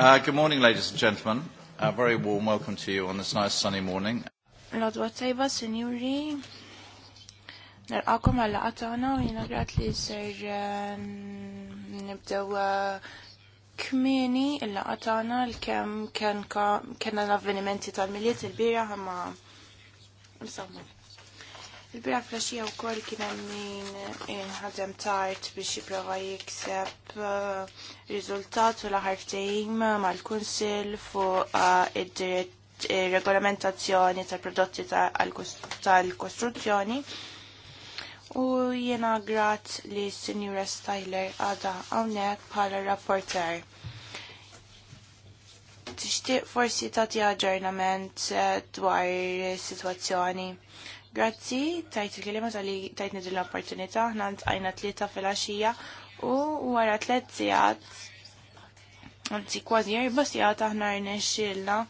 Uh, good morning, ladies and gentlemen. A very warm welcome to you on this nice sunny morning. l tajba, senjuri, Nerqakum għalla għatana jina grat li ser um, nibdew uh, kmini illa għatana l-kem kena l-avvenimenti tal-miliet il-bira l Insomma. Il-bira flasġija u kol kien min inħadem eh, tart biex jiprofa jikseb eh, rizultat u laħar ftehim mal-Kunsil fuq eh, id regolamentazzjoni tal-prodotti tal-kostruzzjoni. U jiena grat li Sinjura Styler għada hawnhekk bħala rapporter. Tixtieq forsi tagħti aġġornament dwar is-sitwazzjoni Grazzi, tajt il-kelima tal-li tajt nidil l-opportunita, nant għajna tlieta fil-axija u wara tlet sijat, għanzi kważi erba sijat aħna rnexxilna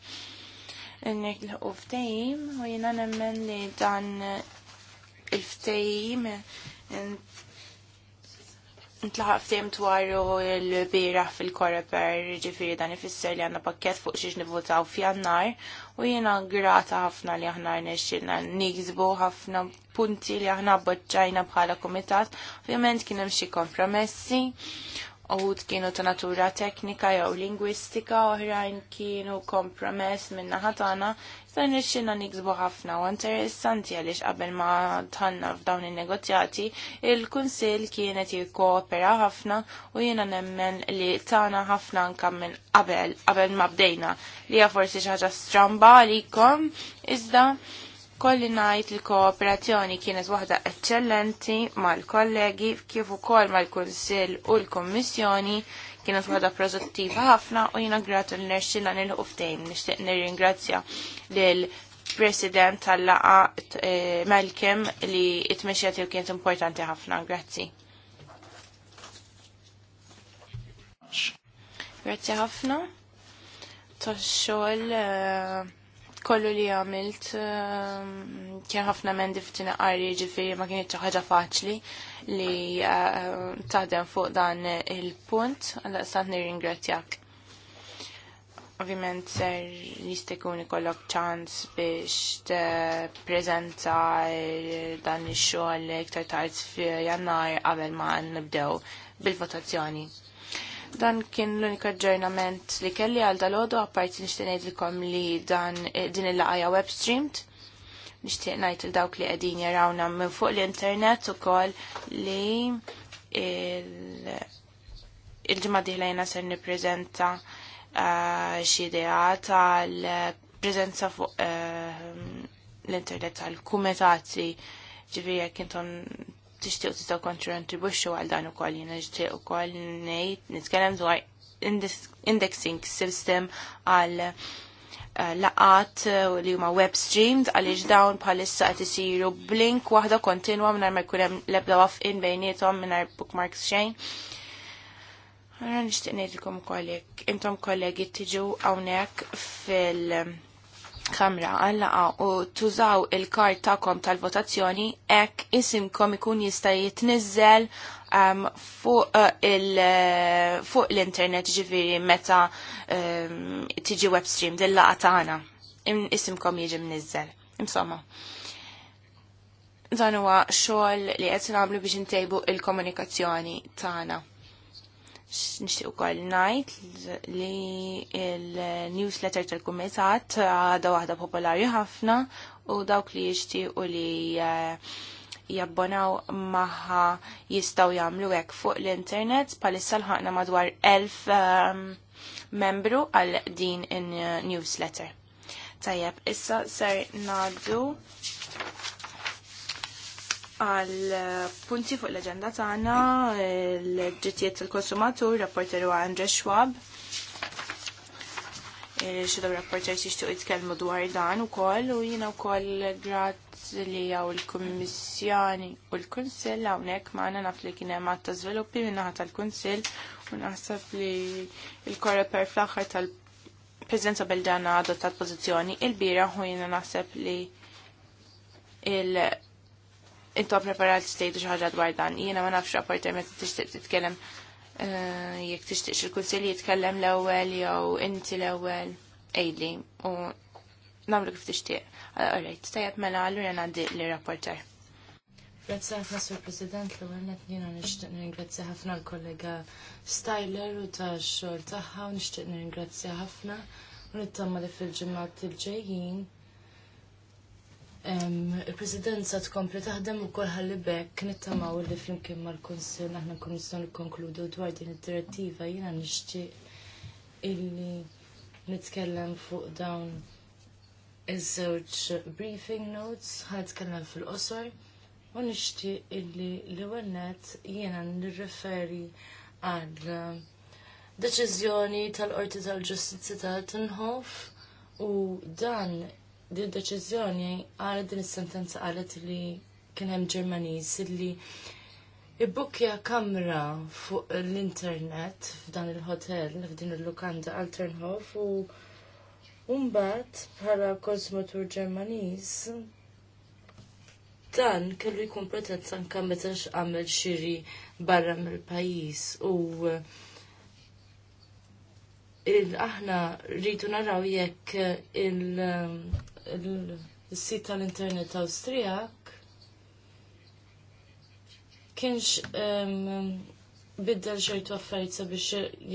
nek l-uftejim u jina nemmen li dan il-ftejim Ntlaħaq ftehim dwaru l-bira fil-koreper, ġifiri dan ifisser li għanna pakket fuq xiex nivvotaw fjannar u jiena grata ħafna li aħna nexxilna nigzbu ħafna punti li aħna bħadġajna bħala komitat. Ovvjament kien hemm xi kompromessi uħud kienu ta' natura teknika jew lingwistika, oħrajn kienu kompromess minna ħatana, sa nirxina niksbu ħafna u interessanti għaliex qabel ma tħanna f'dawn in-negozjati, il-Kunsill kienet jikkoopera ħafna u jiena nemmen li tana ħafna anka minn qabel qabel ma bdejna li hija forsi xi ħaġa stramba għalikom iżda kolli najt il-kooperazzjoni kienet waħda eccellenti mal-kollegi kif ukoll mal-Kunsill u l-Kommissjoni kienet waħda prezenttiva ħafna u jina gratu l-nerxilla nil-ħu ftejn. Nishtiq nir-ingrazzja l-President tal-laqa eh, Malcolm li it-mexja tiegħu kienet importanti ħafna. Grazzi. Grazzi ħafna. Tax-xogħol eh, kollu li għamilt eh, kien ħafna mendi f'tina għarri ġifiri ma kienx ħaġa faċli li uh, um, taħdem fuq dan il-punt, għal sant nirringrazzjak. Ovvijament ser jistekun ikollok ċans biex t-prezenta dan il-xol iktar tard f'jannar qabel ma nibdew bil-votazzjoni. Dan kien l-unika ġurnament li kelli għal dal-ħodu għapparti nishtenejt li dan din il-laqja web-streamed nixtieq ngħid il dawk li qegħdin jarawna minn fuq l-internet ukoll li il-ġimgħa diħla ser nippreżenta uh, xi idea tal fuq uh, l-internet tal-kumitati ġifieri jekk intom tixtieq tistgħu kontribuxxu għal dan ukoll jiena nixtieq ukoll ngħid nitkellem dwar indexing system għal Eh, laqat eh, li huma web streamed għaliex dawn bħalissa qed isiru blink waħda kontinwa mingħajr ma jkun hemm l-ebda bejniethom mingħajr bookmarks xejn. Ara nixtieq ngħidilkom ukoll jekk intom kollegi tiġu hawnhekk fil- kamra għallaqa u tużaw il-kart tagħkom tal-votazzjoni hekk isimkom ikun jista' jitniżel um, fuq uh, uh fu l-internet ġifiri meta um, tiġi webstream dill-laqa tagħna. Isimkom jiġi mniżel. Insomma. Dan huwa xogħol li qed nagħmlu biex intejbu il-komunikazzjoni tagħna. Nixtieq ukoll ngħid li il-newsletter tal-kumitat għadha waħda popolari ħafna u dawk li jixtiequ li uh, jabbonaw maħħa jistaw jamlu hekk fuq l-internet palissa l-ħakna madwar 1000 ehm, membru għal din in-newsletter. Eh, Tajjeb, issa ser naddu għal eh, punti fuq l-agenda tagħna l-ġittijiet tal-konsumatur, rapporteru Andre Schwab. Eh, Xidu rapporter jixtiequ jitkellmu dwar dan ukoll u u wkoll grat li jaw il-Kommissjoni u l-Kunsill hawnhekk maħna naf li kienem għatta zviluppi minnaħat tal-Kunsill u naħseb li il-Koreper fl aħħar tal-Prezenza Beldana adottat pozizjoni il-bira u jiena naħseb li il- Intom preparat stejtu xaħġa dwar dan, jena ma nafx rapporter meta tixtieq titkellem eh, jekk tixtieq il-kunsilli jitkellem l-ewwel jew inti l-ewwel ejli u namlu kif tixtieq. Alright, tajab mela jena għaddi l-rapporter. Grazie ħafna sur President l għannet njina nishtiq ningrazzi ħafna l-kollega Styler u ta' xol taħħa u nishtiq ningrazzi ħafna u nittamma li fil-ġimmat il-ġejjin. Il-Presidenza tkompli taħdem u kolħalli ħalli bekk u li flimkien mal-Konsil naħna nkun nistgħu nikkonkludu dwar din id-direttiva jina nixtieq illi nitkellem fuq dawn iż-żewġ briefing notes ħad kellem fil-qosor u nixtieq illi l-ewwel net jiena nirreferi għal deċiżjoni tal-Qorti tal-Ġustizzja ta' Tinħof u dan din deċiżjoni għal din is-sentenza qalet li kien hemm Ġermaniż illi Ibbukkja kamra fuq l-internet f'dan il-hotel, f'din il-lukanda għal Tinħof u Umbat, bħala kosmatur Ġermaniż, dan kellu jkun pretezz anke meta x'għamel xiri barra mill-pajjiż u aħna rridu naraw jekk il-sit tal-internet Awstrijak kienx biddel xejn affarijiet sabiex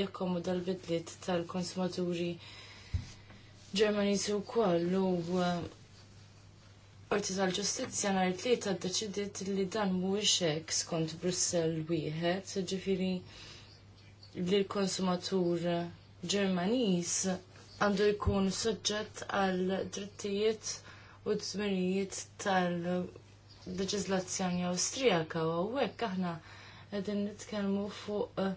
jakkomoda l-bidliet tal-konsumaturi Ġermani su koll uh, Qorti tal-Ġustizzja nhar tlieta ddeċidiet li dan mhuwiex hekk skont Brussell wieħed, ġifieri li l-konsumatur Ġermaniż għandu jkun soġġett għal drittijiet u dżmirijiet tal-leġiżlazzjoni Awstrijaka u hekk aħna qegħdin nitkellmu fuq uh,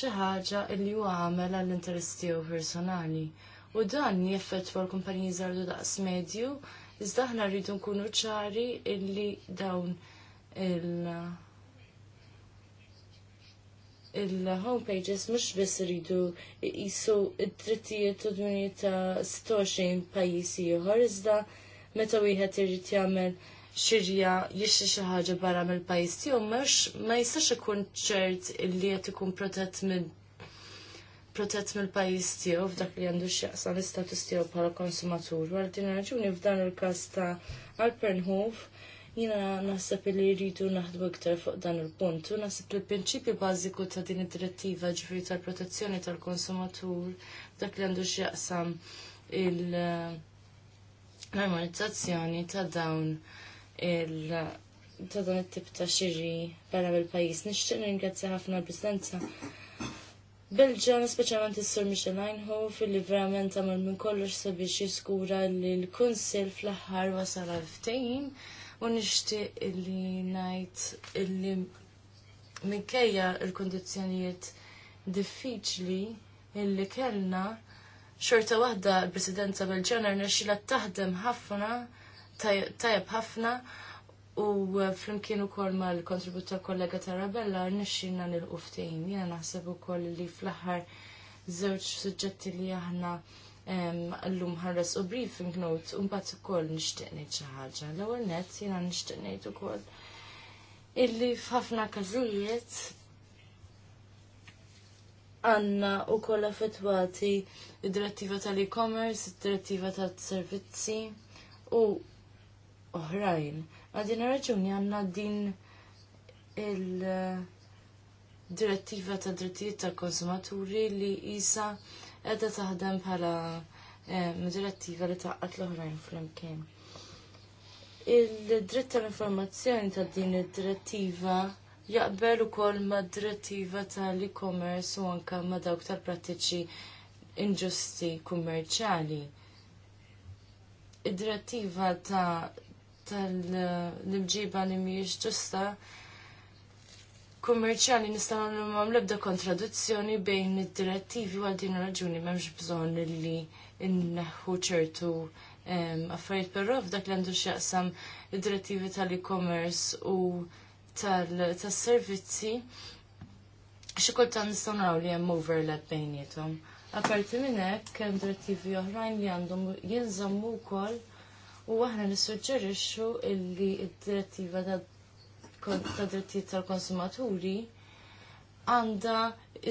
xi ħaġa li huwa għamel għall-interess tiegħu personali u dan jeffettwa l-kumpaniji żgħar daqs medju, iżda aħna rridu nkunu ċari illi dawn il- il-homepages mux biss rridu jisu id-drittijiet u d dunijiet ta' 26 pajis ieħor iżda meta wieħed irid jagħmel xirja jixxi xi ħaġa barra mill-pajjiż tiegħu ma jistax ikun ċert illi qed ikun protett minn protett mill-pajjiż tiegħu f'dak li għandu x'jaqsam l-istatus tiegħu bħala konsumatur. Wara din raġuni f'dan il-każ ta' Alpernhof jiena naħseb li jridu naħdmu iktar fuq dan il-punt u naħseb li l-prinċipju bażiku ta' din id-direttiva ġifieri tal-protezzjoni tal-konsumatur dak li għandu x'jaqsam il-normalizzazzjoni ta' dawn il- ta' dan it-tip ta' xiri barra mill-pajjiż. Nixtieq ringrazzja ħafna l-Presidenza Belġan, speċjalment is-Sur Michel Einhof, li verament għamel minn kollox sabiex jiskura li l-Kunsil fl-aħħar wasal għal-ftehim u nixtieq li ngħid illi minkejja l-kondizzjonijiet diffiċli illi kellna xorta waħda l-presidenza Belġana rnexxilha taħdem ħafna tajjeb ħafna U eh, flimkien ukoll mal-kontribut tal-kollega Tarabella nixxinna nil uftin Jiena naħseb ukoll li fl-aħħar żewġ suġġetti li aħna llum ħarres u briefing note u mbagħad ukoll nixtieq ngħid xi ħaġa. L-ewwel nett jiena nixtieq ngħid ukoll illi f'ħafna każijiet għandna wkoll affetwati id-direttiva tal-e-commerce, id-direttiva tat-servizzi u oħrajn. Għadin raġuni għanna din il-direttiva ta' drittijiet tal konsumaturi li jisa edha taħdem bħala eh, direttiva li taqqat l-oħrajn fl-imkien. Il-dritt tal-informazzjoni ta' din il direttiva jaqbel ukoll ma' direttiva tal-e-commerce u anka ma' dawk tal-prattiċi inġusti kummerċali. Id-direttiva ta' tal-imġiba li mhijiex ġusta kummerċjali nistgħu nagħmlu l-ebda kontraduzzjoni bejn id-direttivi għal din raġuni m'hemmx bżonn li nneħħu ċertu affarijiet però f'dak li għandu x'jaqsam id-direttivi tal-e-commerce u tas-servizzi xi kultan nistgħu naraw li hemm overlap bejnietom. Aparti minn hekk hemm direttivi oħrajn li għandhom jinżammu wkoll U aħna nissuġġerixxu illi id-direttiva ta' drittijiet tal-konsumaturi għandha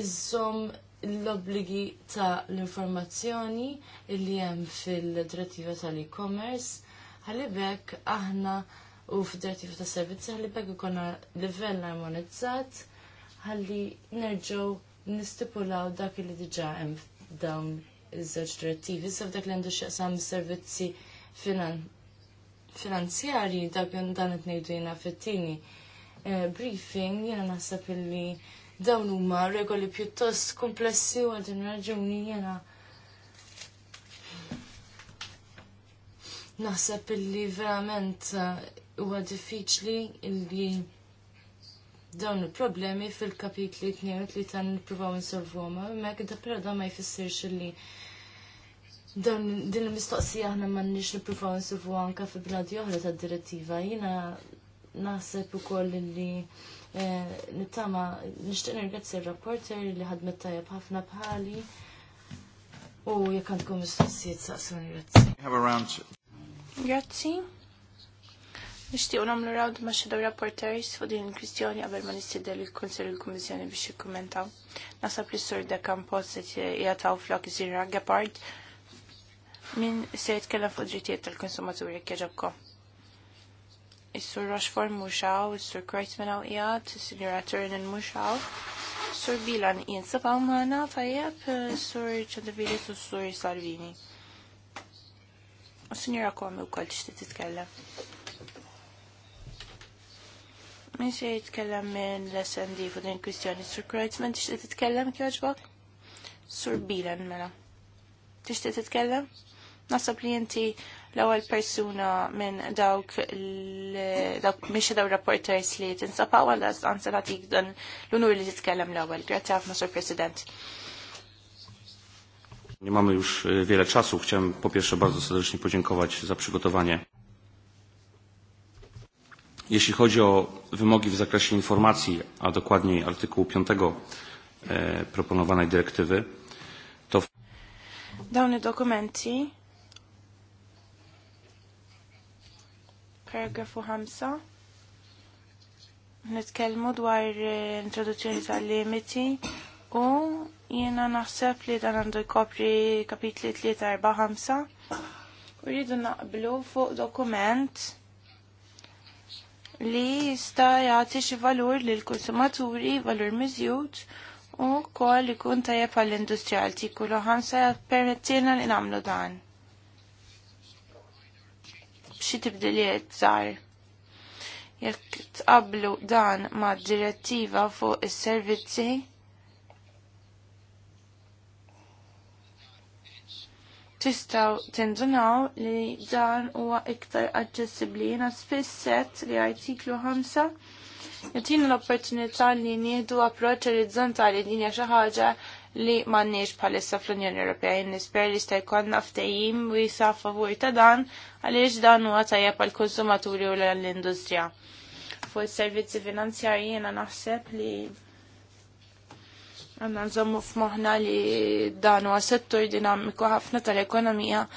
iżżomm l-obbligi ta' l-informazzjoni illi hemm fil-direttiva tal-e-commerce ħalibek aħna u fil direttiva ta' servizzi ħalibek ikonna livell armonizzat ħalli nerġgħu nistipulaw dak li diġà hemm dawn iż-żewġ direttivi, sa dak li għandu x'jaqsam servizzi finanzjarji dak dan qed ngħidulina fit-tieni eh, briefing jiena naħseb illi dawn huma regoli pjuttost komplessi u għadin raġuni jiena naħseb illi verament eh, huwa diffiċli illi dawn il-problemi fil-kapitli 2 li tan nipruvaw insolvuhom, mek da però ma jfissirx li din il-mistoqsija aħna m'għandniex nippruvaw nsibu anke fi bladi oħra tad-direttiva. Jiena naħseb ukoll li eh, nittama nixtieq nirgazzi r-rapporter li ħadmet tajjeb ħafna bħali u jekk għandkom mistoqsijiet saqsuni grazzi. Grazzi. Nixtieq nagħmlu rawd ma' xi rapporters fuq din il-kwistjoni qabel ma nistiedel il-Kunsell il-Kummissjoni biex jikkummentaw. Nasab li sur de qed jagħtaw flok iżira Gepard Min se jitkellem fuq drittijiet tal-konsumaturi kieġabko. Is-sur Rochefort hawn, is-sur Kreutzmann hawn qiegħed, is-signora Turnin muxaw, is-sur Bilan jinsabaw maħna tajjeb, is-sur Ċandavilis u s-sur Salvini. is sinjura Komi u kol tixti titkellem. Min se jitkellem minn l-SND fuq din kwistjoni, is-sur Kreutzmann tixti titkellem kieġbok? Sur Bilan mela. Tixti titkellem? Nasab li jinti l-ewwel persuna minn dawk dawk miex daw rapporters li tinsabaw għal anzi nagħtik dan l-unur li titkellem l-ewwel. Grazzi ħafna sur President. Nie mamy już e, wiele czasu. Chciałem po pierwsze bardzo serdecznie podziękować za przygotowanie. Jeśli chodzi o wymogi w zakresie informacji, a dokładniej artykułu 5 e, proponowanej dyrektywy, to... Dawne dokumenty Paragrafu 5. Nitkellmu dwar eh, introduzzjoni tal-limiti u jiena naħseb li dan għandu jkopri kapitli 3-4-5 u rridu naqblu fuq dokument li jista jagħti xi valur lil konsumaturi, valur miżjud u wkoll ikun tajjeb għall-industrijalti kullu ħamsa permettilna li nagħmlu dan xi tibdiliet żgħar. Jekk tqablu dan ma' direttiva fuq is-servizzi, tistaw tindunaw li dan huwa iktar aċċessibbli jiena spiss set li artiklu 5 jatina l-opportunità li nieħdu approċċ orizzontali din hija xi ħaġa li m'għandniex bħalissa fl-Unjoni Ewropea. Nisper li sta jkun ftehim u jisa favur ta' dan għaliex dan huwa tajjeb għall konsumaturi u l-industrija. Fuq is-servizzi finanzjarji jiena naħseb li għanna nżommu f'moħħna li dan huwa settur dinamiku ħafna tal-ekonomija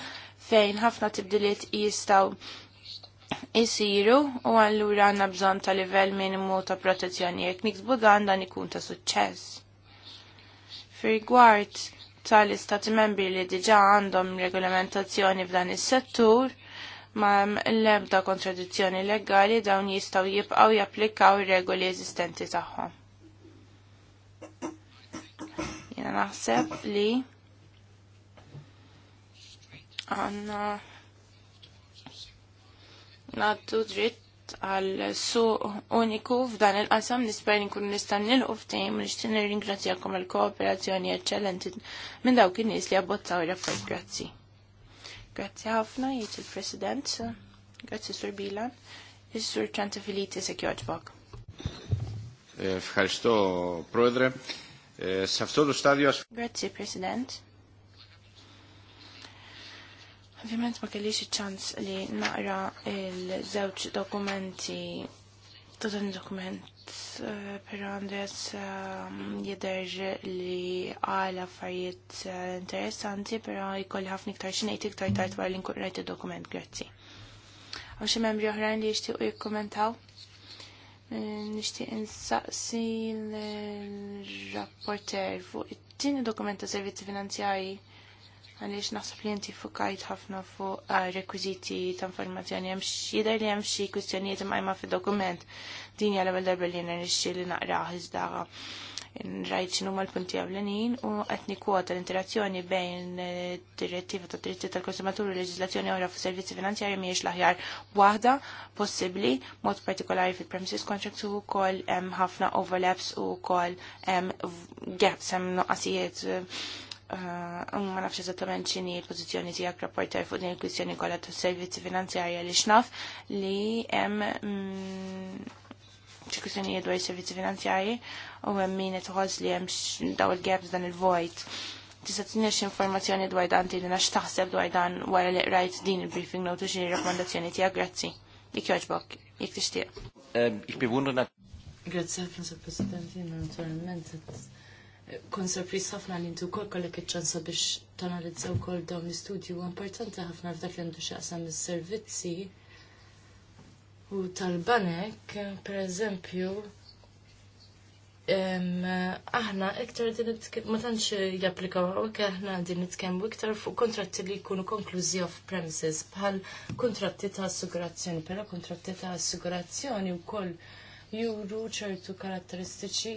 fejn ħafna tibdiliet jistaw isiru u allura għanna bżon ta' livell minimu ta' protezzjoni jekk niksbu dan dan ikun ta' suċċess. Fir-rigward tal-istati membri li diġa għandhom regolamentazzjoni f'dan is-settur, ma' l-ebda kontradizzjoni legali dawn jistaw jibqaw japplikaw regoli eżistenti tagħhom. Jena naħseb li għanna uh, naddu dritt għal su uniku f'dan il-qasam nisper nkun nistan nilqu ftejn nixtieq nirringrazzjakom għal kooperazzjoni eccellenti minn dawk in-nies li abbozzaw ir-rapport grazzi. Grazzi ħafna jgħid il-President, grazzi Sur Bilan, is-Sur Ċanta Filiti se kjoġ bok. Fħarġto, Prodre, saftodu stadios. Grazzi, President. Ovvijament ma kellix ċans li naqra il-żewġ dokumenti ta' dan dokument eh, per Andres eh, jider li għal affarijiet eh, interessanti però jkolli ħafna iktar xi ngħid iktar tajt wara li nkun rajt id-dokument grazzi. Għaw xi membri oħrajn li jixtiequ jikkommentaw. Nixtieq insaqsi l-rapporter fuq it-tieni dokumenta servizzi finanzjarji għaliex naħseb li inti fukajt ħafna fuq ah, rekwiziti ta' informazzjoni hemm jidher li hemm xi kwistjonijiet imqajma fid-dokument. Din hija l-ewwel darba li nirixxi li naqrah iżda rajt xinu l punti għavlenin u għetni nikkwota l-interazzjoni bejn eh, direttiva ta' dritti tal-konsumatur u leġizlazzjoni oħra fu servizzi finanzjari l laħjar wahda possibli, mod partikolari fil-premises contracts u kol ħafna overlaps u kol gaps hemm noqasijiet. Eh, Uh, um, ma nafx eżattament xini l pozizjoni tijak rapporter fuq din il-kwistjoni kolla ta' servizzi finanzjarja li xnaf li hemm mm, xi kwistjonijiet dwar servizzi finanzjarji u hemm min qed li hemm daw il-gaps dan il-vojt. Tista' tinirx informazzjoni dwar dan tieni għax taħseb dwar dan wara li rajt din il-briefing note xini xi rakkomandazzjoni tiegħek grazzi. Jek joġbok, jek tixtieq. Ich bewundere Grazzi ħafna, President, naturalment kon sorpris ħafna li ntu kol kollek iċ-ċansa biex tanalizzaw kol dawn l-istudju importanti ħafna f'dak li għandu xaqsam is-servizzi u tal-banek, per eżempju, aħna iktar din ma tantx japplikaw hawnhekk aħna din nitkellmu iktar fuq kontratti li jkunu konklużi off premises bħal kontratti ta' assigurazzjoni, però kontratti ta' assigurazzjoni wkoll juru ċertu karatteristiċi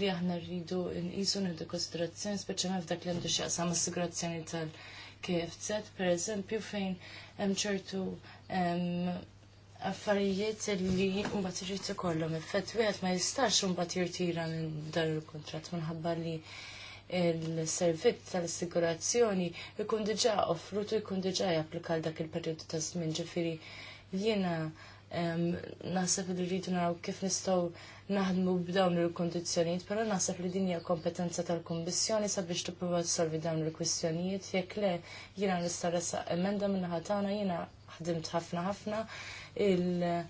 li aħna rridu nqisu nieħdu konsiderazzjoni speċjalment f'dak li għandu x'jaqsam assigurazzjoni tal-KFZ, pereżempju fejn hemm ċertu affarijiet li mbagħad irid ikollhom effett wieħed ma jistax mbagħad jirtira minn dan il-kuntratt minħabba li il-servizz tal-assigurazzjoni jkun diġà offrut u jkun diġà japplika dak il-perjodu ta' żmien ġifieri jiena naħseb li rridu naraw kif nistgħu naħdmu b'dawn il-kondizzjonijiet, però naħseb li din hija kompetenza tal-Kummissjoni sabiex tipprova tsolvi dawn il-kwistjonijiet, jekk le jiena nista' resaq emenda minnaħa tagħna jiena ħdimt ħafna ħafna il-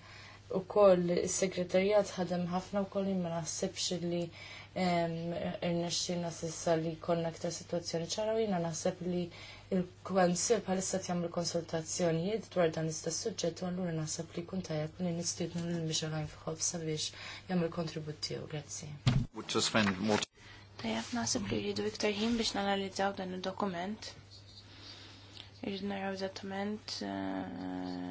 u koll segretarjat ħadem ħafna wkoll ma naħsibx li irnexxina sissa li konna aktar sitwazzjoni ċara u jiena naħseb li il-Konsil bħalissa tjamlu konsultazzjonijiet dwar dan istess suġġett u għallura nasab li jkun tajjeb li nistidnu l biex għalajn fħob sabiex jamlu kontribut tiegħu. Grazzi. Tajjeb naħseb li jridu iktar ħin biex nanalizzaw dan il dokument Irrid naraw eżattament eh,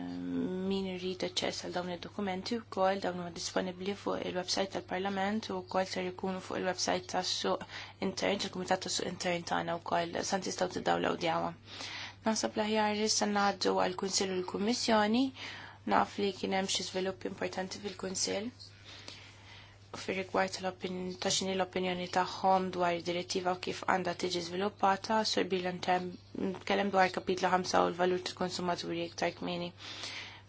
trid ċess għal dawn id-dokumenti wkoll dawn huma disponibbli fuq il-website tal-Parlament u wkoll ser ikunu fuq il-website tas-suq intern tal-Kumitat tas-suq intern tagħna wkoll sa tistgħu tiddawlawdjawha. Naħseb l-aħjar issa ngħaddu għal kunsill u l-Kummissjoni naf li kien hemm xi żviluppi importanti fil-Kunsill fir rigward ta' xini l-opinjoni tagħhom dwar id-direttiva kif għandha tiġi żviluppata, sur Bilan kellem dwar kapitlu 5 u l-valur tal-konsumaturi iktar kmieni.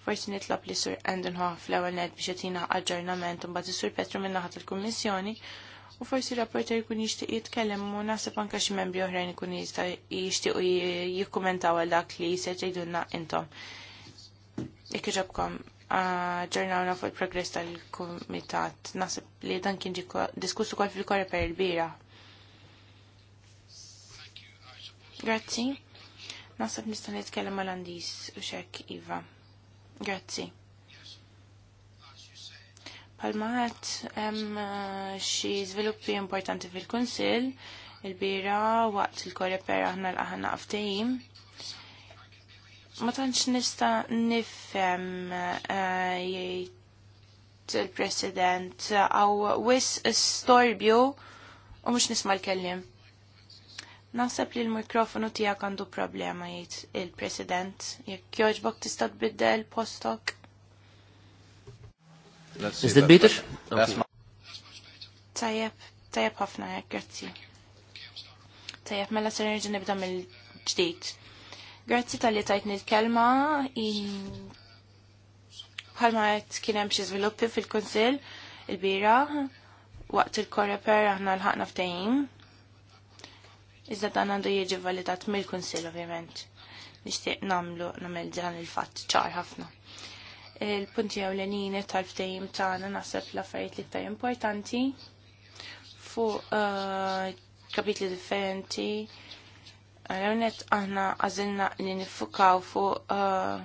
Forsi nitlob li sur Endenhoff fl-ewwel ned biex jatina aġġornament u mbagħad sur Petru minna ħat il-Kummissjoni u forsi rapporter jkun jixtieq jitkellem u naħseb anke xi membri oħrajn ikun jixtiequ jikkumentaw għal dak li se tgħidulna intom. Jekk iġobkom ġurnawna fuq il-progress tal-Kumitat, naħseb li dan kien diskussu kol fil per il-bira. Grazzi. Naħseb nista' nitkellem għal andis u xek Iva. Grazzi. Palmat, hemm xi żviluppi importanti fil-Kunsill, il-bira waqt il-koreper aħna l-aħna ftehim. Ma tantx nista' nifhem eh, jgħid il-President għaw wis storbju u mhux nisma' l-kellim. Naħseb li l-mikrofonu tiegħek għandu problema jgħid il-President. Jekk jogħġbok tista' tbiddel postok. Is it bitter? Tajjeb, tajjeb ħafna hekk, grazzi. Tajjeb, mela se nerġa' nibda mill-ġdid. Grazzi tal-li tajtni l-kelma bħalma qed kien hemm xi żviluppi fil-Kunsill il-bira waqt il-koreper aħna l-ħaqna ftehim Iżda dan għandu jiġi validat mill-Kunsill ovvjament. Nixtieq namlu nagħmel dan il-fatt ċar ħafna. Il-punti l-enini tal-ftehim tagħna naħseb l-affarijiet li ta' importanti fuq uh, kapitli differenti. Għal-għonet aħna għazilna li nifukaw fuq uh,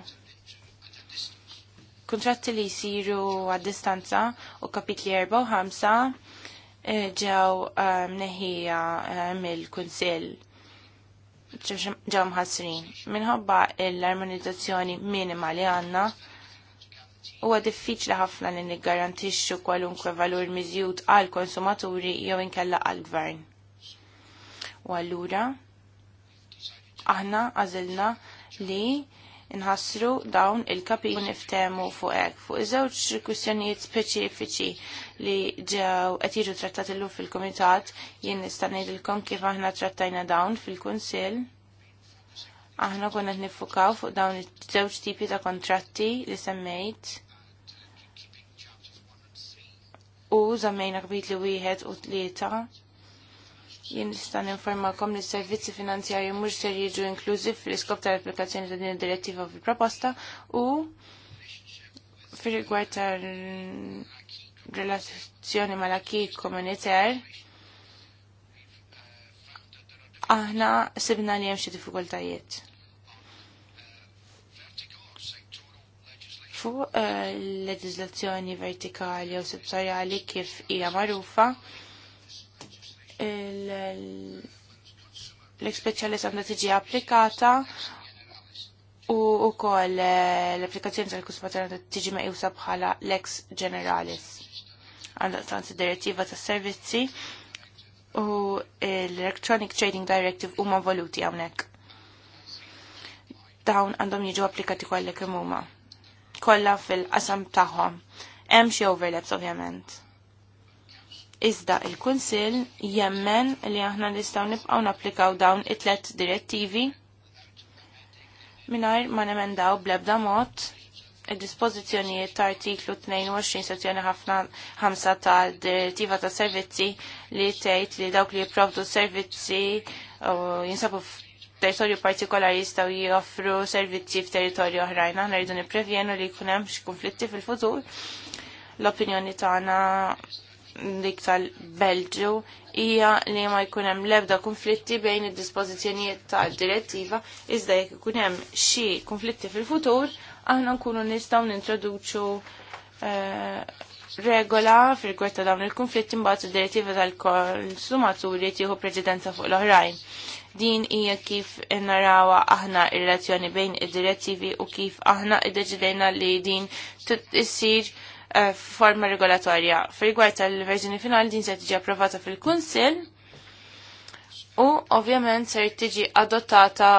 kontratti li jisiru għad distanza u kapitli 4 u 5 ġew eh, neħija eh, mill-Kunsill ġew mħassrin. Minħabba l-armonizzazzjoni minima li għandna, huwa diffiċli ħafna li niggarantixxu kwalunkwe valur miżjud għall konsumaturi jew inkella għall gvern. U allura aħna għażilna li inħassru dawn il-kapi niftemu fuq hekk fuq iż-żewġ kwistjonijiet speċifiċi li ġew qed jiġu trattati llum fil-kumitat jien nista' ngħidilkom kif aħna trattajna dawn fil-kunsill. Aħna konna qed nifukaw fuq dawn iż-żewġ tipi ta' kontratti li semmejt. U żammejna kapitli wieħed u tlieta Jien nista' ninformakom li s-servizzi finanzjarji mhux ser jiġu inklużi fl-iskop tal-applikazzjoni ta' din id-direttiva fil-proposta u fir-rigward tal-relazzjoni mal-akki komunitar aħna sibna li hemm xi diffikultajiet. Fuq l eh, leġiżlazzjoni vertikali u settorjali kif hija magħrufa, l-speċjalist għandha tiġi applikata u wkoll eh, l-applikazzjoni tal-kustumatur għandha tiġi meqjusa bħala lex generalis. Għandha tanzi direttiva tas-servizzi u l-Electronic Trading Directive huma voluti hawnhekk. Dawn għandhom jiġu applikati kollha kemm huma. Kollha fil-qasam tagħhom. Hemm xi overlaps ovvjament Iżda il-Kunsill jemmen li aħna nistgħu nibqgħu napplikaw dawn it-tlet direttivi mingħajr ma nemendaw bl-ebda mod id-dispożizzjonijiet ta' artiklu 22 sezzjoni ħafna 5 tal direttiva ta' servizzi li tgħid li dawk li jipprovdu servizzi jinsabu f'territorju partikolari jistgħu joffru servizzi f'territorju oħrajn. Aħna rridu nipprevjenu li jkun hemm xi konflitti fil-futur. L-opinjoni tagħna dik tal-Belġu hija li ma jkun hemm l-ebda konflitti bejn id-dispożizzjonijiet tal-direttiva iżda jekk ikun hemm xi konflitti fil-futur aħna nkunu nistgħu nintroduċu eh, regola fil kwetta dawn il-konflitti mbagħad id-direttiva tal-konsumaturi tieħu preċedenza fuq l-oħrajn din hija kif narawa aħna ir-relazzjoni bejn id-direttivi u kif aħna iddeċidejna li din issir Eh, forma regolatorja. Fil-rigward tal-verżjoni finali din se tiġi approvata fil-Kunsill u ovvjament se tiġi adottata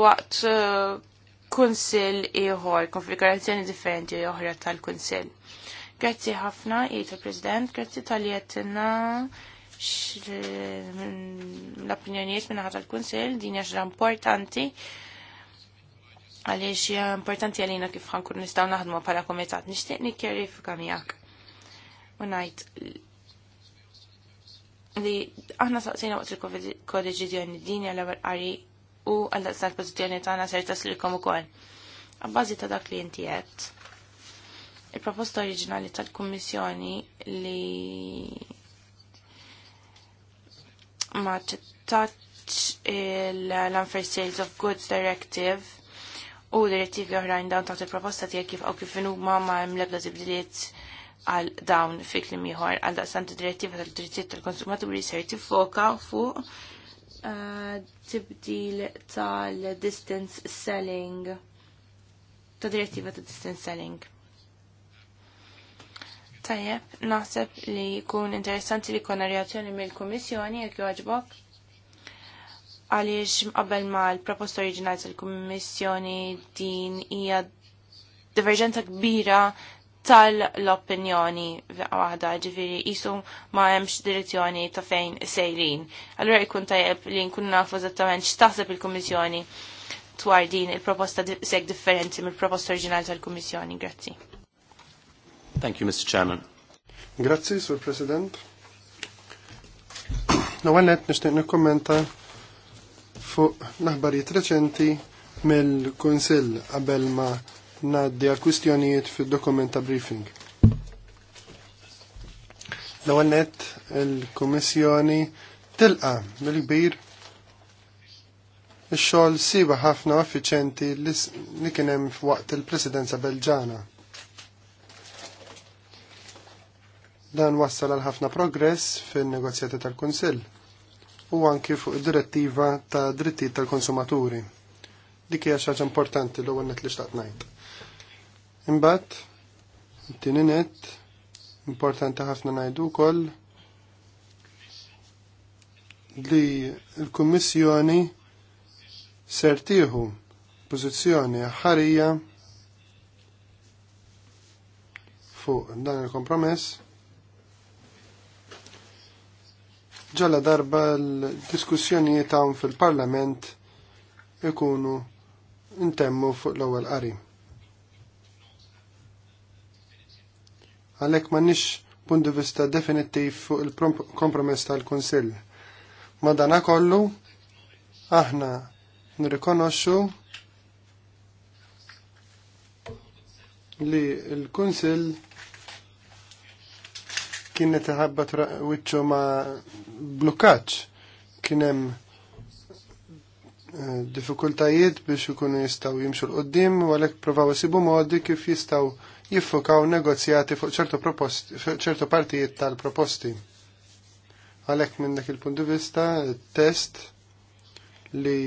waqt eh, kunsill ieħor, konfigurazzjoni differenti oħra tal-kunsill. Grazzi ħafna, jgħid iva il-President, grazzi tal-jettina l-opinjonijiet minna ħata l-Kunsil, din jaxra importanti għaliex hija importanti għalina kif ħankun nistgħu naħdmu bħala komitat. Nixtieq nikjeri miegħek. U ngħid li aħna saqsina waqt il-kodeċiżjoni din għal ewwel qari u għal daqsna l-pożizzjoni tagħna ser u ukoll. Għabbazi ta' dak li inti il-proposta oriġinali tal-Kummissjoni li ma ċettax l-Unfair Sales of Goods Directive u direttivi oħrajn dawn taħt il-proposta tiegħek kif għaw kif huma ma hemm l-ebda tibdiliet għal dawn fi klim ieħor għal daqsant id-direttiva tal-drittijiet tal-konsumaturi se tiffoka fuq eh, tibdil tal-distance selling ta' direttiva ta' distance selling. Tajjeb, naħseb li jkun interessanti li konna reazzjoni mill-Kummissjoni jekk jogħġbok għaliex qabel ma l-proposta oriġinali tal-Kummissjoni din hija diverġenza kbira tal-opinjoni waħda ġifiri jisu ma hemmx direzzjoni ta' fejn sejrin. Allura jkun tajjeb li nkun nafu eżattament x'taħseb il-Kummissjoni dwar din il-proposta seg differenti mill-proposta oriġinali tal-Kummissjoni. Grazzi. Thank you, Mr. Chairman. Grazzi, Sur President. L-ewwel nixtieq fuq naħbarijiet reċenti mill-Kunsill qabel ma ngħaddi għal kwistjonijiet fid dokumenta briefing. L-ewwel nett il-Kummissjoni tilqa mill-kbir ix-xogħol siba ħafna effiċenti li kien hemm f'waqt il-Presidenza Belġana. Dan wassal għal ħafna progress fin-negozjati tal-Kunsill u anki fuq direttiva ta' drittijiet tal-konsumaturi. Dik hija xi ħaġa importanti l ewwel li xtaqt ngħid. Imbagħad, it-tieni net importanti ħafna ngħidu wkoll li l-Kummissjoni ser tieħu pożizzjoni ħarija fuq dan il-kompromess ġalla darba l-diskussjonijiet hawn fil-Parlament ikunu intemmu fuq l-ewwel qari. Għalhekk m'għandniex punt di vista definittiv fuq il-kompromess tal-Kunsill. Madanakollu kollu aħna nirrikonoxxu li l-Kunsill kienet ħabba wiċċu ma' blukkaċ. Kienem eh, diffikultajiet biex ikunu jistaw jimxu l-qoddim u għalek provaw jisibu modi kif jistaw jiffukaw negozjati fuq ċertu, ċertu partijiet tal-proposti. Għalek minn dak il-punt di vista, test li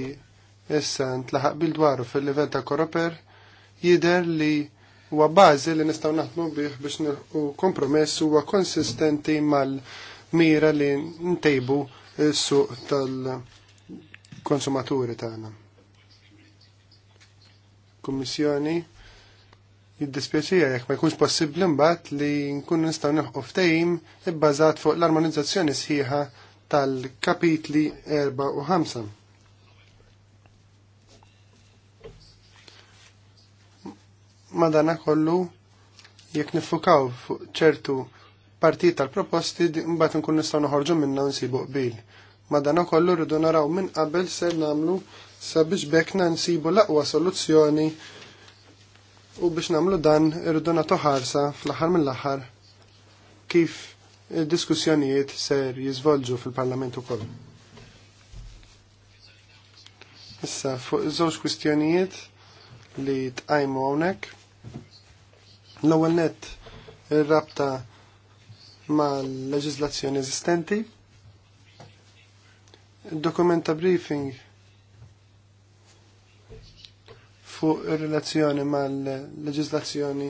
issa ntlaħaq bil-dwaru fil-level ta' koroper jider li huwa bażi li nistgħu naħdmu bih biex nilħu kompromess huwa konsistenti mal-mira li ntejbu s-suq tal-konsumaturi tagħna. Kummissjoni jiddispjaċija jekk ma jkunx possibbli mbagħad li nkun nistgħu nilħu ftehim ibbażat fuq l-armonizzazzjoni sħiħa tal-kapitli 4 u 5 madana kollu jekk nifukaw fuq ċertu partit tal-proposti mbagħad nkun nistgħu noħorġu minnha nsibu qbil. Madana kollu rridu naraw minn qabel ser nagħmlu sabiex bekna nsibu l-aqwa soluzzjoni u biex nagħmlu dan irridu nagħtu ħarsa fl-aħħar mill-aħħar kif id diskussjonijiet ser jiżvolġu fil-Parlament ukoll. Issa fuq żewġ kwistjonijiet li tqajmu hawnhekk L-ewwel nett ir-rabta ma' leġiżlazzjoni eżistenti. Dokumenta briefing fuq ir-relazzjoni mal-leġiżlazzjoni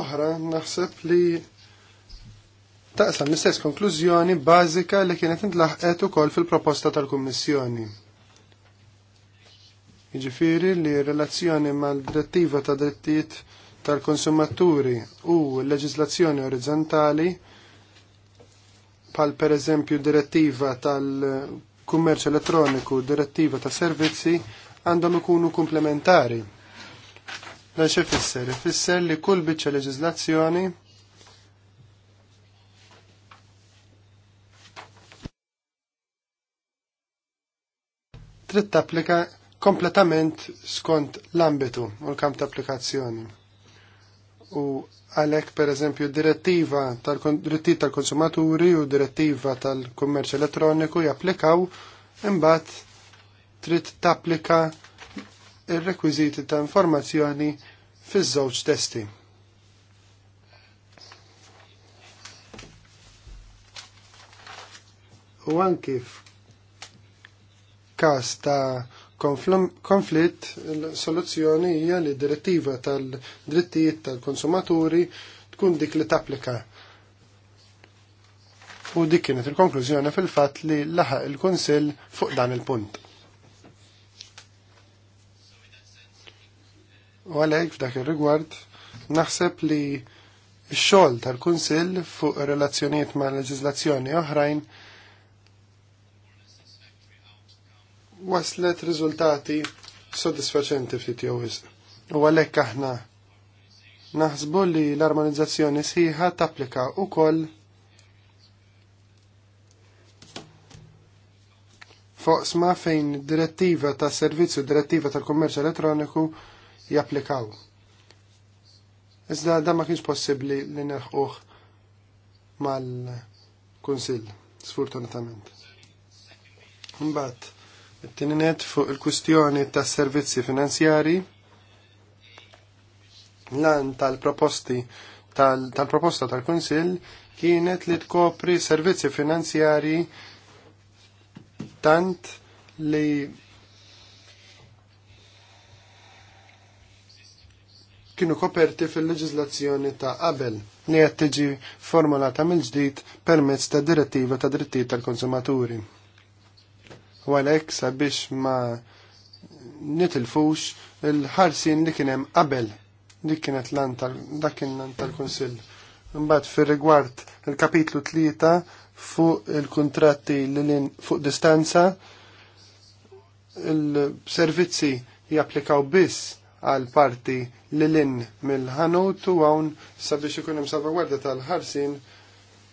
oħra naħseb li taqsam l-istess konklużjoni bażika li kienet intlaħqet ukoll fil-proposta tal-Kummissjoni. Jiġifieri li r-relazzjoni mal-direttiva ta' drittijiet tal-konsumaturi u l-leġislazzjoni orizzontali pal per eżempju direttiva tal-kummerċ elettroniku, direttiva ta' servizzi għandhom ikunu komplementari. Dan xe fisser? Fisser li kull biċċa leġislazzjoni trid tapplika kompletament skont l-ambitu u l-kamp ta' applikazzjoni u għalek per eżempju direttiva tal-drittijiet tal-konsumaturi u direttiva tal-kummerċ elettroniku japplikaw imbagħad trid tapplika ir-rekwiżiti ta' informazzjoni fiż-żewġ testi. U anki f'każ ta' konflitt, soluzzjoni hija li direttiva tal-drittijiet tal-konsumaturi tkun dik li tapplika. U dik kienet il-konklużjoni fil-fatt li laħaq il-Kunsill fuq dan il-punt. U għalhekk f'dak ir-rigward naħseb li x-xogħol tal-Kunsill fuq relazzjonijiet ma' leġiżlazzjoni oħrajn waslet riżultati soddisfaċenti ftit jew U għalhekk aħna naħsbu li l-armonizzazzjoni sħiħa tapplika wkoll foqsma fejn direttiva ta' servizzu direttiva tal-kummerċ elettroniku japplikaw. Iżda da ma kienx possibbli li neħuħ mal-Kunsill, sfortunatament. Mbagħad Tininet fuq il-kustjoni ta' servizzi finanzjari lan tal-proposti tal-proposta tal tal-Kunsill kienet li tkopri servizzi finanzjari tant li kienu koperti fil-leġizlazzjoni ta' qabel li qed tiġi formulata mill-ġdid permezz ta' direttiva ta' drittijiet tal-konsumaturi u għalhekk sabiex ma nitilfux il-ħarsin li kien hemm qabel dik kienet l dak kien l tal-Kunsill. Imbagħad fir-rigward il-kapitlu tlieta fuq il-kuntratti li fuq distanza il-servizzi japplikaw biss għal parti l in mill-ħanut u għawn sabiex ikun hemm salvaguarda tal-ħarsin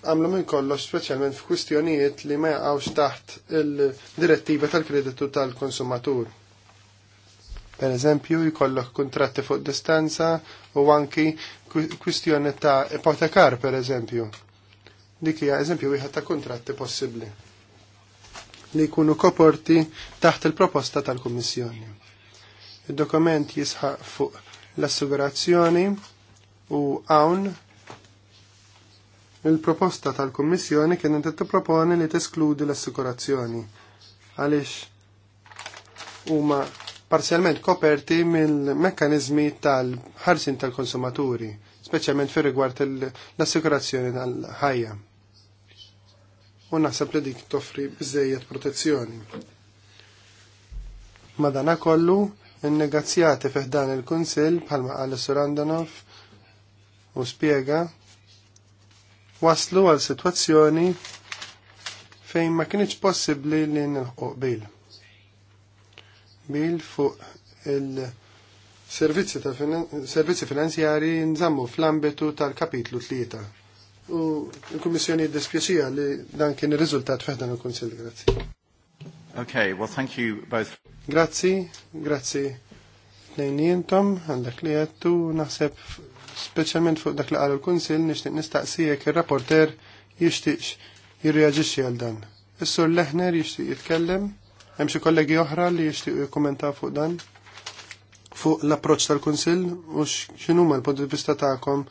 għamlu minn kollox speċjalment f'kwistjonijiet li ma jaqgħux taħt il-direttiva tal-kreditu tal-konsumatur. Per eżempju, jkollok kontratti fuq distanza u anki kwistjoni ta' ipotekar, per eżempju. Dik hija eżempju wieħed ta' kontratti possibbli li jkunu koporti taħt il-proposta tal-Kummissjoni. Il-dokument jisħaq fuq l-assigurazzjoni u hawn il-proposta tal-Kummissjoni kienet tipproponi li teskludi l-assikurazzjoni għaliex huma parzjalment koperti mill-mekkaniżmi tal-ħarsin tal-konsumaturi, speċjalment fir rigward l-assikurazzjoni tal-ħajja. U naħseb li dik toffri bżejjed protezzjoni. Madana kollu, il-negazjati fiħdan il-Kunsil bħalma għal Surandanov u spiega waslu għal situazzjoni fejn ma kienx possibbli li nilħu bil. Bil fuq il-servizzi ta' servizzi finanzjari nżammu fl-ambitu tal-kapitlu 3. U l-Kummissjoni dispjaċija li dan kien ir-riżultat f'ħdan il-Kunsill. Grazzi. Okay, well thank you both. Grazzi, grazzi. Nejnijentom, jintom, għandak li għattu, naħseb speċjalment fuq dak li qalu l-Kunsil nixtieq nistaqsijek ir-rapporter jixtieqx jirreaġixxi għal dan. Is-Sur Leħner jixtieq jitkellem, hemm xi kollegi oħra li jixtiequ jikkumentaw fuq dan fuq l-approċċ tal-Kunsil u x'inhuma l-punt vista tagħkom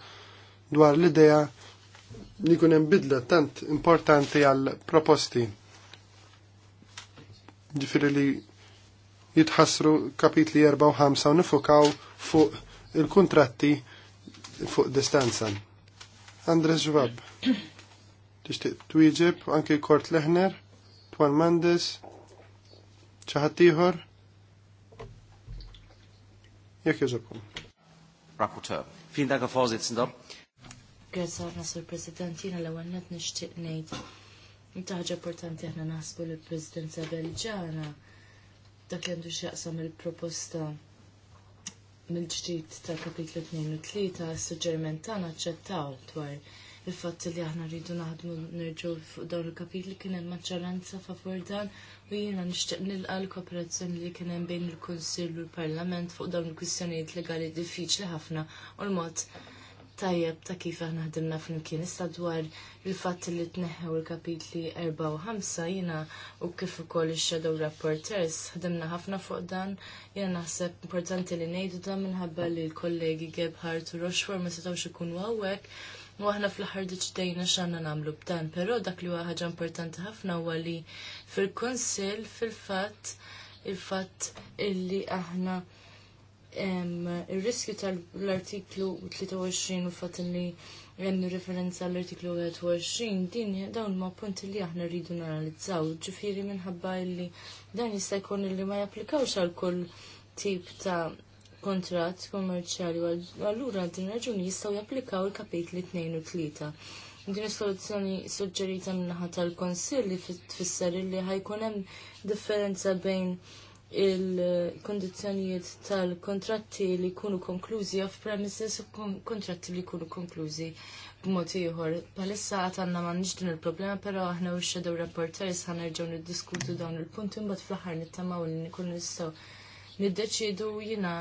dwar l-idea li jkun hemm bidla tant importanti għall proposti. Ġifieri li jitħassru kapitli 4 u 5 u nifukaw fuq il-kontratti fuq distanza. Andres Jwab. tixtieq twieġeb anke Kort Lehner, Twan Mandes, ċaħat ieħor. Jekk jogħġobkom. Rapporteur. Vielen Dank, Herr Vorsitzender. Grazie, Nasur President. Jina l-ewwel net nixtieq ngħid Inta ħaġa importanti aħna naħsbu l-Presidenza Belġana dak jandu għandu x'jaqsam il-proposta mill-ġdid tal-kapitlu 2 u 3 s-suġġeriment tagħna ċettaw dwar il-fatt li aħna rridu naħdmu nerġgħu fuq dawn il-kapitli kien hemm maġġoranza favur dan u jiena nixtieq nilqa' l-kooperazzjoni li kien hemm bejn il-Kunsill u l-Parlament fuq dawn il-kwistjonijiet legali diffiċli ħafna u l-mod tajjeb ta' kif aħna ħdimna flimkien issa dwar il-fatt li tneħħew il-kapitli 4 u 5 jina u kif ukoll ix-shadow rapporters ħdimna ħafna fuq dan jiena naħseb importanti li ngħidu dan minħabba li l-kollegi Gebhardt u Rochefort ma setgħux ikunu hawnhekk. U aħna fl-ħar diċdejna xanna namlu b'dan, pero dak li ħaġa importanti ħafna huwa li fil-konsil fil-fatt il-fatt illi aħna il-riskju tal-artiklu 23 u fatt li jemnu referenza l-artiklu 21 din dawn ma punti li aħna rridu naralizzaw ġifiri minħabba li dan jista' jkun li ma japplikawx għal kull tip ta' kontrat kommerċjali għallura din raġuni jistgħu japplikaw il-kapitli 2 u 3. Din is-soluzzjoni suġġerita minnaħa tal-Konsill li tfisser li ħajkun hemm differenza bejn il-kondizjonijiet tal-kontratti li jkunu konklużi off-premises u kontratti li jkunu konklużi b'mod ieħor. Palissa għad għandna m'għandniex din il-problema, però aħna u x-shadow reporters ħanerġgħu niddiskutu dawn il-punti mbagħad fl-aħħar nittamaw li nkunu nistgħu niddeċiedu jiena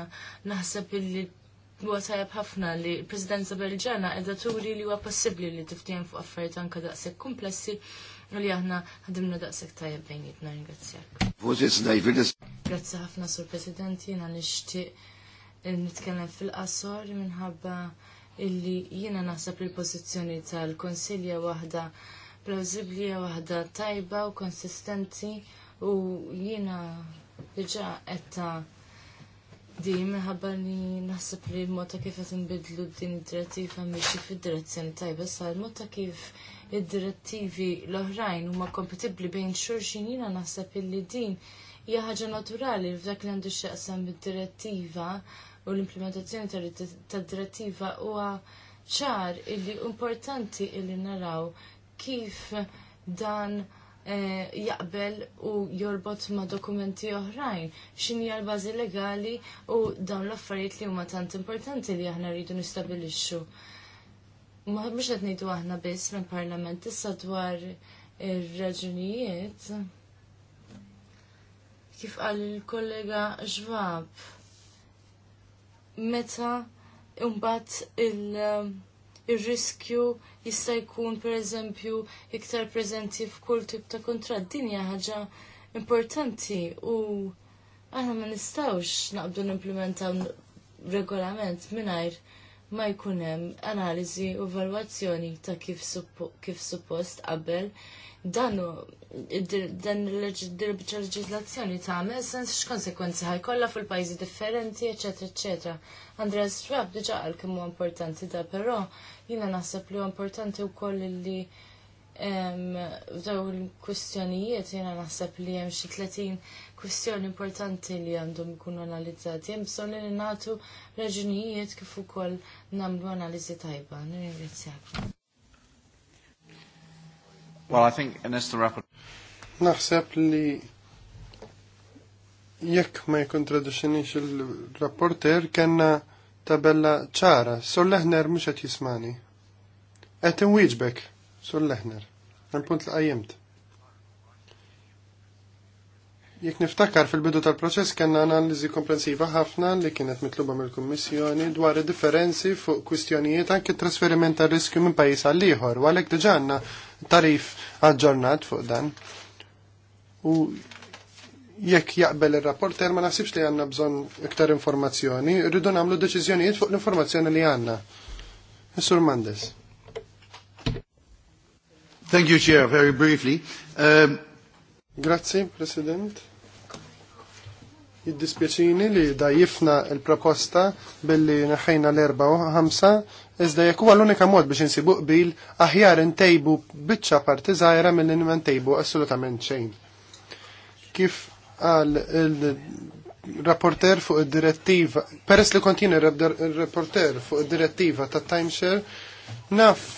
naħseb li huwa tajab ħafna li l-Presidenza Belġana qiegħda turi li huwa possibbli li tiftehim fuq affarijiet anke daqshekk komplessi li aħna ħadimna daqshekk tajjeb bejnietna ringrazzjak. Grazzi ħafna sur President jiena nixtieq nitkellem fil-qasor minħabba illi jiena naħseb il-pożizzjoni tal-Konsilja waħda plausibbli waħda tajba u konsistenti u jiena diġà qed Di, minħabba li naħseb li l kif qed inbidlu din id-direttiva mixi fid-direzzjoni tajba sal mod kif id-direttivi l-oħrajn huma kompatibbli bejn xulxin jiena naħseb illi din hija ħaġa naturali f'dak li għandu x'jaqsam id-direttiva u l-implementazzjoni tad-direttiva huwa ċar illi importanti illi naraw kif dan eh, jaqbel u jorbot ma' dokumenti oħrajn, x'inhi l-bażi legali u dawn l-affarijiet li huma tant importanti li aħna rridu nistabilixxu ma mhux qed ngħidu aħna biss mill-Parlament issa dwar ir-raġunijiet kif qal il-kollega Xwab. Meta imbat il-riskju jista' jkun pereżempju iktar preżenti f'kull tip ta' kuntratt din hija ħaġa importanti u aħna ma nistgħux naqbdu nimplementaw regolament mingħajr ma jkun hemm analiżi u valwazzjoni ta' kif, suppo, kif suppost qabel dan dan il leġislazzjoni ta' għamil sens ħaj kolla fil-pajjiżi differenti, eċetera, eċetera. Andrea Strab diġa qal kemmu importanti da, però jiena naħseb li huwa importanti wkoll li f'daw il-kwistjonijiet jiena naħseb li hemm xi kwistjoni importanti li għandhom ikunu analizzati. Hemm bżonn li nagħtu raġunijiet kif ukoll nagħmlu analiżi tajba. Nirringrazzjak. Well, I think unless the rapport... Naħseb li jekk ma jkontradixxinix il-rapporter kellna tabella ċara, sol leħner mhux qed jismani. Qed inwieġbek, leħner. Għal punt l għajemt Jek niftakar fil-bidu tal-proċess kena analizi komprensiva ħafna li kienet mitluba mill-Kummissjoni dwar differenzi fuq kwistjonijiet anke trasferiment ta' riskju minn pajis għal ieħor u għalhekk diġà għandna tarif aġġornat fuq dan. U jekk jaqbel ir-rapporter ma naħsibx li għandna bżonn iktar informazzjoni, rridu nagħmlu deċiżjonijiet fuq l-informazzjoni li għandna. Mr. Mandes. Thank you, Chair. Very briefly. Um... Grazie, President. Jiddispjaċini li jifna il-proposta billi naħħejna l-4 u 5, iżda jekk huwa l-unika mod biex insibu qbil aħjar intejbu biċċa parti żgħira milli ma ntejbu assolutament xejn. Kif għal rapporter fuq id-direttiva, peress li kontina il-rapporter fuq id-direttiva ta' timeshare, naf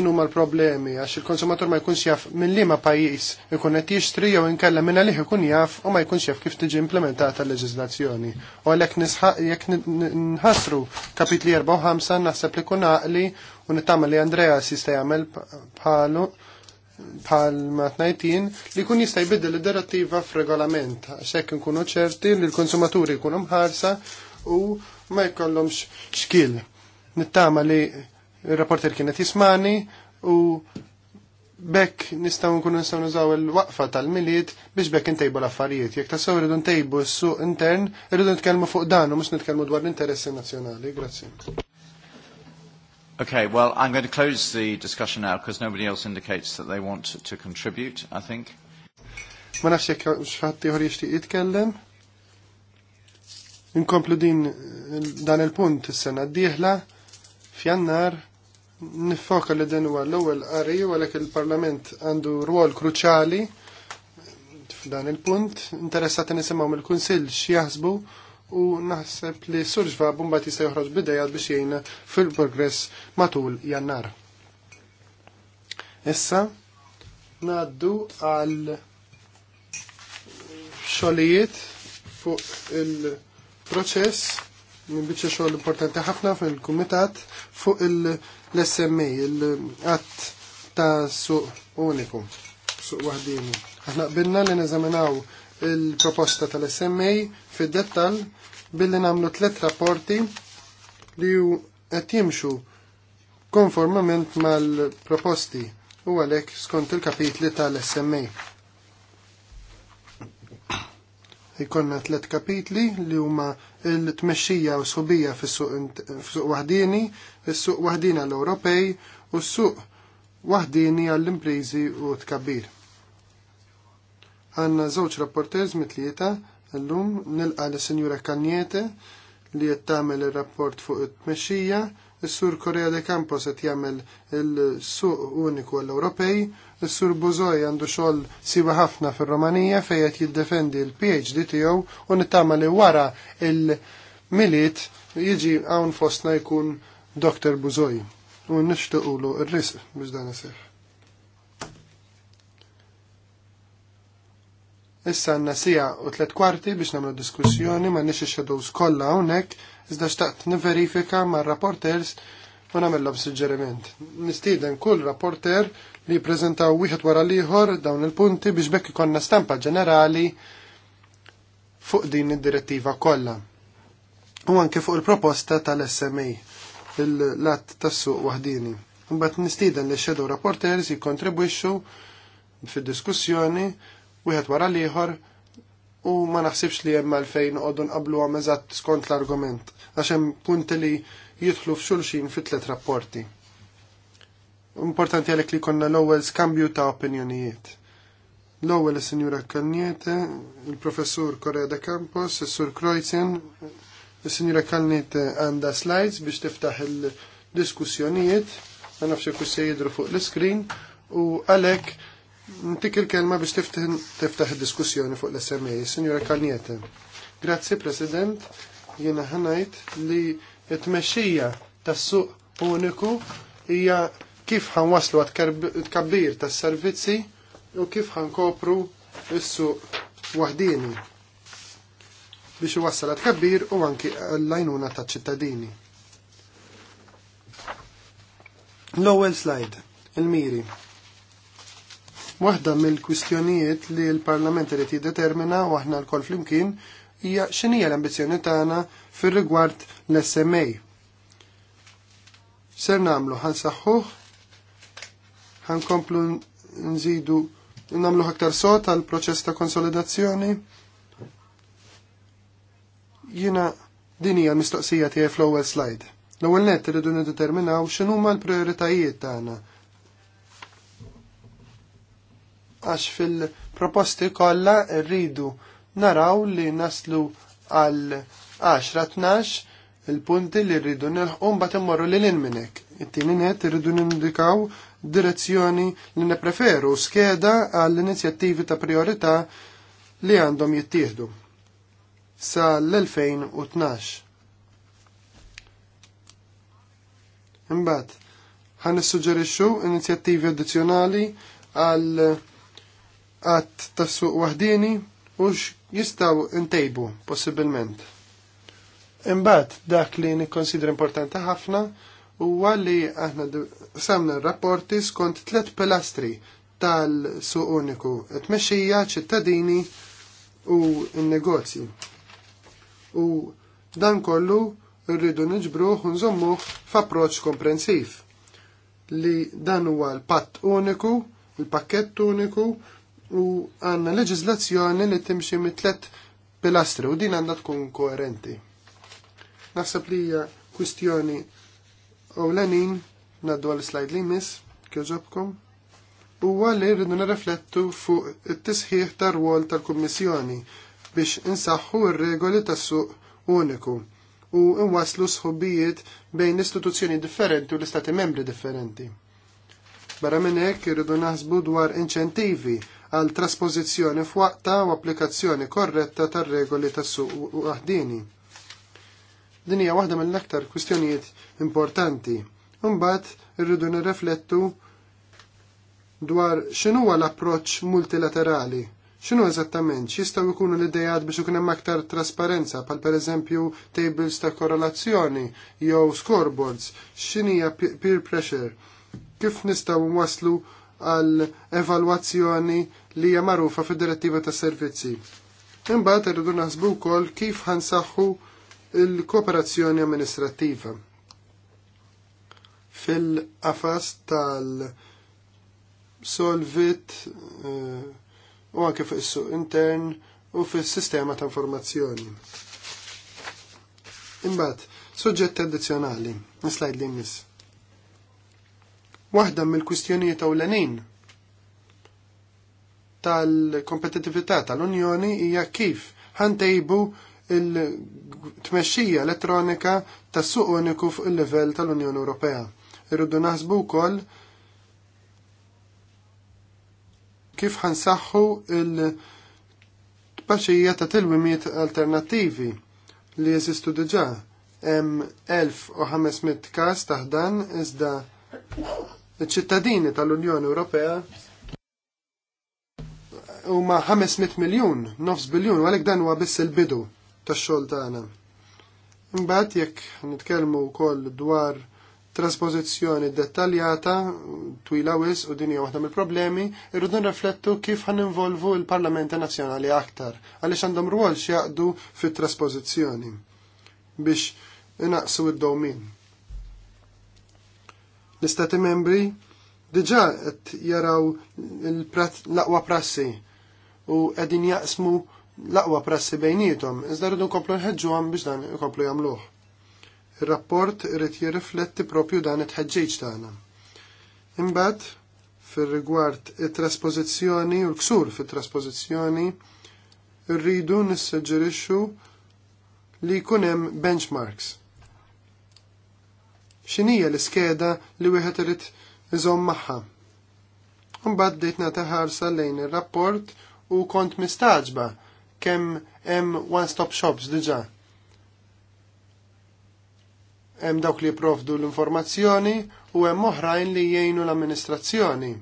ma l-problemi għax il-konsumatur ma jkunx jaf minn liema pajjiż ikun qed jixtri jew inkella minn għalih ikun jaf u ma jkunx jaf kif tiġi implementata l-leġiżlazzjoni. U għalhekk nisħaq jekk nħassru kapitli 4 5 naħseb li kun għaqli u nittama li Andrea jista' jagħmel bħalu bħal ma tnajtin li kun jista' jbiddel id-direttiva f'regolament għax nkunu ċerti li l-konsumaturi jkunu mħarsa u ma jkollhomx xkil. Nittama li il-rapporter kienet jismani u bekk nistaw nkunu nistaw nużaw il-waqfa tal-miliet biex bekk intejbu l-affarijiet. Jek tassew irridu ntejbu s-suq intern, irridu nitkellmu fuq dan u mhux nitkellmu dwar l-interessi nazjonali. Grazie. Okay, well, I'm going to close the discussion now because nobody else indicates that they want to contribute, I think. Ma nafx jek xħat ieħor jixtieq jitkellem. Inkomplu din dan il-punt is-sena d-dieħla f'jannar nifoka li dan huwa l-ewwel qari għalhekk il-Parlament għandu rwol kruċjali f'dan il-punt, interessati nisimgħu mill-Kunsill x'jaħsbu u naħseb li surġva bumba jista' joħroġ bidejat biex jgħinna fil-progress matul jannar. Issa ngħaddu għal xogħlijiet fuq il-proċess xoħ xogħol importanti ħafna fil-kumitat fuq l-SMA, l għat ta' suq uniku, suq wahdini. Aħna qbilna li neżaminaw il-proposta tal-SMA fid-dettal billi namlu tlet rapporti li ju qed jimxu konformament mal-proposti u għalhekk skont il-kapitli tal-SMA jikonna tlet kapitli li huma l-tmexxija u sħubija fis-suq waħdini, is-suq waħdini għall-Ewropej u s-suq waħdini għall-imprizi u tkabbir. Għanna żewġ rapporters mitlieta llum nilqa l-Sinjura Kanjete li qed tagħmel ir-rapport fuq it-tmexxija is-Sur Korea de Campos qed jagħmel il-suq uniku l-Ewropej, is-Sur Buzoj għandu xogħol siwa ħafna fir-Romanija fejn qed jiddefendi l-PhD tiegħu u nittama li wara il-miliet jiġi hawn fostna jkun Dr. Buzoj u nixtiequlu r-risq biex dan iseħħ. Issa għanna sija u tlet kwarti biex namlu diskussjoni ma nixi shadows skolla unnek, iżda xtaqt niverifika ma rapporters u namellom suġġeriment. Nistiden kull rapporter li prezentaw wieħed wara liħor dawn il-punti biex bekk ikonna stampa ġenerali fuq din id-direttiva kollha. U anke fuq il-proposta tal-SMA, il-lat tas-suq waħdini. Mbagħad nistieden li shadow rapporters jikkontribwixxu fid-diskussjoni wieħed wara l-ieħor u ma naħsibx li hemm għalfejn qogħdu qablu għam eżatt skont l-argument għax hemm punti li jidħlu f'xulxin fit-tliet rapporti. Importanti għalhekk li konna l-ewwel skambju ta' opinjonijiet. L-ewwel is-Sinjura Kalniete, il-Professur Korea de Campos, is-Sur Kreuzen, is-Sinjura Kalniete għandha slides biex tiftaħ il-diskussjonijiet, ma nafx ikku se jidru fuq l-iskrin, u għalhekk Ntik il-kelma biex tiftaħ diskussjoni fuq l-SMA. Signora Kalniete, grazzi President, jiena ħanajt li t-mexxija tas-suq uniku hija kif waslu għat kabbir tas-servizzi u kif ħankopru s-suq wahdini biex iwassal għat kabbir u anki l-lajnuna ta' ċittadini. L-ewwel slide, il-miri Waħda mill-kwistjonijiet li l-Parlament irid jiddetermina u aħna lkoll flimkien hija x'inhija l-ambizzjoni tagħna fir-rigward l-SMA. Ser nagħmlu ħansaħħuh, komplu nżidu nagħmlu aktar sot għal proċess ta' konsolidazzjoni. Jiena din hija l-mistoqsija tiegħi fl-ewwel slide. L-ewwel nett irridu niddeterminaw x'inhuma l-prijoritajiet tagħna għax fil-proposti kollha rridu naraw li naslu għal 10-12 il-punti li rridu nilħu mbagħad immorru lil minnek. It-tieni net irridu nindikaw direzzjoni li nepreferu skeda għall-inizjattivi ta' priorità li għandhom jittieħdu sa l-2012. Imbagħad ħan nissuġġerixxu inizjattivi addizzjonali għal għat tassuq wahdini u jistaw intejbu possibilment. Imbagħad dak li nikkonsidra importanti ħafna huwa li aħna samna rapporti skont tliet pilastri tal-suq uniku, t meċxija ċittadini u n-negozji. U dan kollu rridu niġbruh u f'approċċ komprensiv li dan huwa l-patt uniku, l-pakkett uniku u għanna leġizlazzjoni li timxi mit-tlet pilastri u din għanna tkun koerenti. Naħseb li hija kwistjoni ewlenin naddu għal slajd li mis, kieġobkom huwa li rridu nirriflettu fuq it-tisħiħ tar-rwol tal-Kummissjoni biex insaħħu r-regoli tas-suq uniku u nwaslu sħobijiet bejn istituzzjoni differenti u l-istati membri differenti. Barra minn hekk irridu naħsbu dwar inċentivi għal traspożizzjoni f'waqta u applikazzjoni korretta tar-regoli tas-suq waħdini. Din hija waħda mill-aktar kwistjonijiet importanti. Imbagħad irridu nirreflettu dwar x'inhuwa l-approċċ multilaterali x'inhu eżattament, x'jistgħu jkunu l-idejat biex ikun hemm aktar trasparenza, bħal pereżempju tables ta' korrelazzjoni jew scoreboards, hija peer pressure, kif nistgħu waslu għal evalwazzjoni li hija magħrufa fid-direttiva tas servizzi. Imbagħad irridu naħsbu wkoll kif ħansaħħu l-kooperazzjoni amministrattiva fil-qafas tal-solvit eh, u anke fuq is-suq intern u fis-sistema ta' informazzjoni. Imbagħad, suġġett addizzjonali, nislajd li Waħda mill-kwistjonijiet ewlenin tal-kompetitività tal-Unjoni hija kif ħantejbu il-tmexxija elettronika tas-suq uniku fuq il-livell tal-Unjoni Ewropea. Irridu naħsbu wkoll kif ħansaħħu il-tpaċija ta' tilwimiet alternattivi li jeżistu diġà hemm 1500 każ taħdan iżda iċ-ċittadini tal-Unjoni Ewropea huma 500 miljun, nofs biljun, u għalhekk dan huwa biss il-bidu tax-xogħol tagħna. Imbagħad jekk nitkellmu wkoll dwar traspożizzjoni dettaljata twila wis u dinja waħda mill-problemi, irridu nreflettu kif ħan involvu l-Parlamenti Nazzjonali aktar, għaliex għandhom rwol x'jaqdu fit traspożizzjoni biex inaqsu id-dowmin. L-Istati membri diġa jaraw l-aqwa prassi u qegħdin jaqsmu l-aqwa prassi bejnietom, iżda rridu nkomplu nħeġġuhom biex dan ikomplu jagħmluh. Ir-rapport irid jirrifletti propju dan it-ħeġġeġ tagħna. Imbagħad fir-rigward it-traspożizzjoni u l-ksur fit-traspożizzjoni rridu nissuġġerixxu li jkun hemm benchmarks. X'inhija l-iskeda li wieħed irid iżomm magħha. Imbagħad bdejt nagħti ħarsa lejn ir-rapport u kont mistaġba kemm hemm one-stop shops diġà. Hemm dawk li jipprovdu l-informazzjoni u hemm oħrajn li jgħinu l-amministrazzjoni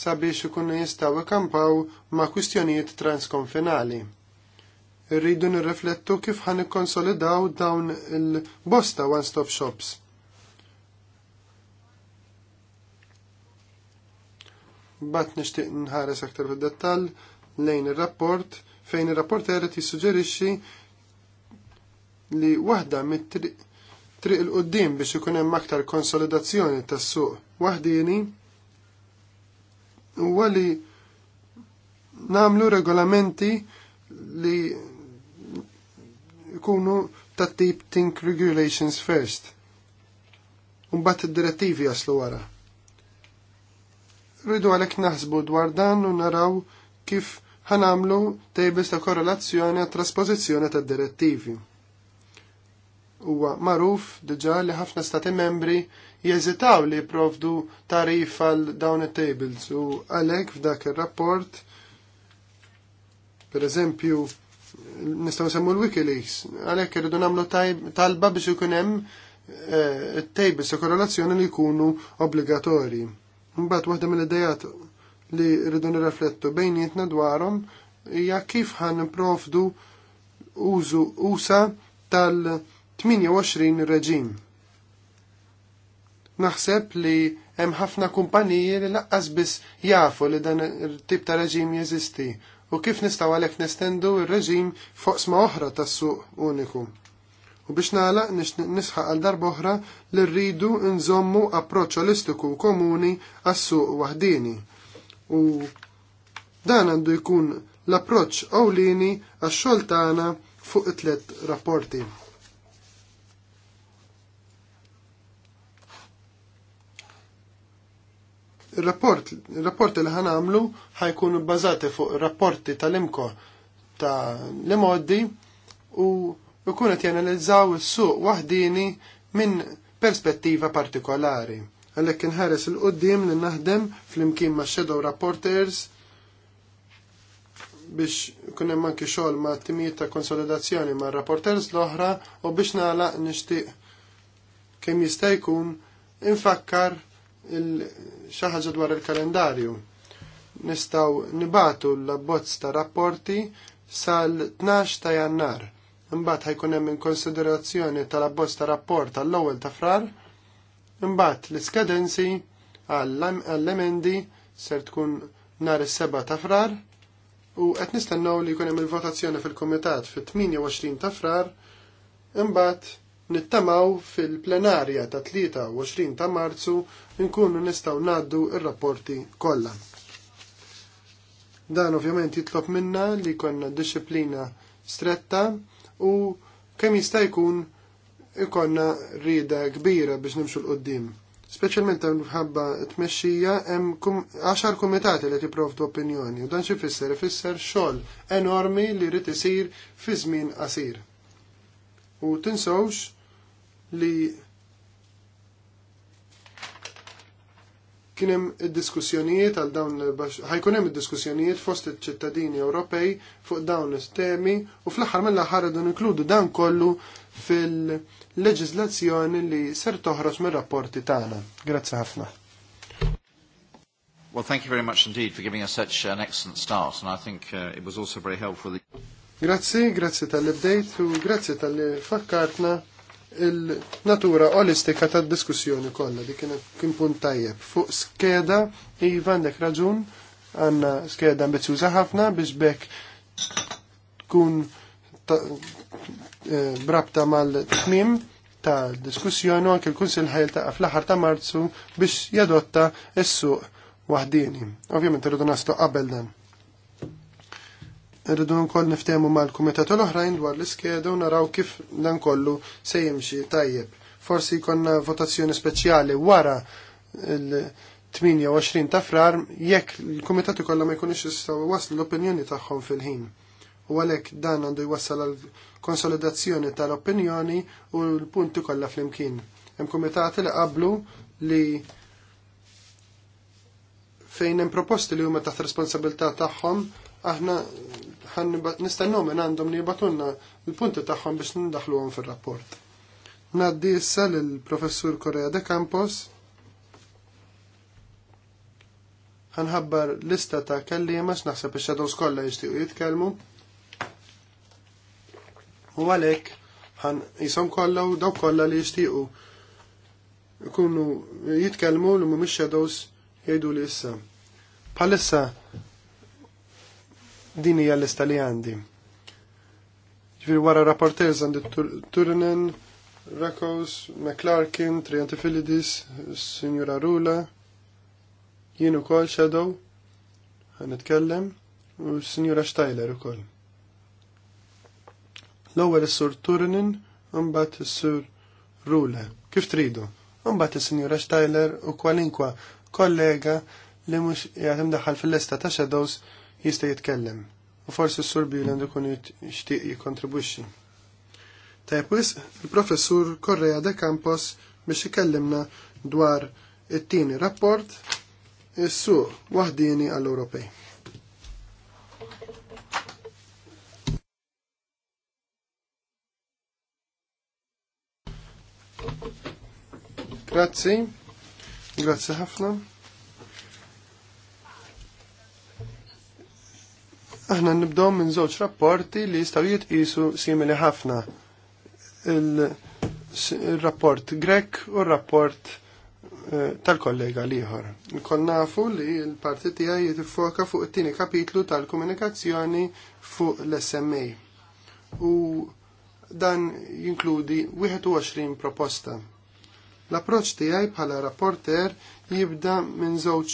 sabiex ikunu jistgħu ikampaw ma' kwistjonijiet transkonfinali. Irridu nirriflettu kif ħan ikkonsolidaw dawn il-bosta one-stop shops bat nixtieq nħares aktar fid-dettall lejn ir-rapport fejn ir rapport qed jissuġġerixxi li waħda mit-triq triq il qoddim biex ikun hemm aktar konsolidazzjoni tas-suq wahdini u li nagħmlu regolamenti li ikunu ta' tip think regulations first. un id-direttivi jaslu wara. Rridu għalhekk naħsbu dwar dan u naraw kif ħanamlu tejbis ta' korrelazzjoni għat trasposizjoni tad direttivi. Huwa magħruf diġà li ħafna stati membri jeżitaw li jiprovdu tarif għal dawn it-tables u għalhekk f'dak ir-rapport per eżempju nistaw semmu l-Wikileaks, għalhekk irridu nagħmlu talba biex ikun hemm eh, tables ta' korrelazzjoni li jkunu obbligatorji. Mbagħad waħda mill-idejat li rridu nirreflettu bejnietna dwarhom hija kif ħan niprofdu użu usa tal-28 reġim. Naħseb li hemm ħafna kumpaniji li laqqas biss jafu li dan tip ta' reġim jeżisti u kif nistgħu għalhekk nestendu r-reġim fuq sma oħra tas-suq uniku. U biex nagħlaq nisħaq għal darboħra li rridu nżommu approċċ olistiku komuni għas-suq waħdini. U dan għandu jkun l-approċċ ewlieni għax-xogħol tagħna fuq it-tliet rapporti. Il-rapport, il-rapporti li ħanamlu ħajkunu bbażati fuq rapporti tal-imko ta' l u ikun qed janalizzaw is-suq waħdini minn perspettiva partikolari. Għalhekk inħares il qudiem li naħdem flimkien ma' Shadow Reporters biex kunem hemm anki xogħol ma' timijiet ta' konsolidazzjoni ma' rapporters l-oħra u biex nagħlaq nixtieq kemm jista' jkun infakkar xi ħaġa dwar il-kalendarju. Nistgħu nibatu l-abbozz ta' rapporti sal-12 ta' jannar imbagħad ħajkun hemm konsiderazzjoni tal-abbozz ta' rapport għall ewwel ta' frar, imbagħad l-iskadenzi għall-emendi ser tkun nhar is-seba' ta' frar u qed nistennew li jkun hemm il-votazzjoni fil-kumitat fit-28 ta' frar, imbagħad nittamaw fil-plenarja ta' 23 ta' marzu nkunu nistgħu ngħaddu ir-rapporti kollha. Dan ovvjament jitlob minna li konna disciplina stretta u kemm jista' jkun ikonna rida kbira biex nimxu l-qoddim. Speċjalment minħabba tmexxija hemm għaxar kumitati li tipprovdu opinjoni u dan xi fisser ifisser xogħol enormi li jrid isir fi żmien qasir. U tinsewx li Kien hemm id-diskussjonijiet għal dawn ħajkun hemm id-diskussjonijiet fost il ċittadini Ewropej fuq dawn is-temi u fl-aħħar mill-aħħar idu inkludu dan kollu fil-leġiżlazzjoni li ser toħroġ mir-rapporti tagħna. Grazzi ħafna. Well, thank you very much indeed for giving us such an excellent start, and I think uh, it was also very helpful. Grazzi, grazzi tal-update u grazzi tal fakkartna il-natura olistika tad diskussjoni kollha li kienet kien punt tajjeb. Fuq skeda iva għandek raġun għandna skeda ambizjuża ħafna biex bekk tkun eh, brabta mal-tmim ta' diskussjoni anke l-Kunsil ħajl ta' fl-aħħar ta' Marzu biex jadotta s-suq waħdini. Ovvjament irridu nastu qabel dan rridu nkoll niftehmu mal-kumitat l-oħrajn dwar l-iskeda u naraw kif dan kollu se jimxi tajjeb. Forsi jkollna votazzjoni speċjali wara l-28 ta' frar jekk il-kumitat ikollha ma jkunux jistgħu waslu l-opinjoni tagħhom fil-ħin. U għalhekk dan għandu jwassal għal konsolidazzjoni tal-opinjoni u l-punti kollha flimkien. Hemm kumitati li qablu li fejn hemm proposti li huma taħt responsabilità tagħhom aħna nistennu minn għandhom li jibatunna l-punti tagħhom biex għom fir-rapport. Naddi issa lill-Professur Korea de Campos Għanħabbar lista ta' kellima x'naħseb ix-shadows kollha jixtiequ jitkellmu. U għalhekk ħan jisom kollha u dawk kollha li jixtiequ ikunu jitkellmu li mhumiex shadows jgħidu li issa. Bħalissa Din hija l-lista li għandi. Ġifieri wara rapporters għandi Turinen, Rakos, McClarkin, Filidis, Signora Rula, jien ukoll Shadow, ħanitkellem, u Signora Steiler ukoll. L-ewwel is-Sur Turnen, mbagħad is-Sur Rula. Kif tridu? Mbagħad is-Signora Steiler u kwalinkwa kollega li mhux qiegħed imdaħħal fil-lista ta' Shadows jista' jitkellem u forsi s-sur Biland ikun jixtieq jikkontribwixxi. Tajb il-professur Correa de Campos biex ikellimna dwar it-tieni rapport is-suq għall-Ewropej. Grazzi, grazzi ħafna. Aħna nibdew minn żewġ rapporti li jistgħu jitqisu simili ħafna. Il-rapport Grek u r-rapport eh, tal-kollega liħor. Kol nafu li l-parti tiegħi jitifoka fuq it-tieni kapitlu tal-komunikazzjoni fuq l-SMA. U dan jinkludi 21 proposta. l approċċ tiegħi bħala rapporter jibda minn żewġ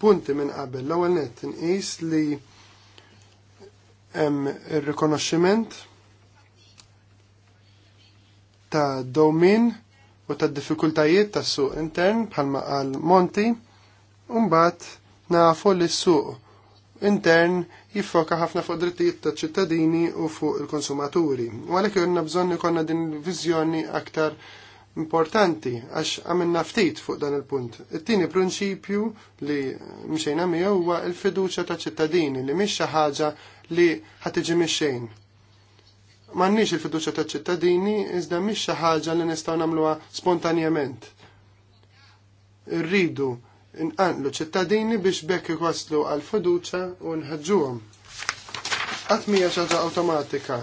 punti minn qabel. L-ewwel nett inqis li hemm ir-rikonoxximent ta' domin u ta' diffikultajiet tas suq intern bħalma qal Monti, u mbagħad nafu li s-suq intern jiffoka ħafna fuq drittijiet ta' ċittadini u fuq il-konsumaturi. U għalhekk irna bżonn ikollna din viżjoni aktar importanti għax għamilna ftit fuq dan il-punt. It-tieni prinċipju li mxejna miegħu huwa l-fiduċja ta' ċittadini li mhix xi ħaġa li ħatiġi mix-xejn. M'għandniex il-fiduċja taċ-ċittadini iżda mhix xi ħaġa li nistgħu nagħmluha spontanjament. Irridu nqanqlu ċittadini biex bekk iwaslu għal fiduċja u nħeġġuhom. Qatt mija ċaġa awtomatika.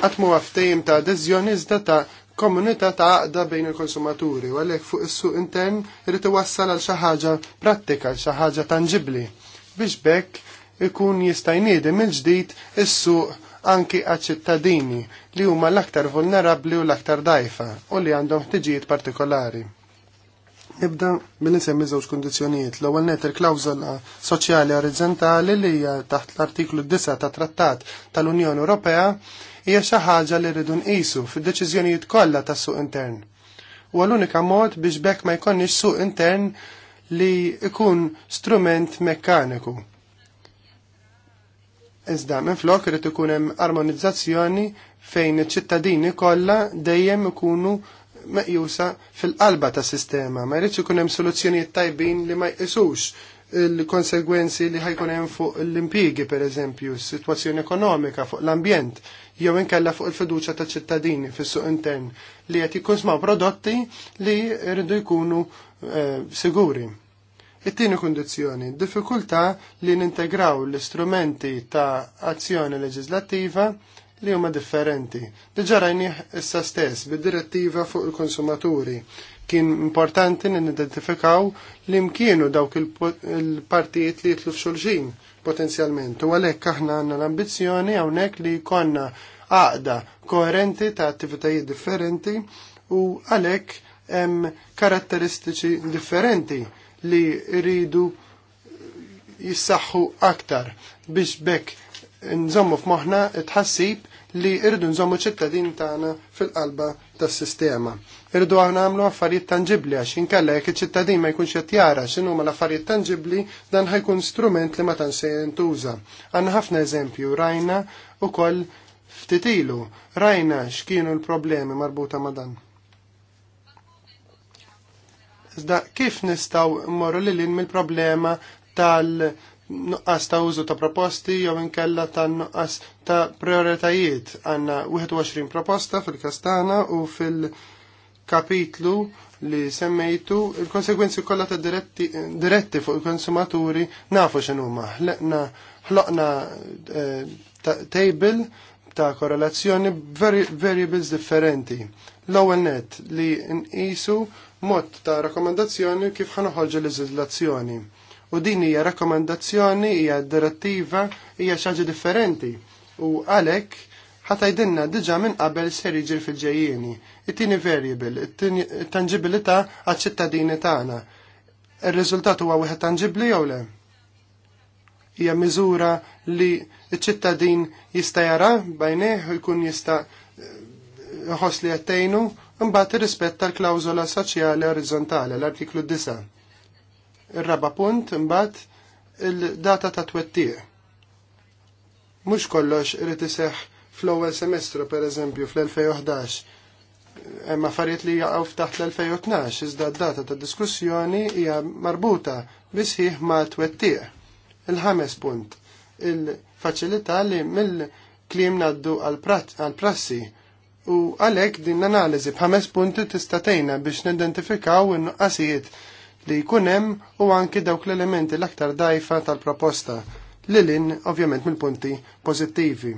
Qatt mu ftehim ta' adeżjoni iżda ta' komunità ta' għaqda bejn il-konsumaturi u għalhekk fuq is-suq intern irid iwassal għal xi ħaġa prattika, xi ħaġa tanġibbli biex bekk ikun jista' jniedem il-ġdid is-suq anki għaċ-ċittadini li huma l-aktar vulnerabbli u l-aktar dajfa u li għandhom ħtiġijiet partikolari. Nibda mill-insemmi żewġ kundizzjonijiet. L-ewwel net il-klawżola soċjali orizzontali li hija taħt l-artiklu 9 ta' Trattat tal-Unjoni Ewropea hija xi ħaġa li rridu nqisu fid-deċiżjonijiet kollha tas-suq intern. U l-unika mod biex bekk ma jkollniex suq intern li ikun strument mekkaniku Iżda minflok irid ikun hemm armonizzazzjoni fejn iċ-ċittadini kollha dejjem ikunu meqjusa fil-qalba tas sistema. Ma jridx ikun hemm soluzzjonijiet tajbin li ma jqisux il-konsegwenzi li ħajkun hemm fuq l-impjigi pereżempju, s-sitwazzjoni ekonomika, fuq l-ambjent, jew inkella fuq il-fiduċja ta' ċittadini fis-suq intern li qed jikkonsmaw prodotti li rridu jkunu eh, siguri. It-tieni kundizzjoni, diffikultà li nintegraw l-istrumenti ta' azzjoni leġislattiva li huma differenti. Diġà rajni issa stess bid-direttiva fuq il-konsumaturi. Kien importanti li nidentifikaw li mkienu dawk il-partijiet li jitlu f'xulxin potenzjalment. U għalhekk aħna għandna l-ambizzjoni hawnhekk li konna għaqda koerenti ta' attivitajiet differenti u għalhekk hemm karatteristiċi differenti li rridu jissaħħu aktar biex bekk nżommu f'moħħna tħassib li irridu nżommu ċittadin tagħna fil-qalba tas-sistema. Irridu aħna għamlu affarijiet tangibli għax inkella jekk iċ-ċittadin ma jkunx qed jara x'inhu ma l-affarijiet tangibli dan ħajkun strument li ma tansej se jintuża. Għandna ħafna eżempju rajna ukoll ftitilu rajna x'kienu l-problemi marbuta ma' dan. Iżda kif nistgħu mmorru lil mill-problema tal-nuqqas ta' użu ta' proposti jew inkella tan-nuqqas ta' prioritajiet għandna 21 proposta fil-kastana u fil-kapitlu li semmejtu il-konsekwenzi kollha ta' diretti, diretti fuq il-konsumaturi nafu x'inhuma. Ħleqna ħloqna eh, table ta' korrelazzjoni variables differenti. L-ewwel net li nqisu mod ta' rakkomandazzjoni kif l-izolazzjoni. U din hija rakkomandazzjoni, hija direttiva, hija xi ħaġa differenti. U għalhekk ħatajdinna diġa minn qabel ser jiġri fil-ġejjieni. It-tieni variable, it-tangibilità għaċ-ċittadini tagħna. Ir-riżultat huwa wieħed tangibbli jew le? Hija miżura li ċ-ċittadin jista' jara bajnejh u jkun jista' ħoss li jattejnu Imbagħad irrispett l klawżola soċjali orizzontali l-artiklu 9. Ir-raba' punt imbagħad il-data ta' twettieq. Mhux kollox irid iseħħ fl-ewwel semestru pereżempju fl-2011 hemm affarijiet li jaqgħu ftaħt l-2012 iżda d-data ta' diskussjoni hija marbuta sħiħ ma' twettieq. Il-ħames punt il-faċilità li mill-kliem ngħaddu għall-prassi u għalhekk din l-analiżi b'ħames punti tista' tgħinna biex nidentifikaw in-nuqqasijiet li jkun hemm u anki dawk l-elementi l-aktar dajfa tal-proposta li lin ovvjament mill-punti pożittivi.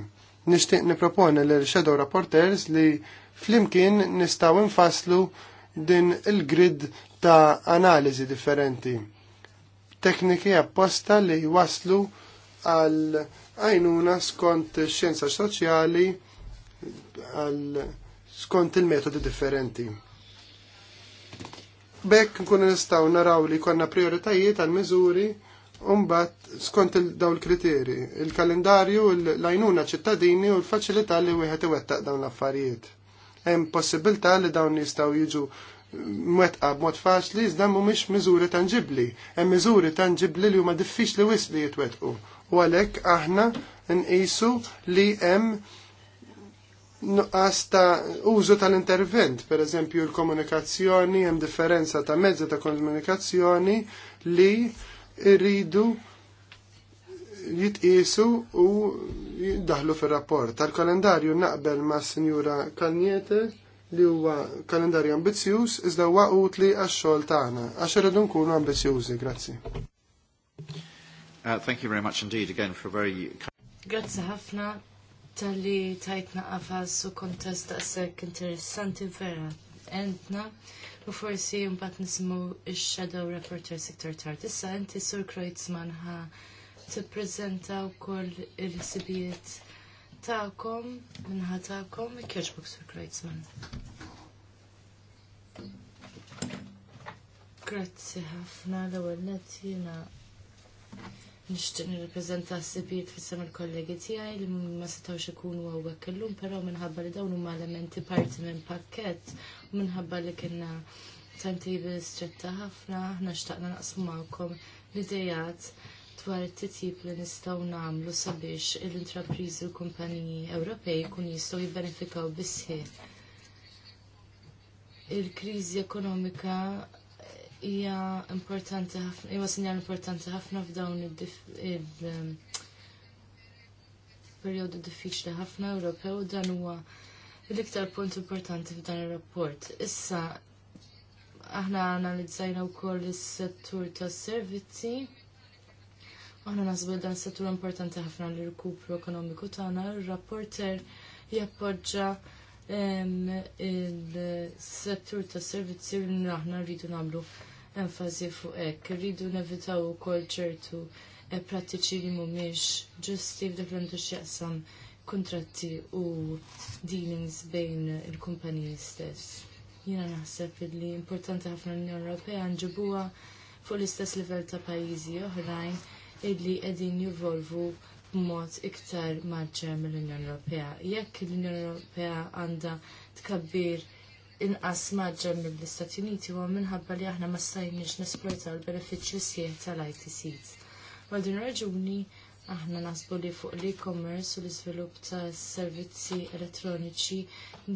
Nixtieq niproponi l shadow rapporters li flimkien nistgħu nfasslu din il-grid ta' analiżi differenti. Tekniki apposta li waslu għal għajnuna skont xjenza soċjali għal skont il-metodi differenti. Bekk nkunu nistgħu naraw li konna prioritajiet għal miżuri Umbat, skont daw il-kriteri, il-kalendarju, l-lajnuna ċittadini u l-faċilità li wieħed iwettaq dawn l-affarijiet. Hemm possibilità li dawn jistgħu jiġu mwettqa b'mod faċli iżda mhumiex miżuri tangibli. Hemm miżuri tanġibbli li huma diffiċli wisli jitwettqu. U għalhekk aħna nqisu li hemm nuqqas ta' użu tal-intervent, per eżempju l-komunikazzjoni, hemm differenza ta' mezzi ta' komunikazzjoni li rridu jitqisu u jiddaħlu fil-rapport. Tal-kalendarju naqbel ma' Sinjura Kalniete li huwa kalendarju ambizzjuż iżda huwa utli għax-xogħol tagħna għax irridu nkunu ambizzjużi. Grazzi. Uh, thank you very much indeed again for a very Grazzi ħafna tal-li tajtna għafas u kontest daqsek interessanti vera entna u forsi mbagħad nismu ix-shadow reporter sektor tard. Issa inti Sur Kreutzmann ha u wkoll il-sibijiet tagħkom minħa tagħkom ikkeġbok Sur Kreutzmann. Grazzi ħafna l-ewwel nixtieq nirrappreżenta s-sibiet fissam il-kollegi tiegħi li ma setgħux ikunu hawnhekk illum, però minħabba li dawn huma elementi parti minn pakkett minħabba li kienna timetable stretta ħafna, aħna xtaqna naqsmu magħkom l-idejat dwar it-titjib li nistgħu nagħmlu sabiex l-intrapriżi u kumpaniji Ewropej kun jistgħu jibbenefikaw bisħieħ. Il-kriżi ekonomika hija importanti ħafna, hija sinjal importanti ħafna f'dawn il-perjodu um, diffiċli ħafna Ewropew dan huwa l-iktar punt importanti f'dan ir-rapport. Issa aħna analizzajna wkoll is-settur tas-servizzi. Aħna nasbu dan settur importanti ħafna l rikupru ekonomiku tagħna, ir-rapporter jappoġġa il-settur tas servizzi li aħna rridu nagħmlu enfasi fuq hekk. Irridu nevitaw ukoll ċertu e prattiċi li mhumiex ġusti f'dak l-għandu x'jaqsam kontratti u dealings bejn il-kumpaniji stess. Jiena naħseb li importanti ħafna l-Unjoni Ewropea nġibuha fuq l-istess livell ta' pajjiżi oħrajn illi qegħdin jivolvu b'mod iktar maġġer mill-Unjoni Ewropea. Jekk l-Unjoni Ewropea għandha tkabbir inqas maġġa mill-Istati Uniti huwa minħabba li aħna ma stajniex nesplortaw l-benefiċċju sieħ tal-ITCs. Għal din raġuni aħna nasbu li fuq l-e-commerce u l-iżvilupp ta' servizzi elettroniċi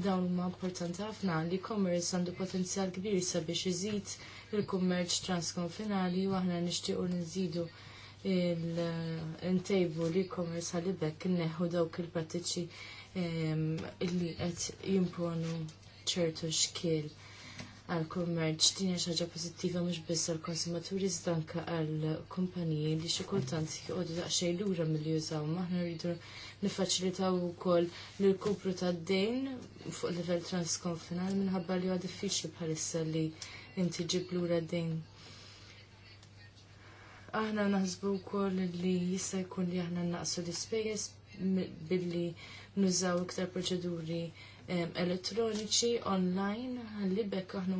dawn huma importanti ħafna. L-e-commerce għandu potenzjal kbir sabiex iżid il-kummerċ transkonfinali u aħna nixtiequ nżidu il-intejbu l-e-commerce għalibek neħu dawk il-prattiċi ehm, illi qed jimponu ċertu xkiel għal kummerċ din hija ħaġa pożittiva mhux biss għall konsumaturi iżda anke għall kumpaniji li xi kultant joqogħdu daqsxejn lura milli jużaw aħna rridu nifaċilitaw ukoll l-kupru tad-dejn fuq livell transkonfinal minħabba li huwa diffiċli bħalissa li inti ġib lura d-dejn aħna naħsbu wkoll li jista' jkun li aħna naqsu l-ispejjeż billi nużaw iktar proċeduri elettroniċi online għalli bekk u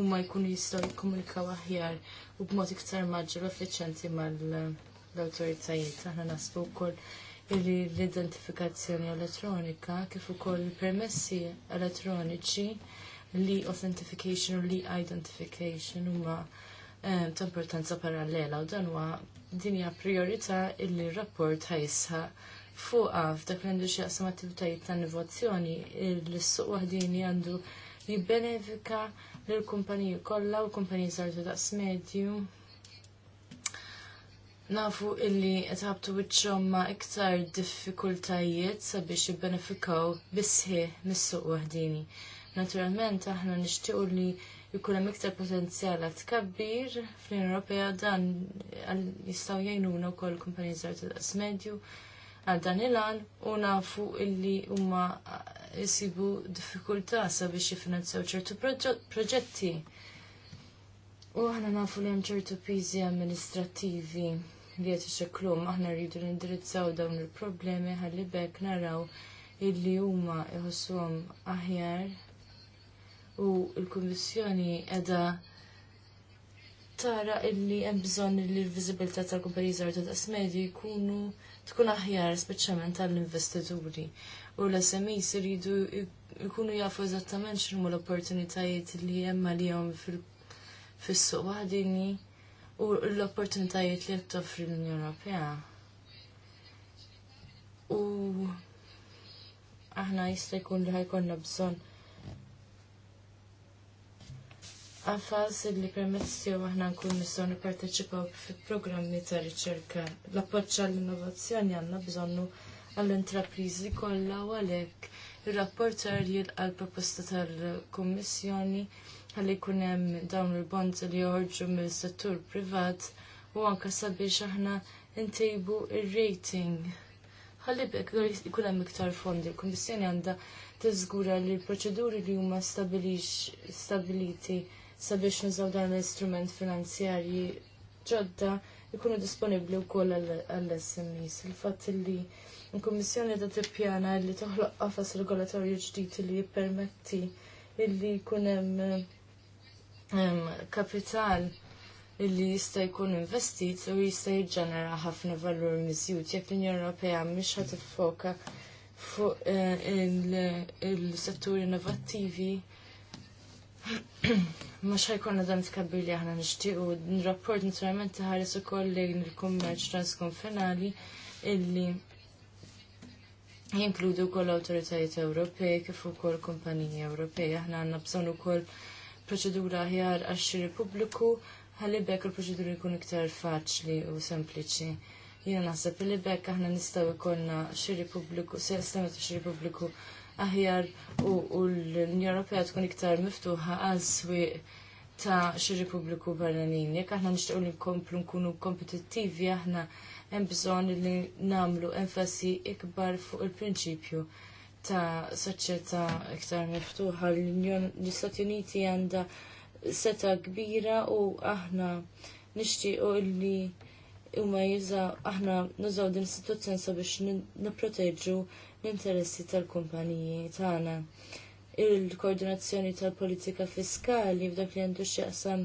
huma jkunu jistgħu jikkomunikaw aħjar u b'mod iktar maġġel effiċjenti mal-awtoritajiet. Aħna nasbu wkoll illi l-identifikazzjoni elettronika kif ukoll permessi elettroniċi li authentification u li identification huma ta' importanza parallela u dan huwa dinja priorità illi rapport ħajsħaq Fuq, dak li għandu xieqsam attivitajiet ta' innovazzjoni, il-suq wahdini għandu jibbenefika l-kumpaniji kollha u kumpaniji żgħar daqs medju. Nafu illi qed ħabtu wiċċhom ma' iktar diffikultajiet sabiex jibbenefikaw bisħieħ mis-suq wahdini. Naturalment aħna nixtiequ li jkun hemm iktar potenzjal għal tkabbir fl-Ewropea dan jistgħu jgħinuna wkoll kumpaniji żgħar daqs medju għal dan il-għan u nafu illi huma jisibu diffikultà sabiex jifinanzjaw ċertu proġetti. U aħna nafu li hemm ċertu pizi amministrattivi li qed ixekklhom aħna rridu nindirizzaw dawn il-problemi ħalli bekk naraw illi huma jħossuhom aħjar u l-Kummissjoni qiegħda tara illi hemm bżonn li l-viżibilità tal-kumpaniji żgħar ta' medji jkunu tkun aħjar speċjalment għall-investituri u l smi iridu jkunu jafu eżattament x'inhu l-opportunitajiet li hemm għalihom fis-suq waħdini u l-opportunitajiet li qed toffri l-Unjoni Ewropea. U aħna jista' jkun li ħajkonna bżonn qafas li permessi tiegħu aħna nkun nistgħu nipparteċipaw fil-programmi ta' riċerka. l appoċċa għall-innovazzjoni għandna bżonnu għall-intrapriżi kollha u għalhekk ir-rapporter jilqa proposta tal-Kummissjoni ħalli jkun hemm dawn il bond li joħorġu mill-settur privat u anke sabiex aħna ntejbu ir-rating. Għalli bekk jkun hemm iktar fondi, l-Kummissjoni għandha tiżgura li l-proċeduri li huma stabiliti sabiex nużaw dan l-istrument finanzjarji ġodda ikunu disponibli wkoll għall-SMEs. Il-fatt li l-Kummissjoni ta' tippjana li toħloq qafas regolatorju ġdid li jippermetti illi jkun hemm kapital illi jista' jkun investit u jista' jiġġenera ħafna valur miżjud jekk l-Unjoni Ewropea mhix ħadd tiffoka fuq eh, il-setturi innovattivi Ma ħajkonna dan tkabbir li aħna nixtiequ n-rapport naturalment tħares ukoll lejn il-kummerċ transkonfinali illi jinkludu wkoll awtoritajiet Ewropej kif ukoll kumpaniji Ewropej. Aħna għandna bżonn ukoll proċedura aħjar għax-xiri pubbliku ħalli bekk il-proċeduri jkun iktar faċli u sempliċi. Jiena naħseb li bekk aħna nistgħu jkollna xiri pubbliku, sistema ta' xi pubbliku aħjar u l-Unjoni tkun iktar miftuħa għal swieq ta' xi Repubbliku barranin. Jekk aħna nixtiequ li nkomplu nkunu kompetittivi aħna hemm bżonn li nagħmlu enfasi ikbar fuq il-prinċipju ta' soċjetà iktar miftuħa l-Istati Uniti għandha seta' kbira u aħna nixtiequ li huma juża aħna nużaw din istituzzjoni sabiex nipproteġu l-interessi tal-kumpaniji tagħna. Il-koordinazzjoni tal-politika fiskali f'dak li għandu x'jaqsam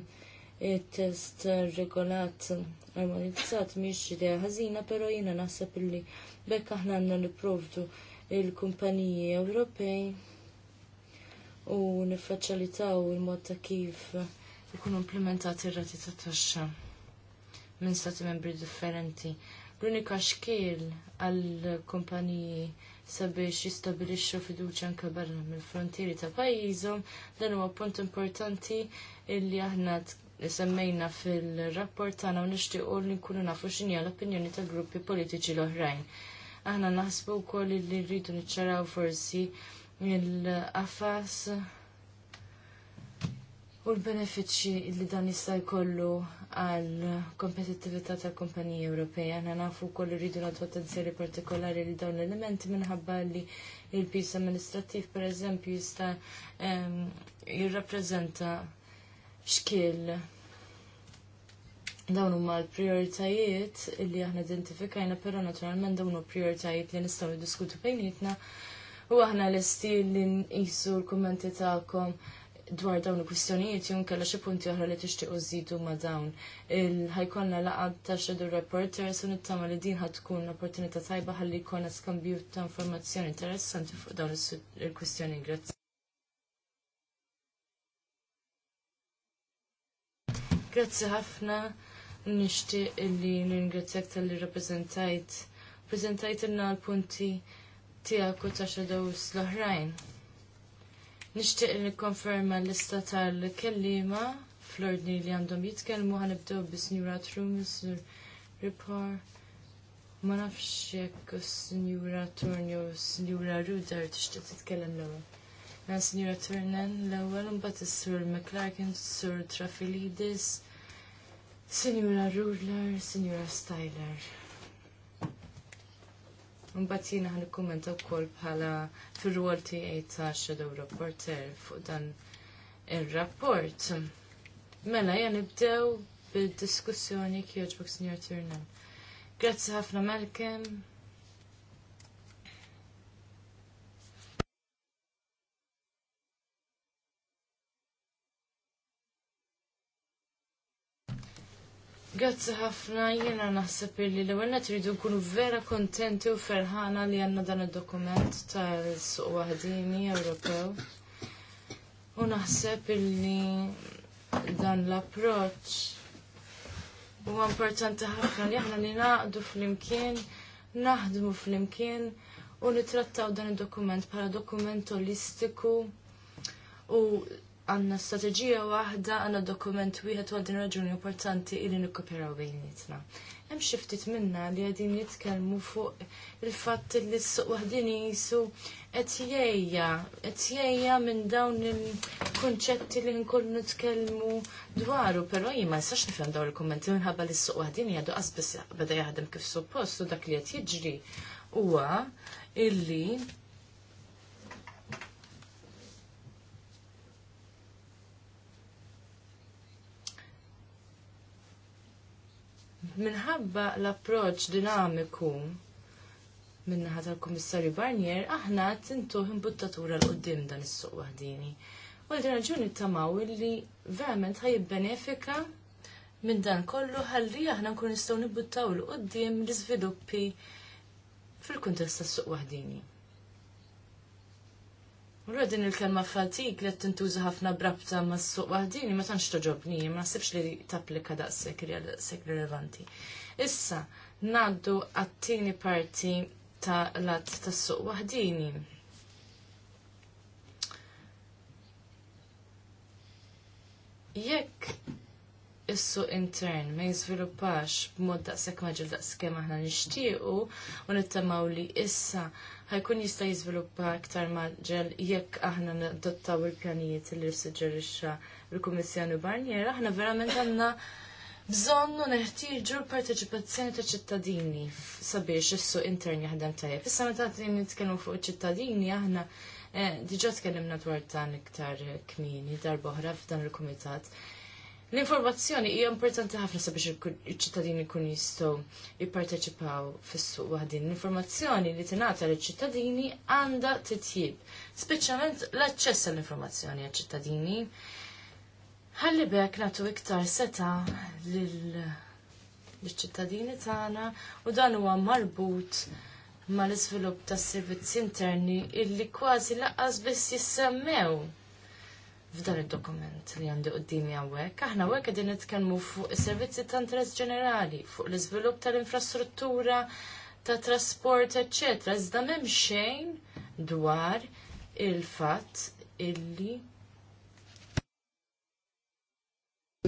it-test regolat armonizzat mhix idea ħażina, però jiena naħseb illi bekk aħna għandna nipprovdu il-kumpaniji Ewropej u niffaċilitaw il-mod ta' kif ikun implementati r-rati ta' taxxa minn stati membri differenti. L-unika xkiel għal kumpaniji sabiex jistabilixxu fiduċja anke barra mill-frontieri ta' pajjiżhom, dan huwa punt importanti illi aħna semmejna fil-rapport tagħna u nixtiequ li nkunu nafu x'inhi l-opinjoni tal-gruppi politiċi l-oħrajn. Aħna naħsbu wkoll li rridu niċċaraw forsi il qafas u l-benefiċċji li dan jista' jkollu għal kompetittività tal kumpaniji Ewropeja. għana nafu wkoll irridu nagħtu attenzjoni partikolari li dawn l-elementi minħabba li il-pis amministrattiv pereżempju jista' ehm, jirrappreżenta xkiel dawn huma l-prioritajiet li aħna identifikajna, però naturalment dawn huma prioritajiet li nistgħu jiddiskutu bejnietna u aħna l-istil li nqisu l-kummenti tagħkom dwar dawn il-kwistjonijiet junkella xi punti oħra li tixtiequ żidu ma' dawn. Il-ħajkonna laqad ta' xedu reporters u nittama li din tkun opportunità tajba ħalli jkollna skambju ta' informazzjoni interessanti fuq dawn il kwistjonijiet Grazzi. Grazzi ħafna nixtieq illi ningrazzjak tal-li rappreżentajt. l-punti tiegħek u ta' xedu l-oħrajn. Nixtieq nikkonferma l-lista tal-kellima fl-ordni li għandhom jitkellmu ħanibdew bis-Sinjura Trum, Sur Ripar. Ma nafx jekk Signora Turnju, Signora Rudar tixtieq titkellem l-ewwel. Na mela, Sinjura Turnen l-ewwel imbagħad is-Sur McClarkin, Sir Trafilidis, Sinjura Ruler, Sinjura Styler. Mbagħad jiena ħan u wkoll bħala fir-rwol ti ta' Shadow Reporter fuq dan ir-rapport. Mela jgħan nibdew bid-diskussjoni kieġbuk Sinjor Turner. Grazzi ħafna Malcolm Grazzi ħafna jiena naħseb li l-ewwel tridu iridu nkunu vera kontenti u ferħana li għandna dan id-dokument tal-suq waħdini Ewropew. U naħseb illi dan l-approċ huwa importanti ħafna li aħna li naqdu fl-imkien, naħdmu fl-imkien u nitrattaw dan id-dokument bħala dokument holistiku u għanna strategija wahda, għanna dokument wieħed għal din raġuni importanti illi nikkoperaw bejnietna. Hemm xi ftit minna li qegħdin nitkellmu fuq il-fatt li s-suq waħdin jisu qed jgħejja, qed jgħejja minn dawn il-kunċetti li nkollu nitkellmu dwaru, però jien ma nistax nifhem dawn il-kummenti minħabba li s-suq waħdin jgħadu qasbis biss beda jaħdem kif suppost u dak li qed jiġri huwa illi minħabba l-approċ dinamiku minnaħa tal-Komissarju Barnier, aħna tintuħ imbuttatura l-qoddim dan is-suq wahdini. U l-raġuni tamaw li verament benefika minn dan kollu ħalli aħna nkun nistgħu nibbuttaw l-qoddim l-iżviluppi fil-kuntest tas-suq wahdini. Mura din il-kelma fatik li tintuża ħafna brabta s suq wahdini, ma tantx toġobni, ma naħsibx li tapplika daqshekk sek rilevanti. Issa ngħaddu għat-tieni parti ta' lat tas-suq waħdini. Jekk is-suq intern ma jiżviluppax b'mod daqshekk maġil daqskemm aħna nixtiequ u unittamaw li issa ħajkun jista' jiżviluppa aktar maġġel jekk aħna nadottaw il-pjanijiet li suġġerixxa l-Kummissjoni Barnier, aħna verament għandna u neħtieġu l-parteċipazzjoni ta' ċittadini sabiex is-suq intern jaħdem tajjeb. Issa meta nitkellmu fuq iċ-ċittadini aħna eh, diġà tkellimna dwar dan iktar kmini darba oħra f'dan il-kumitat. L-informazzjoni hija importanti ħafna sabiex iċ-ċittadini jkun jistgħu jipparteċipaw fis-suq waħdin. L-informazzjoni li tingħata liċ-ċittadini għandha titjib, speċjalment l-aċċess għall-informazzjoni għaċ-ċittadini. Ħalli bek nagħtu iktar seta lill-ċittadini tagħna u dan huwa marbut mal-iżvilupp tas-servizzi interni illi kważi laqqas biss jissemmew f'dan id-dokument li għandi qoddimi hawnhekk. Aħna hawnhekk qegħdin nitkellmu fuq is-servizzi ta' interess ġenerali, fuq l-iżvilupp tal-infrastruttura, ta' trasport, eċċetera. Iżda m'hemm xejn dwar il-fatt illi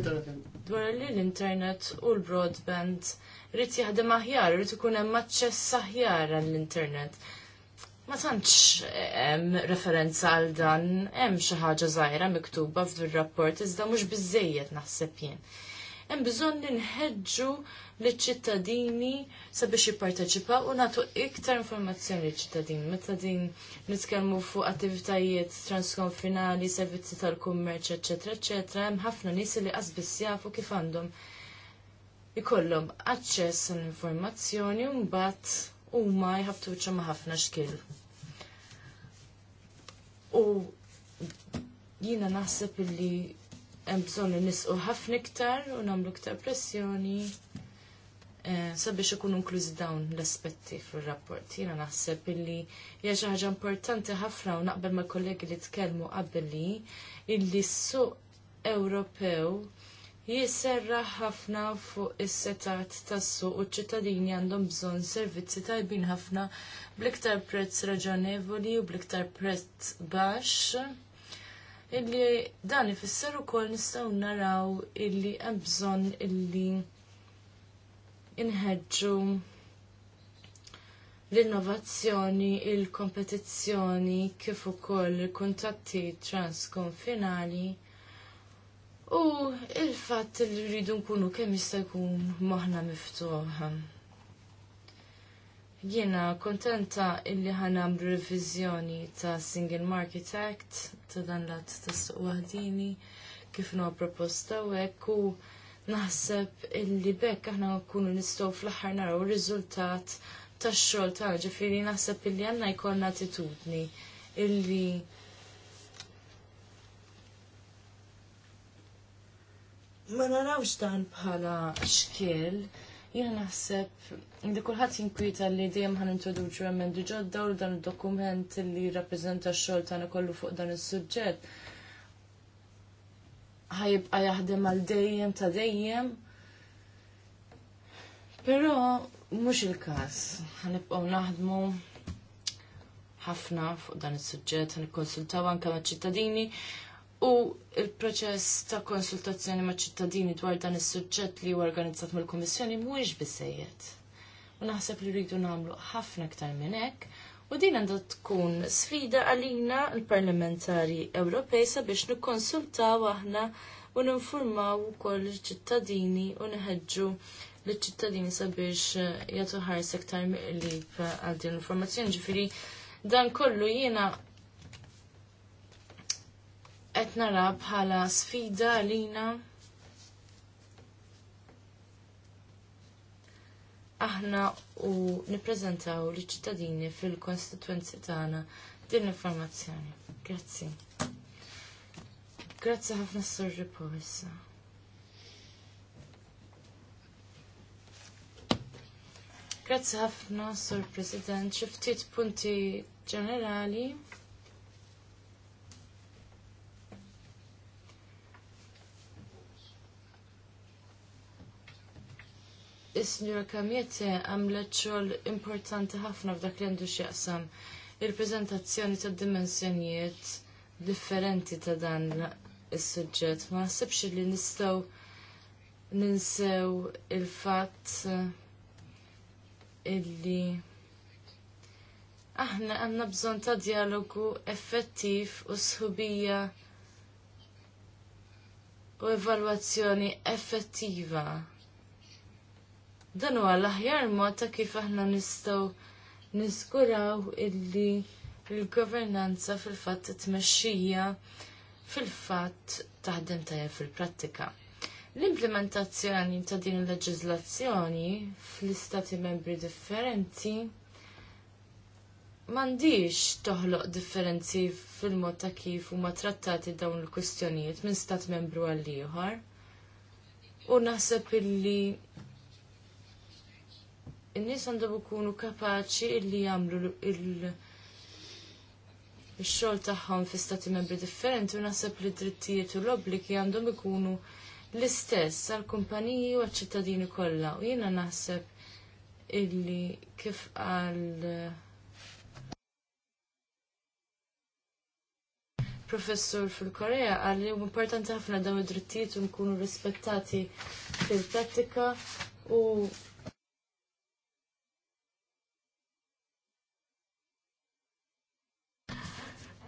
Dwar li l-internet u l-broadband rrit jaħdem aħjar, rrit ikun hemm aċċess aħjar għall-internet. Ma tantx hemm referenza għal dan, hemm xi ħaġa żgħira miktuba f'dur rapport iżda mhux biżejjed naħseb jien. Hemm bżonn li nħeġġu liċ-ċittadini sabiex jipparteċipaw u nagħtu iktar informazzjoni liċ-ċittadini. Meta din nitkellmu fuq attivitajiet transkonfinali, servizzi tal-kummerċ, eċetera, eċetera, hemm ħafna nies li biss jafu kif għandhom ikollhom aċċess għall-informazzjoni u mbagħad huma jħabtu ma' ħafna xkil. U jina naħseb illi hemm bżonn nisqu ħafna iktar u nagħmlu iktar pressjoni eh, sabiex ikun inklużi dawn l-aspetti fil-rapport. Jiena naħseb illi hija xi ħaġa importanti ħafna u naqbel mal kollegi li tkellmu qabel li illi s-suq Ewropew jisserra ħafna fuq is-setat tas-suq u ċ-ċittadini għandhom bżonn servizzi tajbin ħafna bl-iktar prezz raġonevoli u bl-iktar prezz baxx. Illi dan ifisser ukoll nistgħu naraw illi hemm bżonn illi inħeġġu l-innovazzjoni, il-kompetizzjoni, kif ukoll il-kuntatti transkonfinali U il-fatt li rridu nkunu kemm jista' jkun moħħna miftuħa. Jiena kontenta illi ħanamlu reviżjoni ta' Single Market Act ta' dan l-att ta' suq waħdini kif nuha proposta hekk u naħseb illi bekk aħna nkunu nistgħu fl-aħħar naraw riżultat tax-xogħol tagħna ġifieri naħseb illi għandna jkollna attitudni illi ma narawx dan bħala xkiel. jina naħseb li kulħadd jinkwita li dejjem ħan introduċu emendi ġodda u dan id-dokument li rappreżenta x-xogħol tagħna kollu fuq dan is-suġġett ħajibqa jaħdem għal dejjem ta' dejjem. Però mhux il-każ. Ħanibqgħu naħdmu ħafna fuq dan is-suġġett, ħannikkonsultaw anke maċ-ċittadini U il-proċess ta' konsultazzjoni ma' ċittadini dwar dan is-suġġett li huwa organizzat mill-Kummissjoni mhuwiex biżejjed. U naħseb li rridu nagħmlu ħafna aktar minn hekk, u din għandha tkun sfida għalina l-parlamentari Ewropej sabiex nikkonsultaw aħna u ninfurmaw ukoll ċittadini u neħeġġu l-ċittadini sabiex eh, jagħtu ħares aktar miqlib għal din l-informazzjoni ġifieri dan kollu jiena qed nara bħala sfida għalina. Aħna u nippreżentaw liċ ċittadini fil-konstituenzi tagħna din l-informazzjoni. Grazzi. Grazzi ħafna s-sur riposa. Grazzi ħafna, Sur President, xi punti ġenerali. is-Sinjur Kamiete għamlet xogħol importanti ħafna f'dak li għandu x'jaqsam il-preżentazzjoni ta' dimensjonijiet differenti ta' dan is-suġġett. Ma naħsibx li nistgħu ninsew il-fatt illi aħna għandna bżonn ta' dialogu effettiv u sħubija u evalwazzjoni effettiva dan huwa l-aħjar mod ta' kif aħna nistgħu niżguraw illi l governanza fil-fatt tmexxija fil-fatt taħdem tajjeb fil-prattika. L-implementazzjoni ta' din il-leġiżlazzjoni fl-istati membri differenti mandiġ toħloq differenzi fil-mod ta' kif huma trattati dawn il-kwistjonijiet minn stat membru għal ieħor. U naħseb illi in-nies għandhom ikunu kapaċi li jagħmlu il-xogħol tagħhom fi stati membri differenti u naħseb li drittijiet u l-obbligi għandhom ikunu l-istess għall-kumpaniji u għaċ-ċittadini kollha. U jiena naħseb illi kif għal eh, professur fil-Korea li huma importanti ħafna dawn id-drittijiet u nkunu rispettati fil-prattika u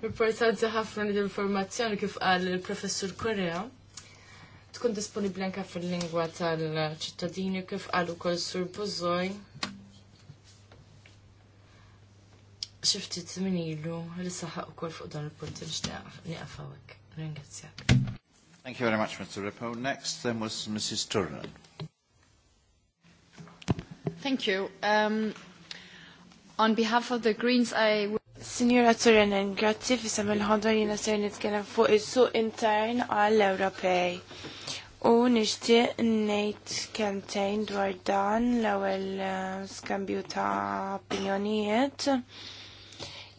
Importanti ħafna li l-informazzjoni kif qal il-professur Korea tkun disponibli anke fil-lingwa tal-ċittadini kif qal ukoll sur Bużoj. Xi ftit min ilu li saħaq ukoll fuq dan il-punt li nieqaf hawnhekk. Ringrazzjak. Thank you very much, Mr. Ripo. Next then was Mrs. Turner. Thank you. Um, on behalf of the Greens, I would Signora Turenen, grazzi sam il-ħodor jina ser nitkellem fuq il-suq intern għall-Ewropej. U nixtieq nejt kemtejn dwar dan l-ewwel eh, skambju ta' opinjonijiet.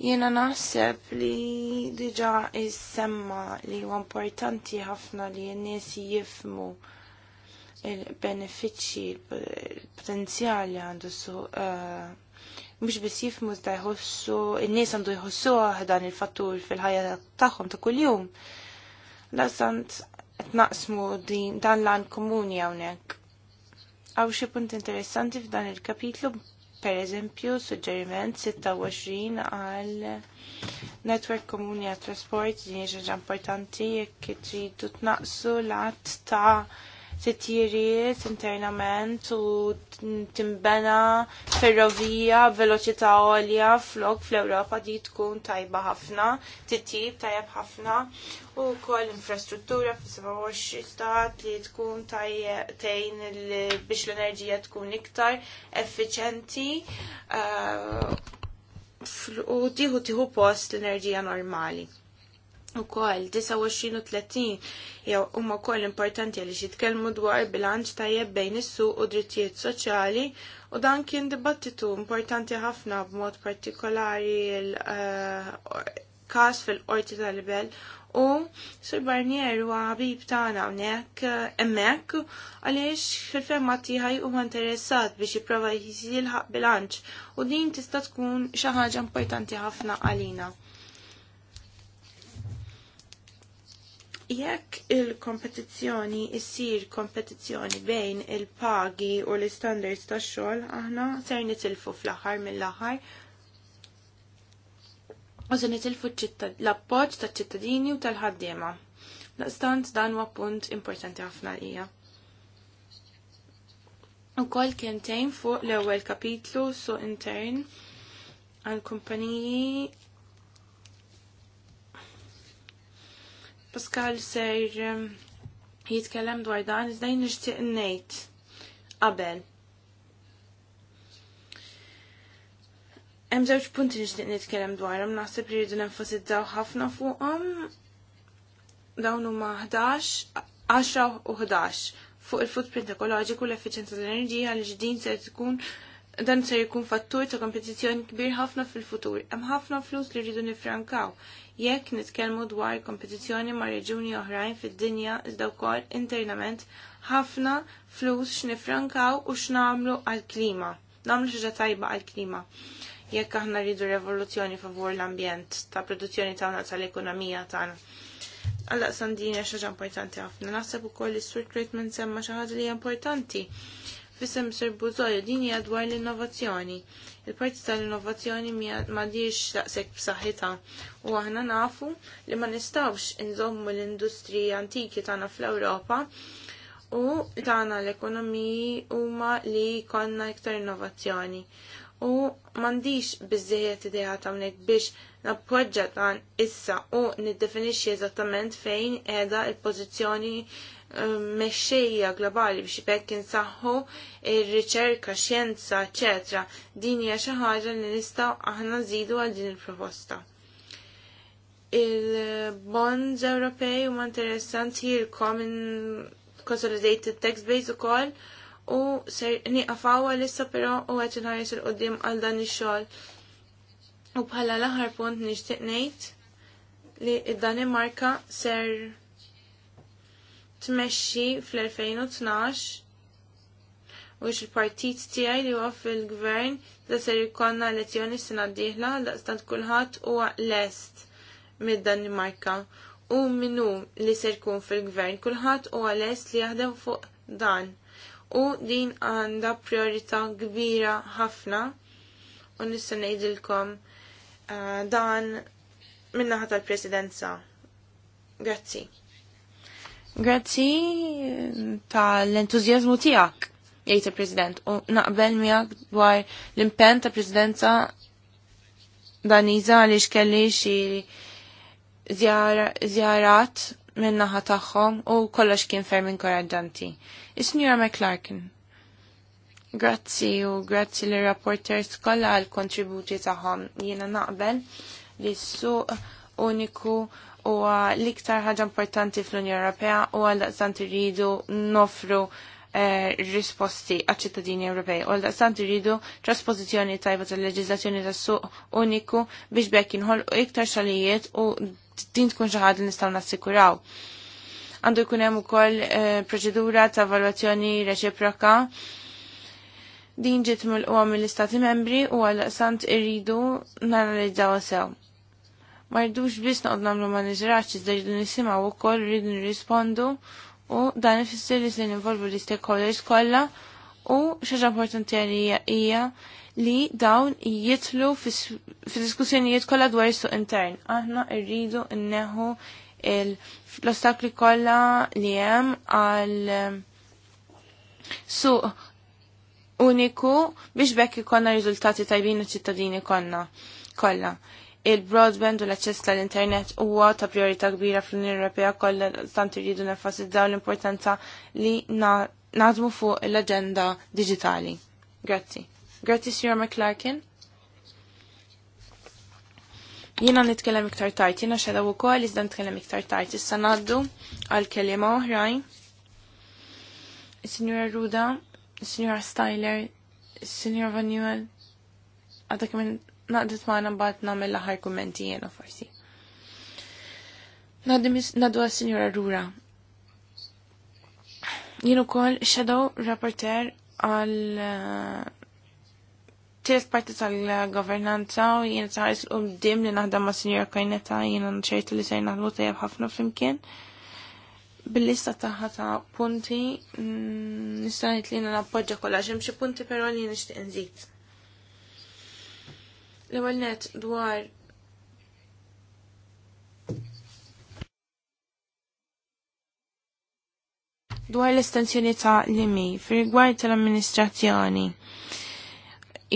Jiena naħseb li diġa is-semma li huwa importanti ħafna li n-nies jifmu il-benefiċċji il-potenzjali għandu su uh, eh, mhux biss jifmu ta' jħossu, n nies għandu jħossu għahdan il-fattur fil-ħajja tagħhom ta' kuljum. jum. qed naqsmu din dan lan komuni hawnhekk. Għaw xi punt interessanti f'dan il-kapitlu, per eżempju, suġġeriment 26 għal netwerk komuni għal trasport din hija importanti jekk tridu tnaqsu l ta' titjiriet internament u timbena ferrovija b'veloċità għolja flok fl-Ewropa di tkun tajba ħafna, titjib tajab ħafna u kol infrastruttura fis-27 stat li tkun tajtejn biex l-enerġija tkun iktar effiċenti uh, u tiħu tiħu post l-enerġija normali u kol 29 u 30 jew huma wkoll importanti għaliex jitkellmu dwar bilanċ tajjeb bejn is-suq u drittijiet soċjali u dan kien dibattitu importanti ħafna b'mod partikolari l-każ eh, fil-qorti tal-libel u Sur Barnier huwa ħabib tagħna hawnhekk eh, hemmhekk għaliex fil-femma tiegħi huwa interessat biex jipprova jilħaq bilanċ u din tista' tkun xi ħaġa importanti ħafna għalina. Jekk il-kompetizzjoni issir kompetizzjoni bejn il-pagi u l-standards tax xogħol aħna ser nitilfu fl-aħħar mill-aħħar u se nitilfu l-appoġġ tal-ċittadini u tal-ħaddiema. Daqstant dan huwa punt importanti ħafna hija. Ukoll kien tejn fuq l-ewwel kapitlu su intern għal kumpaniji Pascal ser um, jitkellem dwar dan, iżda jien nixtieq ngħid qabel. Hemm żewġ punti nixtieq nitkellem dwarhom, naħseb li rridu nenfasizzaw ħafna fuqhom. Dawn huma 11, 10 u 11 fuq il-footprint ekoloġiku l-effiċenza tal-enerġija li ġdin se tkun dan se jkun fattur ta' kompetizzjoni kbir ħafna fil-futur. Hemm ħafna flus li rridu nifrankaw. Jekk nitkellmu dwar kompetizzjoni ma' reġuni oħrajn fid-dinja iżda wkoll internament ħafna flus x'nifrankaw u x'namlu għall-klima. Namlu xi tajba għall-klima. Jekk aħna rridu revoluzzjoni favur l-ambjent ta' produzzjoni tagħna tal-ekonomija tagħna. Alla sandina xaġa importanti ħafna. Naħseb ukoll is-sur treatment semma xi ħaġa li importanti Fisem Sir Buzoja din hija dwar l-innovazzjoni. Il-parti tal-innovazzjoni m'għadix daqshekk b'saħħitha u aħna nafu li ma nistgħux inżommu l-industriji antiki tagħna fl-Ewropa u tagħna l-ekonomiji huma li konna iktar innovazzjoni. U m'għandix biżżejjed idea tagħmlek biex nappoġġa dan issa u niddefinixxi eżattament fejn qiegħda l-pożizzjoni mexxejja globali biex bekk insaħħu il riċerka xjenza, eċetera. Din hija xi ħaġa li nistgħu aħna nżidu għal din il-proposta. Il-bonds Ewropej huma interessanti il-common consolidated tax base ukoll u ser niqafawa lissa però u qed inħares il-qudiem għal dan ix-xogħol. U bħala l-aħħar punt nixtieq ngħid li id-Danimarka ser tmexxi fl-2012 u il-partit tiegħi li huwa fil-gvern da ser jkollna elezzjoni sena d-dieħla daqstant kulħadd huwa lest mid-Danimarka u minnu li ser jkun fil-gvern kulħadd huwa lest li jaħdem fuq dan u din għanda priorità kbira ħafna u nista' ngħidilkom uh, dan minnaħa tal-presidenza. Grazzi. Grazzi tal-entuzjazmu tijak, jgħid il-President, u naqbel miegħek dwar l impen ta' Presidenza Daniza li xkelli xi zjarat minnaħa tagħhom u kollox kien ferm inkoraġġanti. Is-Sinjura McClarkin. Grazzi u grazzi l rapporters kollha għal kontributi tagħhom. Jiena naqbel li s-suq uniku u l-iktar ħaġa importanti fl-Unjoni Ewropea u għal daqstant irridu nofru eh, risposti għal ċittadini Ewropej. U għal daqstant irridu trasposizjoni tajba tal-leġizlazzjoni tas-suq uniku biex bekk u iktar xalijiet u din tkun xi ħaġa li nistgħu nassikuraw għandu jkun hemm ukoll eh, proċedura ta' valwazzjoni reċiproka. Din ġiet mill-qwa mill-Istati Membri u għal sant irridu nanalizzaw sew. Ma rridux biss noqgħod nagħmlu ma niżraċ iżda rridu nisimgħu wkoll rridu nirrispondu u dan ifisser li se ninvolvu l-stakeholders kollha u xaġa importanti għalija hija li dawn jitlu fil-diskussjonijiet kollha dwar is-suq intern. Aħna rridu nneħu l-ostakli kollha li hemm għal suq uniku biex bekk ikonna riżultati tajbin u ċittadini konna kollha il-broadband u l access tal-internet huwa ta' priorità kbira fl-Unjoni Ewropea kollha tant irridu nenfasizzaw l-importanza li nażmu fuq l-aġenda digitali. Grazzi. Grazzi Sir McClarkin. Jiena nitkellem iktar tard, jiena xedaw ukoll iżda nitkellem iktar tard. Issa ngħaddu għal kelima oħrajn. Is-Sinjura Ruda, is-Sinjura Styler, is-Sinjura Vanuel, għadha naqdet maħna mbaħt namel laħar kommenti jena forsi. Naddu għas-Sinjora Rura. Jienu kol shadow rapporter għal eh, tiet parti tal-governanza u jien saħis u dim li naħdem ma' Sinjor Kajneta jiena ċertu li sejn naħdmu tajab ħafna flimkien. Bil-lista taħħa ta' punti, mm, nistanit li jina nappoġġa kolla xi punti però li nixtieq nżid. L-ewwel net dwar dwar l-estensjoni ta' l-imi, fil-rigward tal-amministrazzjoni.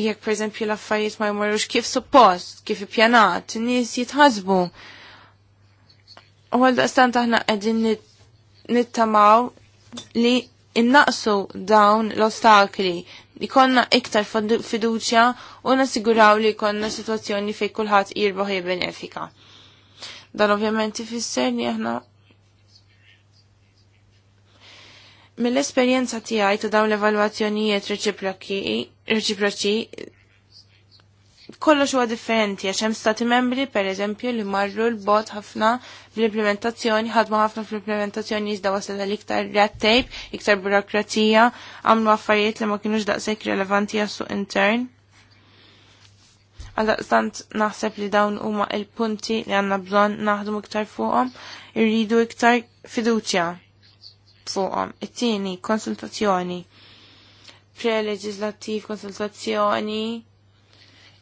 Jek per esempio l-affarijiet ma jmorrux kif suppost, kif ippjanat, n-nies jitħasbu. U għal-daqstan taħna għedin nittamaw li innaqsu dawn l-ostakli, konna iktar fiduċja u nasiguraw li konna situazzjoni fej kulħadd jirbaħ jibbenefika. Dan ovvjament ifisser li aħna mill-esperjenza tiegħi ta' dawn l-evalwazzjonijiet reċiproċi kollox huwa differenti għax hemm stati membri pereżempju li marru l bot ħafna fl implementazzjoni ħadmu ħafna fl-implementazzjoni iżda wasal l-iktar red tape, iktar burokrazija, għamlu affarijiet li ma kienux daqshekk rilevanti għas-suq intern. Għaldaqstant naħseb li dawn huma il-punti li għandna bżonn naħdmu iktar fuqhom, irridu iktar fiduċja fuqhom. It-tieni konsultazzjoni pre legislativ konsultazzjoni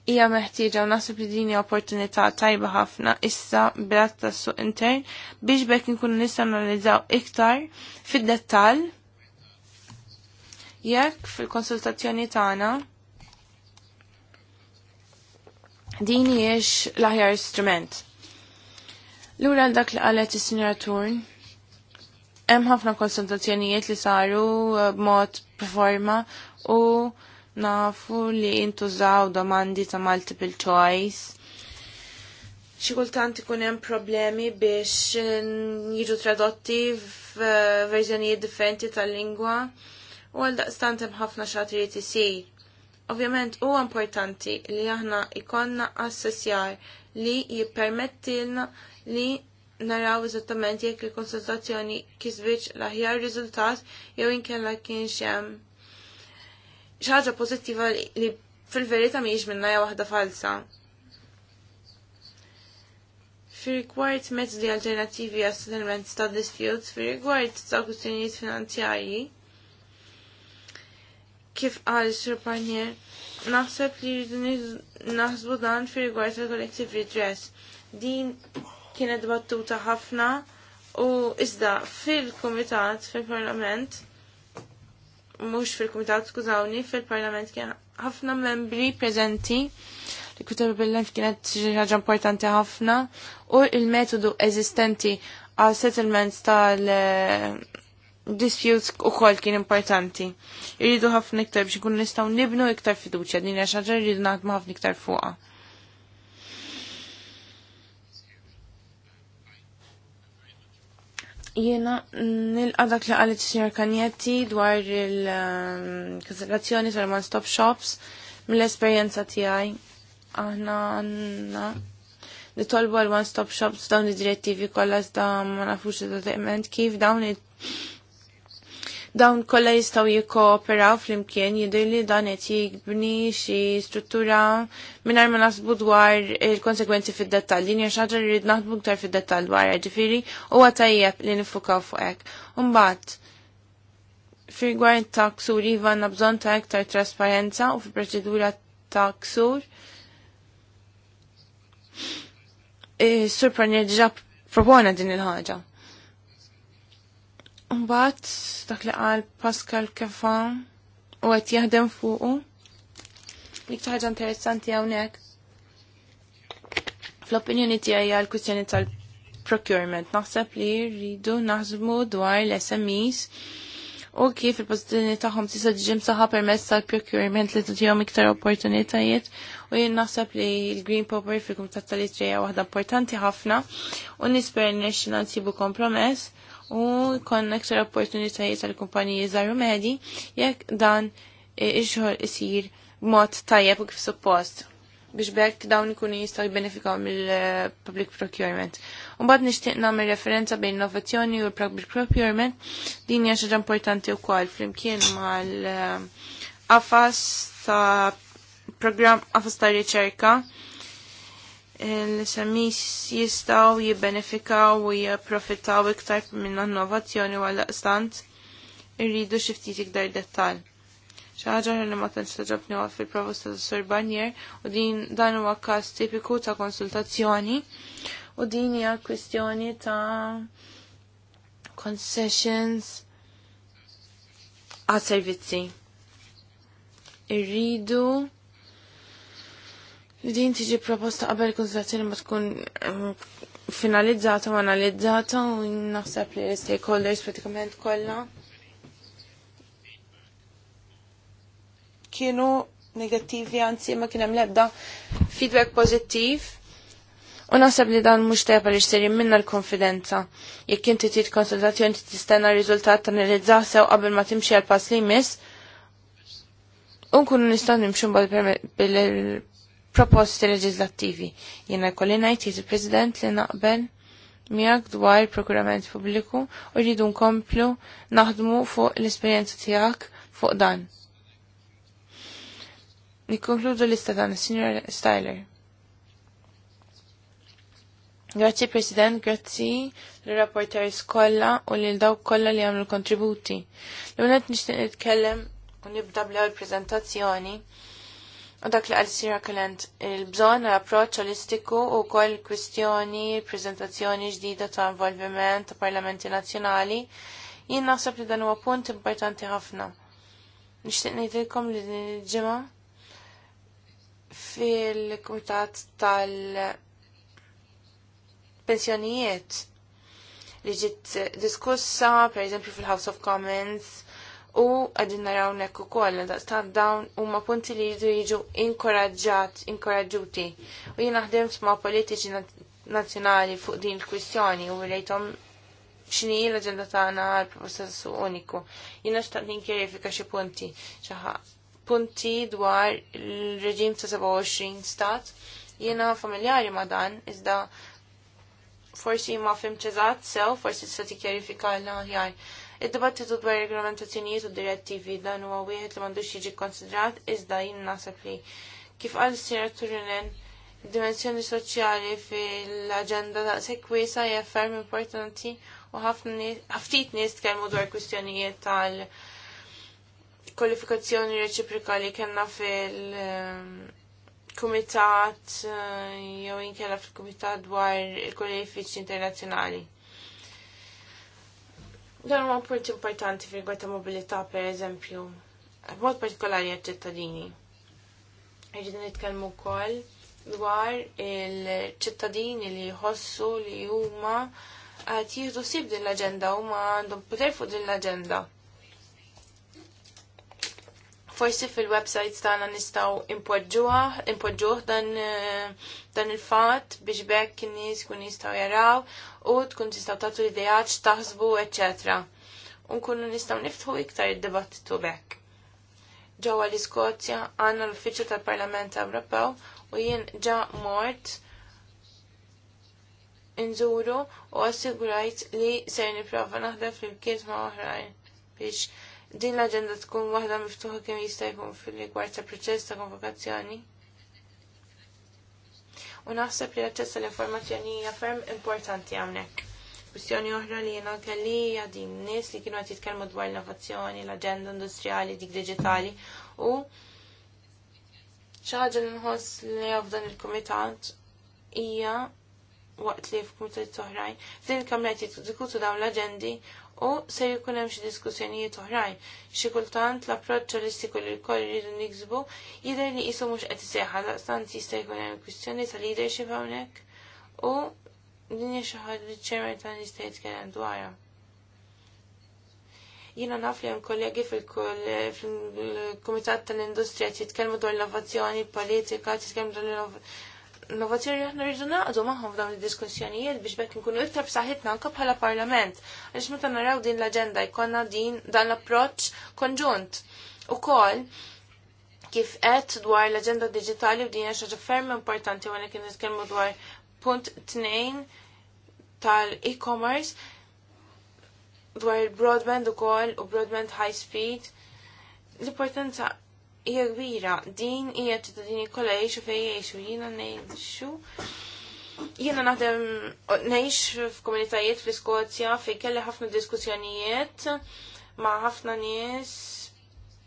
hija meħtieġa u nasib li dini opportunità tajba ħafna issa b'rat ta' suq intern biex bekk nkunu nistgħu analizzaw iktar fid-dettall jekk fil-konsultazzjoni tagħna din hijiex l-aħjar istrument. Lura dak li qalet is-Sinjora Turn, hemm ħafna konsultazzjonijiet li saru eh, b'mod performa u Nafu li intużaw domandi ta' multiple choice. Xi kultant ikun hemm problemi biex jiġu tradotti f'verżjonijiet differenti tal-lingwa u għal daqstant hemm ħafna xatri isir. Ovvjament huwa importanti li aħna ikonna assessjar li jippermettilna li naraw eżattament jekk il-konsultazzjoni kisbitx l-aħjar riżultat jew inkella kienx hemm xaġa pozittiva li fil-verita miġ minna ja wahda falsa. Fi rigward mezzi alternativi għas settlement ta' disputes, fi rigward ta' kustinijiet finanzjarji, kif għal surpanier, naħseb li rridu naħsbu dan fi rigward ta' collective redress. Din kienet battuta ħafna u iżda fil-komitat, fil-parlament, fil komitat fil parlament mux fil-Kumitat, skużawni, fil-Parlament kien ħafna membri prezenti li kutu bil-lenf kienet ħaġa importanti ħafna u il-metodu eżistenti għal settlements tal eh, disputes u kol kien importanti. Irridu ħafna iktar biex kun nistaw nibnu iktar fiduċja, din għaxħaġa irridu naħdmu ħafna iktar fuqa. Jena nilqa dak li għalit s-Sinjor Kanjetti dwar il-konsiderazzjoni um, tal-One Stop Shops mill-esperienza tiegħi. Aħna għandna nitolbu għal One Stop Shops dawn id-direttivi kollha da ma nafux eżattament kif dawn Dawn kollha jistgħu jikkooperaw flimkien jidher li dan qed jibni xi struttura mingħajr ma naħsbu dwar il-konsekwenzi fid-dettall. Din hija xi li rrid naħdmu iktar fid-dettall dwar ġifieri huwa tajjeb li nifukaw fuq hekk. Imbagħad fil-gwar ta' ksur iva għandna bżonn ta' iktar trasparenza u fil-proċedura ta' ksur. Eh, Surpranja ġab propona din il-ħaġa. Mbagħad dak li qal Pascal Kefan u qed jaħdem fuqu. Iktar ħaġa interessanti hawnhekk. Fl-opinjoni tiegħi hija l-kwistjoni tal-procurement. Naħseb li rridu naħzmu dwar l-SMEs u kif il-pozizjoni tagħhom tista' ġim saħħa permezz tal-procurement li tagħtihom iktar opportunitajiet u jien naħseb li l-Green Paper fil-Kumitat tal-Istrija waħda importanti ħafna u nisper il-National Tibu kompromess u konna aktar opportunitajiet tal kumpaniji zaru medi jekk dan ix-xogħol isir b'mod tajjeb u kif suppost biex bekk dawn ikunu jistgħu jibbenefikaw mill-public procurement. Mbagħad nixtieq nagħmel referenza bejn innovazzjoni u l-public procurement din hija xaġa importanti wkoll flimkien mal-qafas eh, ta' programm afas ta' riċerka l semis jistaw jibbenefikaw u jiprofittaw iktar minn innovazzjoni u għal-laqstant irridu xiftit iktar dettal. ċaħġa li ma tantx għaf fil provost ta' Sur Banjer u din dan huwa każ tipiku ta' konsultazzjoni u din hija kwistjoni ta' concessions għas servizzi. Irridu din tiġi proposta qabel konsultazzjoni ma tkun finalizzata u analizzata u naħseb li l-stakeholders pratikament kollha kienu negattivi anzi ma kien hemm l-ebda feedback pożittiv U naħseb li dan mhux tepa li xseri minna l-konfidenza. Jekk inti tit konsultazzjoni tistenna riżultat analizzah sew qabel ma timxi għal pass li jmiss, unkunu nistgħu nimxu mbagħad proposti leġislattivi. Jena kolli najt il-President li naqbel miegħek dwar il-prokurament pubbliku u rridu nkomplu naħdmu fuq l-esperjenza tiegħek fuq dan. Nikkonkludu l ista dan is Styler. Grazzi President, grazzi l rapporteris kollha u lil dawk kollha li għamlu kontributi. L-unet nixtieq nitkellem u nibda bl għal preżentazzjoni U dak li għal-sira kalent il-bżon l-approċ holistiku u kol kwistjoni, prezentazzjoni ġdida ta' involviment ta' parlamenti nazjonali, jien naħseb li dan huwa punt importanti ħafna. Nixtieq ngħidilkom li din il-ġimgħa fil-kumitat tal-pensjonijiet li ġiet diskussa, per eżempju fil-House of Commons, u għadin naraw nekku koll ta' dawn u ma punti li jidu jiġu inkoraġġat, inkoraġġuti. U jien ħdem ma' politiċi nazjonali fuq din il-kwistjoni u rejtom xini l-agenda tagħna għal su uniku. Jien xtaqt ninkjerifika xi punti xaħa punti dwar il-reġim ta' 27 stat. Jina familjari ma' dan, iżda forsi ma' fimċeżat sew, forsi kjerifika l aħjar. Id-dibattitu dwar regolamentazzjonijiet u direttivi dan huwa wieħed li m'għandux jiġi konsidrat iżda jien naħseb li kif għal is Turunen Turinen dimensjoni soċjali fil-aġenda ta' sekwisa hija ferm importanti u ħaftit nies tkellmu dwar kwistjonijiet tal kwalifikazzjoni reċiproka li kellna fil- kumitat eh, jew inkella fil-kumitat dwar il-kwalifiċi internazzjonali. Dan huwa punt importanti fil ta' mobilità per eżempju, mod partikolari għal-ċittadini. Iġdin nitkellmu wkoll dwar il-ċittadini li jħossu li huma qed jieħdu sib din l-aġenda huma għandhom poter fuq din l-aġenda. Forsi fil-websites tagħna nistgħu impoġġuha, impoġġuh dan eh, dan il-fatt biex bekk in-nies kun jistgħu jaraw u tkun tistgħu tagħtu l-idejat x'taħsbu, U Unkunu nistgħu niftħu iktar id-dibattitu bekk. Ġewwa l-Iskozja għandna l-Uffiċċju tal-Parlament Ewropew u jien ġa mort inżuru u assigurajt li ser nipprova naħdem fil-kiet ma' oħrajn biex din l-agenda tkun waħda miftuħa kemm jista' jkun fil-rigward ta' proċess ta' konvokazzjoni. U naħseb li l-aċċess tal-informazzjoni hija ferm importanti hawnhekk. Kwistjoni oħra li jiena kelli hija din nies li kienu qed jitkellmu dwar l-innovazzjoni, l-aġenda industrijali, dik diġitali u xi ħaġa li nħoss li f'dan il-kumitat hija waqt li f'kumitati toħrajn. din il-kamra qed dawn l-aġendi u se jkun hemm xi diskussjonijiet oħrajn. Xi kultant l-approċċ holistiku li l-koll iridu niksbu jidher li qisu mhux qed iseħħa daqstant jista' jkun hemm kwistjoni ta' leadership hawnhekk u din hija xi ħaġa li ċ-ċermen ta' jista' jitkellem dwarha. Jiena naf li hemm kollegi fil-Kumitat tal-Industrija jitkellmu dwar l-innovazzjoni politika, jitkellmu dwar innovazzjoni aħna rridu naqdu magħhom f'dawn id-diskussjonijiet biex bekk nkunu iktar b'saħħitna anke bħala Parlament għaliex meta naraw din l-aġenda jkollna din dan l-approċċ konġunt. Ukoll kif qed dwar l-aġenda digitali u din hija xi ferm importanti wara kien nitkellmu dwar punt tnejn tal-e-commerce dwar il-broadband ukoll u broadband high speed l-importanza hija kbira, din hija din kolla jiexu fejn jgħixu, jiena nejxu. jiena naħdem ngħix f'komunitajiet fl-Iskozja fejn kelli ħafna diskussjonijiet ma' ħafna nies,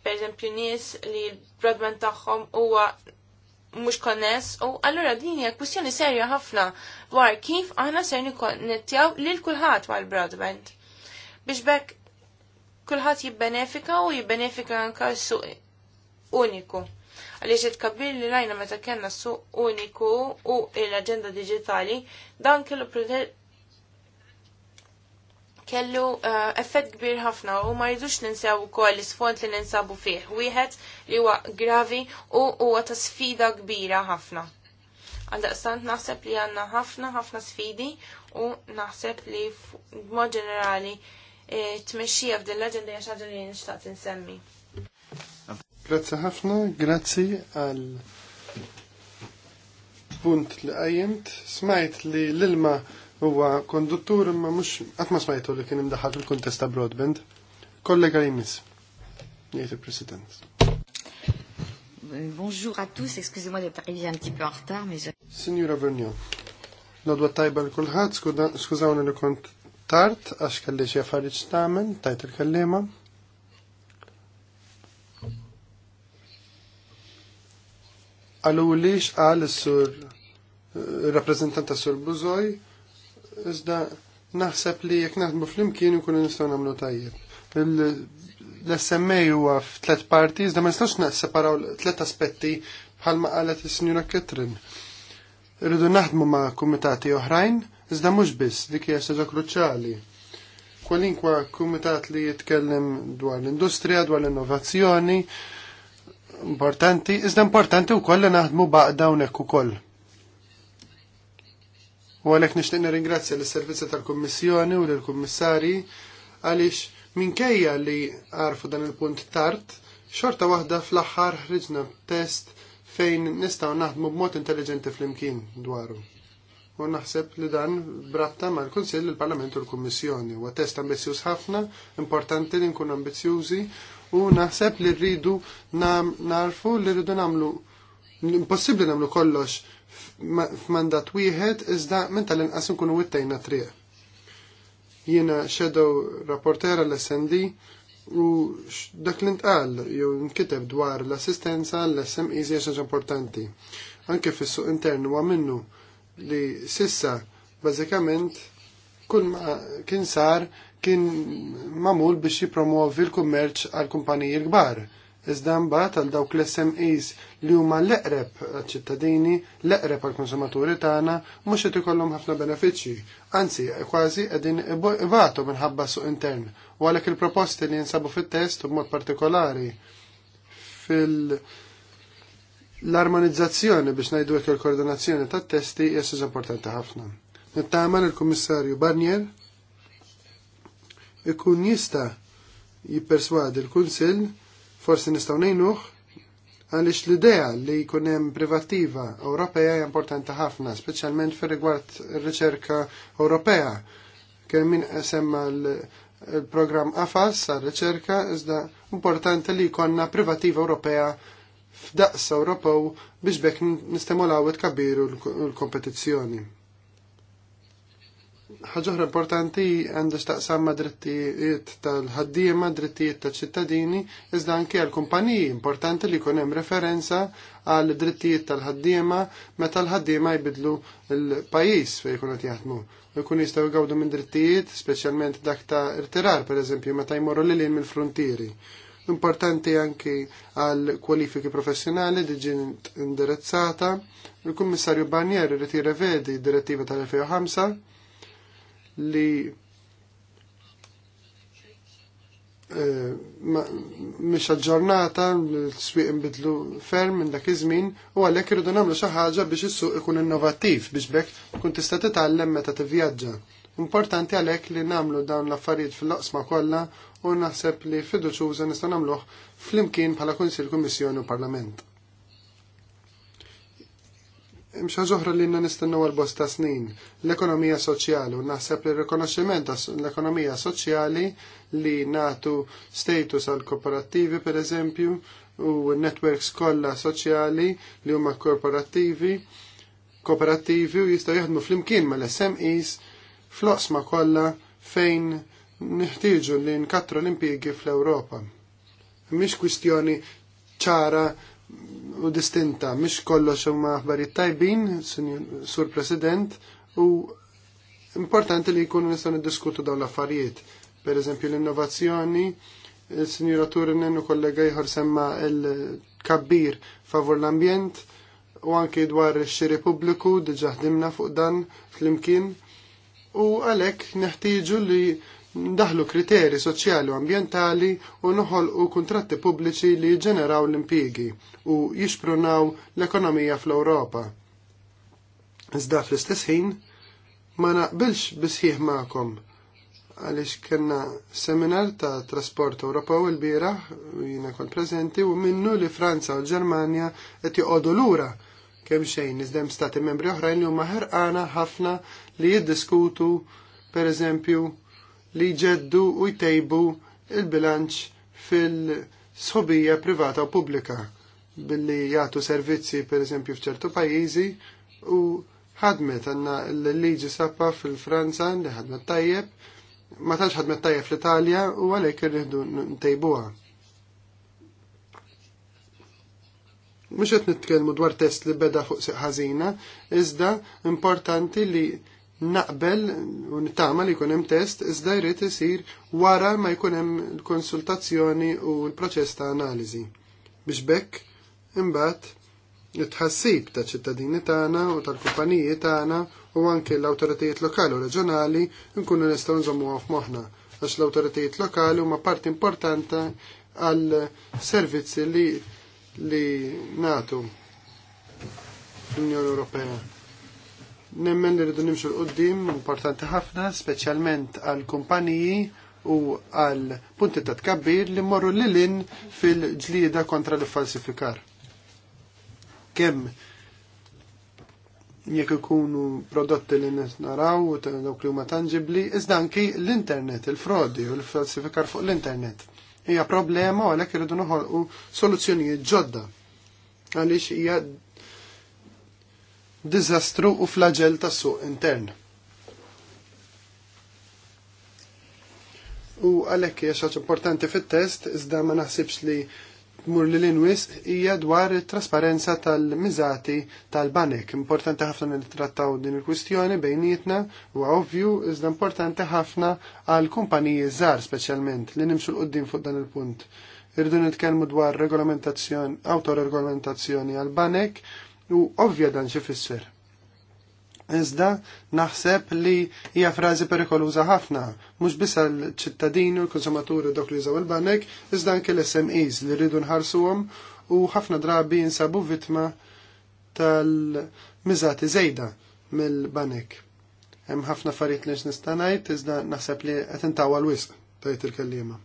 pereżempju nies li l-broadband tagħhom huwa mhux konness u allura din hija kwistjoni serja ħafna dwar kif aħna ser nikkonnettjaw lil kulħadd mal-broadband. Biex bekk kulħadd jibbenefika u jibbenefika anke s-suq uniku. Għaliex it-kabbir li rajna meta kena su uniku u l-agenda digitali, dan kellu kellu uh, effett kbir ħafna u ma jridux ninsew ukoll l sfond li ninsabu fih. Wieħed li huwa gravi u huwa ta' sfida kbira ħafna. Għaldaqstant naħseb li għandna ħafna ħafna sfidi u naħseb li b'mod ġenerali eh, tmexxija f'din l-aġenda hija li ħaġa li nixtaq insemmi. Grazie ħafna, grazie għal punt li għajjent. Smajt li l-ilma huwa konduttur imma mux, qatt ma smajtu li kien imdaħħal fil-kuntest ta' broadband. Kollega jimis, jgħid il-President. Bonjour à tous, excusez-moi d'être arrivé un petit peu en retard, mais je... Signora Vernion, l-odwa tajba l-kulħat, skużawni li kont tard, għax kalli xie affarijiet x'tagħmel, tajt il-kellima. għallu li xqal il-sur il-rappresentant eh, sur Buzoj, iżda naħseb li jek naħdmu fl-imkien jkunu nistaw namlu tajjeb. L-SMA huwa f'tlet parti, iżda ma nistax separaw tlet aspetti bħalma qalet is-Sinjura Ketrin. Irridu naħdmu ma' kumitati oħrajn, iżda mhux biss dik hija xaġa kruċjali. Kwalinkwa kumitat li jitkellem dwar l-industrija, dwar l-innovazzjoni, importanti, iżda importanti wkoll li naħdmu baqda hawnhekk ukoll. U għalhekk nixtieq nirringrazzja lis-servizzi tal-Kummissjoni u lill-Kummissarji għaliex minkejja li għarfu dan il-punt tard, xorta waħda fl-aħħar ħriġna test fejn nistgħu naħdmu b'mod intelligenti flimkien dwaru u naħseb li dan brabta mal kunsill il-Parlament u l-Kummissjoni. Huwa test ambizzjuż ħafna, importanti li nkun ambizzjużi u naħseb li rridu narfu li rridu namlu impossibbli namlu kollox f'mandat wieħed iżda minn tal-inqas nkunu wittejna triq. Jiena shadow rapportera l-SND u dak li ntqal jew nkiteb dwar l-assistenza l sm hija xaġa importanti. Anke fis-suq intern huwa minnu li sissa bażikament kull ma kien sar kien mamul biex jipromuov l-kummerċ għal kumpaniji l-kbar. Iżda mbagħad għal dawk l-SMEs li huma l-eqreb ċittadini l-eqreb għall-konsumaturi tagħna mhux qed ikollhom ħafna benefiċċji. Anzi, kważi qegħdin ibatu minħabba suq intern. U għalhekk il-proposti li jinsabu fit-test b'mod partikolari fil- l-armonizzazzjoni biex ngħidu hekk il-koordinazzjoni tat-testi hija importanti ħafna. Nittama il-Kummissarju Barnier ikun jista jipperswadi l-Kunsill, forsi nistgħu nejnuħ, għaliex l-idea li jkun hemm privattiva Ewropea hija importanti ħafna, speċjalment fir-rigward ir-riċerka Ewropea. Kemm min semma l-programm AFAS għar-riċerka iżda importanti li jkollna privattiva Ewropea f'daqs Ewropew biex bekk nistimulaw it-kabiru l-kompetizzjoni ħagħuħ importanti għandu staqsam madrittijiet drittijiet tal-ħaddiema, drittijiet tal-ċittadini, iżda anki għal-kumpaniji importanti li kunem referenza għal drittijiet tal-ħaddiema meta l-ħaddiema jbidlu l-pajis fej kunet jaħdmu. Jkun jistgħu jgawdu minn drittijiet, speċjalment dak ta' irtirar, per eżempju, meta jmorru lil mill-frontieri. Importanti anki għal kwalifiki professjonali li ġiet indirizzata. Il-Kummissarju Barnier irid jirrevedi d-direttiva tal-2005 li eh, mhix aġġornata, l-swieq inbidlu ferm minn dak iż-żmien u għalhekk irridu nagħmlu xi ħaġa biex is-suq ikun innovattiv biex bekk tkun tista' titgħallem meta tivvjaġġa. Importanti għalhekk li nagħmlu dawn l-affarijiet fil-loqsma kollha u naħseb li fiduċuża nista' nagħmluh flimkien bħala Kunsil Kummissjoni u Parlament. Imxa ġoħra li nistennu għal-bosta snin, l-ekonomija soċjali, u naħseb li rikonoxximent l-ekonomija soċjali li natu status għal-kooperativi, per eżempju, u networks kollha soċjali li huma korporattivi, kooperativi u jistgħu jaħdmu flimkien mal-SMEs fl osma kollha fejn niħtieġu li nkattru l-impjiegi fl-Ewropa. Mhix kwistjoni ċara u distinta, mish kollox huma aħbarijiet tajbin, Sur President, u importanti li jkunu nistgħu niddiskutu dawn l-affarijiet. Per eżempju l-innovazzjoni, il-Sinjura Turinen u kollega jħor semma l-kabbir favur l-ambjent u anki dwar ix-xiri pubbliku diġa' ħdimna fuq dan flimkien u għalhekk neħtieġu li ndaħlu kriteri soċjali u ambjentali u noħolqu kuntratti pubbliċi li jġeneraw l impiegi u jixprunaw l-ekonomija fl-Ewropa. Iżda fl-istess ħin ma naqbilx bisħieħ magħkom għaliex kena seminar ta' trasport Ewropew il bira jiena kont preżenti u minnu li Franza u l-Ġermanja qed joqogħdu lura kemm xejn iżdem stati membri oħrajn li huma ħerqana ħafna li jiddiskutu pereżempju li jġeddu u jtejbu il-bilanċ fil-sħobija privata u pubblika billi jagħtu servizzi per eżempju f'ċertu pajjiżi u ħadmet għandna l-liġi sappa fil-Franza li ħadmet tajjeb, ma tax ħadmet tajjeb fl-Italja u għalhekk rridu ntejbuha. Mhux qed nitkellmu dwar test li beda fuq ħażina, iżda importanti li naqbel u nittama li jkun hemm test iżda jrid isir wara ma jkun hemm l-konsultazzjoni u l-proċess ta' analiżi. Biex bekk imbagħad it-tħassib ta' ċittadini tagħna u tal-kumpaniji tagħna u anke l-awtoritajiet lokali u reġjonali nkunu nistgħu għaf moħna għax l-awtoritajiet lokali huma parti importanti għal servizzi li li natu l-Unjoni Ewropea Nemmen li rridu nimxu l-qoddim importanti ħafna, speċjalment għal kumpaniji u għal punti ta' tkabbir li morru lilin fil-ġlida kontra l-falsifikar. Kemm jekk ikunu prodotti li naraw u dawk li huma tangibli, iżda anki l-internet, il-frodi u l-falsifikar fuq l-internet. Hija problema u għalhekk irridu noħolqu soluzzjonijiet ġodda għaliex hija diżastru u flagell tas-suq intern. U għalhekk hija importanti fit-test iżda ma naħsibx li tmur li l-inwis hija dwar trasparenza tal-miżati tal-banek. Importanti ħafna li nittrattaw din il-kwistjoni bejnietna u ovvju iżda importanti ħafna għal kumpaniji żgħar speċjalment li nimxu l-qoddim fuq dan il-punt. Irdu nitkellmu dwar regolamentazzjoni, autoregolamentazzjoni għal banek u ovvja dan xi fisser. Iżda naħseb li hija frażi perikoluża ħafna, mhux biss għall-ċittadini u l-konsumaturi dok li jżaw il-banek, iżda anke l-SMEs li rridu nħarsuhom u ħafna drabi jinsabu vittma tal-miżati żejda mill-banek. Hemm ħafna affarijiet li nista' ngħid iżda naħseb li qed l wisq tajt il-kellima.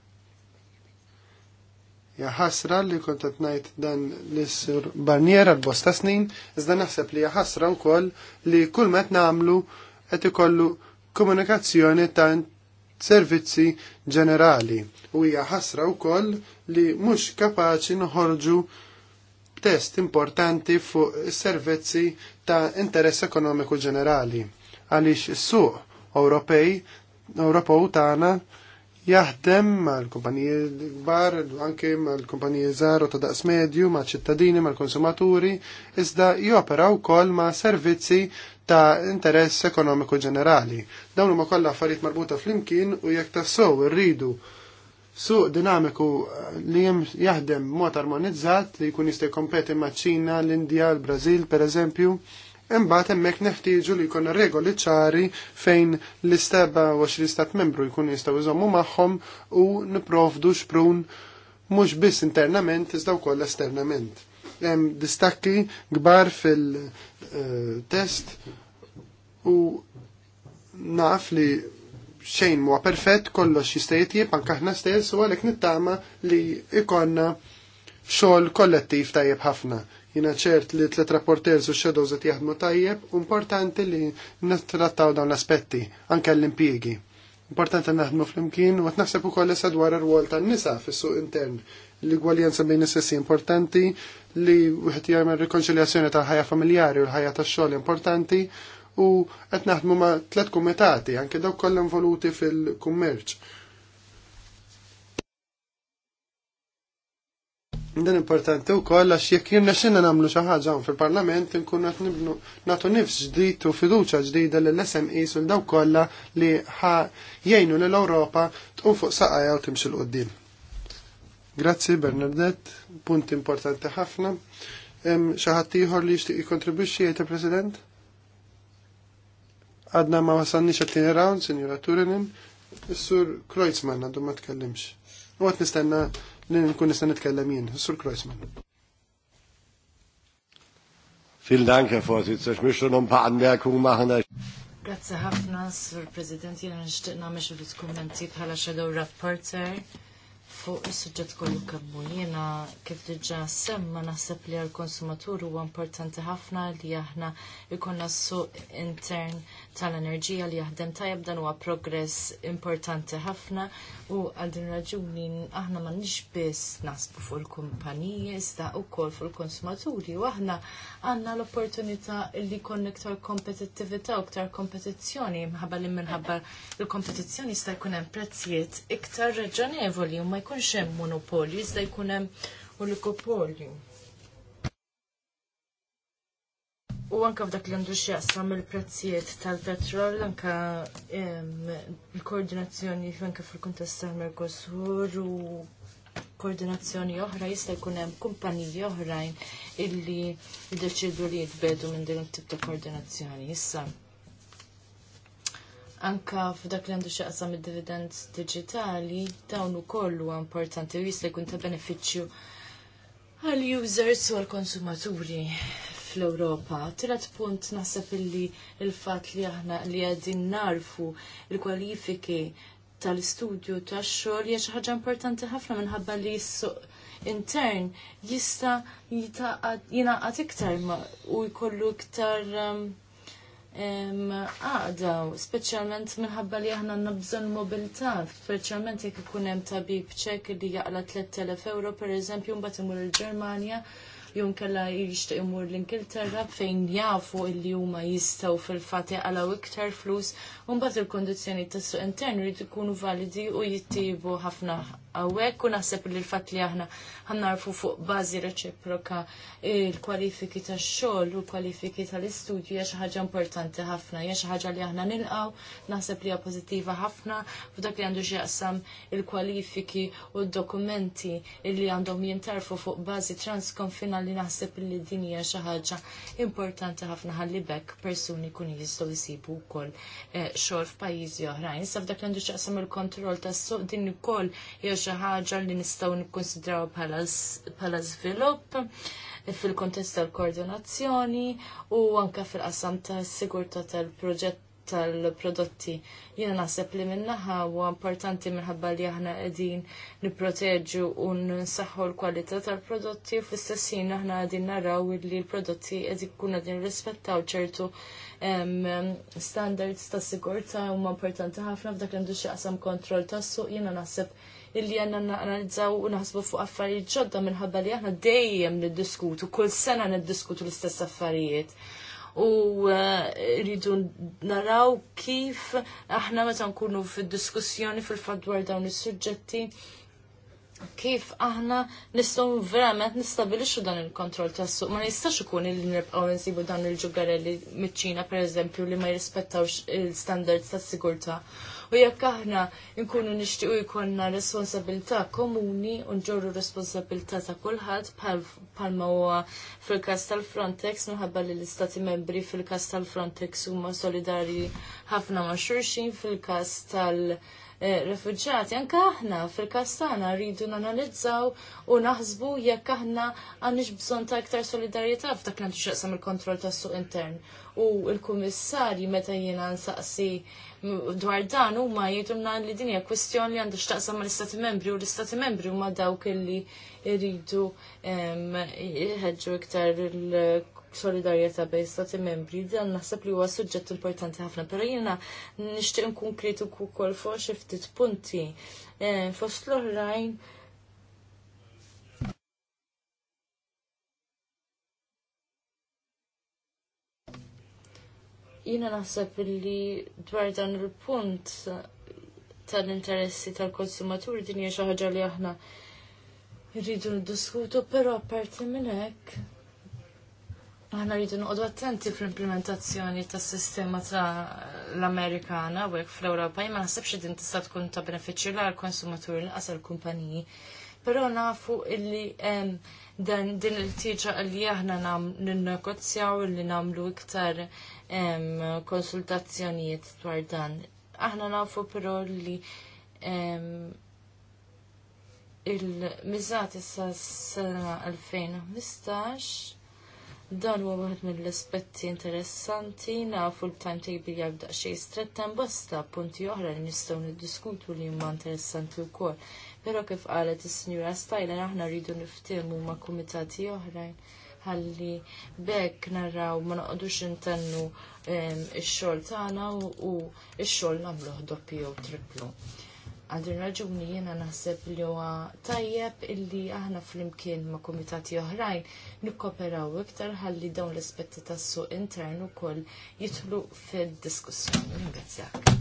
Ja ħasra li kont qed ngħid dan l-Sur Barnier għal bosta snin, iżda naħseb li ħasra wkoll li kull met nagħmlu qed ikollu komunikazzjoni ta' servizzi ġenerali u hija ħasra wkoll li mhux kapaċi noħorġu test importanti fuq servizzi ta' interess ekonomiku ġenerali għaliex is-suq Ewropej Ewropew tagħna jaħdem mal-kumpaniji kbar, anke mal-kumpaniji żgħar ta' daqs medju, ma' ċittadini, mal-konsumaturi, iżda jopera wkoll ma' servizzi ta' interess ekonomiku ġenerali. Dawn huma kollha affarijiet marbuta flimkien u jekk tassew rridu suq dinamiku li jem jaħdem mod armonizzat li jkun jista' kompeti maċ-Ċina, l-Indja, l-Brażil pereżempju. eżempju Imbagħad hemmhekk neħtieġu li jkollna regoli ċari fejn l-27 istat membru jkunu jistgħu jżommu magħhom u nipprovdu xprun mhux biss internament iżda wkoll esternament. Hemm distakki kbar fil-test u naf li xejn huwa perfett kollox jista' jitjieb anke aħna stess u għalhekk nittama li ikonna xogħol kollettiv tajjeb ħafna Jina ċert li tlet rapporters u shadows qed jaħdmu tajjeb u importanti li nittrattaw dawn l-aspetti anke l-impjiegi. Importanti naħdmu flimkien u qed naħseb ukoll issa dwar ir-rwol tan-nisa fis-suq intern. L-igwaljanza bejn is-sessi importanti li wieħed jagħmel rikonċiljazzjoni tal-ħajja familjari u l-ħajja tax-xogħol importanti u qed naħdmu ma' tliet kumitati anke dawk kollha voluti fil-kummerċ Dan importanti u koll għax jekk jirna xinna namlu xaħġa fil-parlament nkun għat nibnu natu nifs ġdijt u fiduċa ġdida l-SMI sul daw kolla li ħa jgħinu l-Europa tqum fuq saqaja u timxil qoddim. Grazzi Bernardet, punt importanti ħafna. Xaħat tiħor li jishtiq jikontribuċi jgħajta President? Għadna ma wasanni xattini senjura Signora s Sur Kreuzmann għadu ma tkellimx. U għat nistenna li nkun nista' nitkellem jien. Sur Kreuzmann. Vielen Dank, Herr Vorsitzender. Ich möchte noch ein paar Anmerkungen machen. Grazie ħafna, Sur President, jena nishtiq namel xi ftit kummenti bħala Shadow Rapporter fuq is-suġġett kollu kemmu. Jiena kif diġà semma naħseb li għall-konsumatur huwa importanti ħafna li aħna jkollna suq intern tal-enerġija li jaħdem tajab dan huwa progress importanti ħafna u għal din raġuni aħna ma nix biss nasbu fuq il-kumpaniji iżda wkoll fuq il-konsumaturi u aħna għandna l-opportunità li jkun iktar kompetittività u iktar kompetizzjoni minħabba li minħabba l-kompetizzjoni jista' jkun hemm prezzijiet iktar raġonevoli u ma jkunx hemm monopolju iżda jkun hemm oligopolju. U anka f'dak li għandu xjaqsam il-prezzijiet tal-petrol, anka il-koordinazzjoni anka fil kuntest tal-Mercosur u koordinazzjoni oħra jista' jkun hemm kumpaniji oħrajn illi jiddeċidu li jitbedu minn din it-tip ta' koordinazzjoni. Issa, Anka f'dak li għandu xaqsam id-dividend digitali, dawn ukoll huwa importanti u jista' jkun ta' benefiċċju għal users u għal konsumaturi fl-Ewropa. Tirat punt naħseb illi il-fat li aħna li għedin narfu il-kwalifiki tal-istudju tax-xogħol hija xi ħaġa importanti ħafna minħabba li s-suq intern jista jingħaqad iktar u jkollu iktar um, għada, speċjalment minħabba li aħna għandna bżonn mobilità, speċjalment jekk ikun hemm tabib ċek li jaqla 3000 euro pereżempju mbagħad imur il-Ġermanja jum kella jishtiq jumur l-Ingilterra fejn jafu illi huma jistgħu fil fati jaqalaw iktar flus un il kondizjoni tas-suq intern jrid ikunu validi u jittibu ħafna għawek u naħseb li l-fat li aħna ħannarfu fuq bazi reċiproka il-kwalifiki ta' xogħol u l-kwalifiki tal-istudju hija xi ħaġa importanti ħafna, hija xi ħaġa li aħna nilqgħu, naħseb li hija pożittiva ħafna u dak li għandu x'jaqsam il-kwalifiki u d-dokumenti li għandhom jintarfu fuq bażi transkonfina li naħseb li din hija xi ħaġa importanti ħafna ħalli bekk persuni kun jistgħu jsibu wkoll eh, xogħol f'pajjiżi oħrajn. Sa f'dak li għandu x'jaqsam il-kontroll tas-suq din ukoll hija xi ħaġa li nistgħu nikkonsidraw bħala żvilupp fil-kontest tal-koordinazzjoni u anke fil-qasam tas-sigurtà tal-proġett tal-prodotti. Jiena naħseb li minnaħa huwa importanti minħabba li aħna qegħdin nipproteġu u nsaħħu l-kwalità tal-prodotti u fl ħin aħna qegħdin naraw li l-prodotti qed ikun qegħdin rispettaw ċertu standards ta' sigurtà huma importanti ħafna f'dak li għandu xi qasam kontroll tas-suq jiena naħseb illi għanna analizzaw u naħsbu fuq affarijiet ġodda minħabba li aħna dejjem niddiskutu, kull sena niddiskutu l-istess affarijiet. U uh, rridu naraw kif aħna meta nkunu fid-diskussjoni fil fadwar dawn is-suġġetti kif aħna nistgħu verament nistabilixxu dan il-kontroll tas-suq. Ma nistax ikun li nirbqgħu nsibu dan il-ġugarelli miċ-Ċina pereżempju li ma jirrispettawx il-standards tas-sigurtà u jekk aħna nkunu nixtiequ jkollna responsabilità komuni u nġorru responsabilità ta' kulħadd bħalma huwa fil-każ tal-Frontex minħabba li l-Istati membri fil-każ tal-Frontex huma solidarji ħafna ma' xulxin fil-każ tal- refugġati, anka aħna fil-kastana rridu nanalizzaw u naħsbu jekk aħna għandix bżon ta' iktar solidarjetà f'dak li xjaqsam il-kontroll tas suq intern. U l-kummissarji meta jiena nsaqsi dwar dan huma jgħidulna li din hija kwestjoni li għandu x'taqsam mal-Istati Membri u l-Istati Membri huma dawk li jridu jħedġu iktar solidarjetà bej stati membri, dan naħseb li huwa suġġett importanti ħafna, però jiena nixtieq nkun kritiku wkoll fuq xi ftit punti. Fost l-oħrajn jina naħseb li dwar dan il-punt tal-interessi tal-konsumaturi din hija xi ħaġa li aħna rridu ndiskutu, però apparti minn hekk aħna rridu noqogħdu attenti fl-implementazzjoni tas-sistema ta' l amerikana u hekk fl-Ewropa ma naħsebx din tista' tkun ta' benefiċċju għall konsumaturi inqas għall-kumpaniji. Però nafu illi hemm dan din il-tiġa li aħna ninnegozjaw li nagħmlu iktar konsultazzjonijiet dwar dan. Aħna nafu però li il-mizzat issa s-sena 2015 dan huwa waħed mill-aspetti interessanti nafu l-timetable jabda xej strettan bosta punti oħra li nistgħu niddiskutu li huma interessanti wkoll. Però kif qalet is-Sinjura Stajla aħna rridu niftehmu ma' kumitati oħrajn ħalli bekk narraw ma naqdux intennu ix-xogħol tagħna u x-xogħol nagħmluh doppju jew triplu. Għal din raġuni jiena naħseb li huwa tajjeb illi aħna flimkien ma' komitati oħrajn nikkoperaw iktar ħalli dawn l-aspetti tas-suq intern ukoll jidħlu fid-diskussjoni. Ringrazzjak.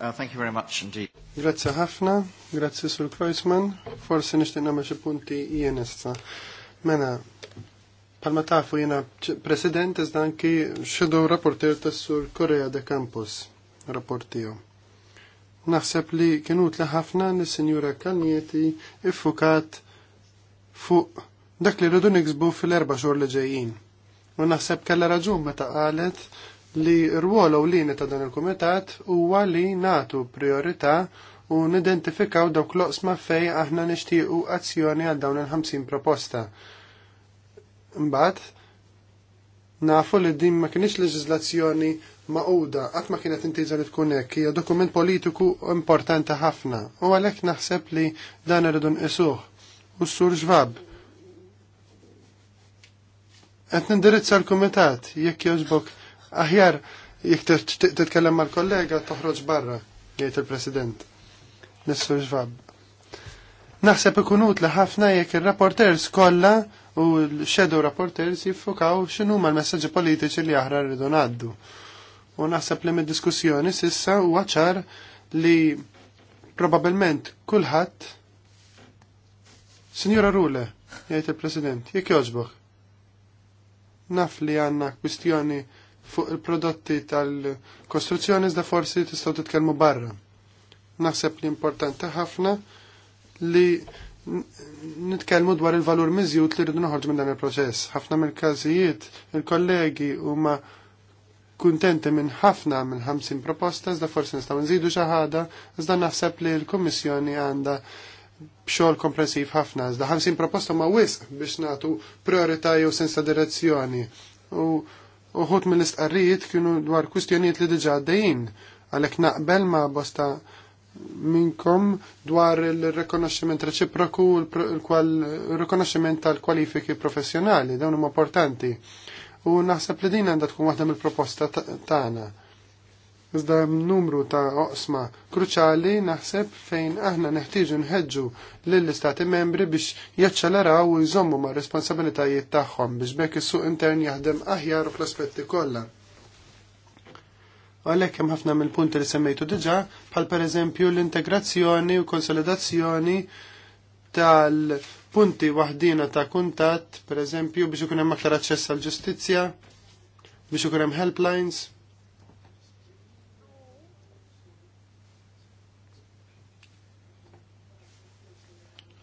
Uh, thank you very much indeed. Grazzi ħafna, grazzi Sur Kreuzmann. forsi nixtieq nagħmel xi punti jien issa. Mela, Palma tafu jena president iżda anki xedu rapporter tas-sur Korea de Campus rapportiju. Naħseb li kienu ħafna li senjura Kalnieti iffukat fuq dak li rridu niksbu fil-erba xor li ġejjin. U naħseb kalla raġun meta qalet li rwol lini ta' dan il-kumitat huwa li natu priorita u nidentifikaw dawk loqsma fej aħna nixtiequ azzjoni għal dawn il-50 proposta Mbagħad nafu li din ma kienx leġiżlazzjoni maquda qatt ma kienet intiża li tkun hekk hija dokument politiku importanti ħafna u għalhekk naħseb li dan irridu nqisuh u s-sur ġvab. Qed nindirizza l-kumitat jekk jogħġbok aħjar jekk titkellem mal-kollega toħroġ barra jgħid il-President. Nissur ġvab. Naħseb ikun utli ħafna jekk ir-rapporters kollha u l-shadow rapporters jiffukaw xinu ma l-messaġġi politiċi li aħra rridu naddu. U naħseb li mid-diskussjoni sissa huwa ċar li probabbilment kulħadd Sinjora Rule, jgħid il-President, jekk jogħġbok. Naf li għandna kwistjoni fuq il-prodotti tal-kostruzzjoni iżda forsi tistgħu titkellmu barra. Naħseb li importanti ħafna li nitkellmu dwar il-valur miżjut li rridu noħorġu minn dan il-proċess. Ħafna mill-każijiet il-kollegi huma kuntenti minn ħafna minn 50 proposta, iżda forsi nistgħu nżidu xi ħaġa, iżda naħseb li l-Kummissjoni għandha xogħol komprensiv ħafna, iżda 50 proposta ma wisq biex nagħtu priorità jew sensa direzzjoni. U uħut mill-istqarrijiet kienu dwar kwistjonijiet li diġà għaddejjin, għalhekk naqbel ma' bosta minkom dwar il-rekonoxximent reċiproku il-rekonoxximent tal-kwalifiki professjonali, dawn huma importanti. U naħseb li din għandha tkun waħda mill-proposta tagħna. Iżda numru ta' oqsma kruċali naħseb fejn aħna neħtieġu nħeġġu lill-istati membri biex jaċċeleraw u jżommu ma' responsabilitajiet tagħhom biex bekk is-suq intern jaħdem aħjar fl-aspetti kollha Għalhekk hemm ħafna mill-punti li semmejtu diġà, bħal pereżempju l-integrazzjoni u konsolidazzjoni tal-punti waħdina ta' kuntatt, pereżempju biex ikun hemm aktar aċċess għall ġustizzja biex ikun hemm helplines.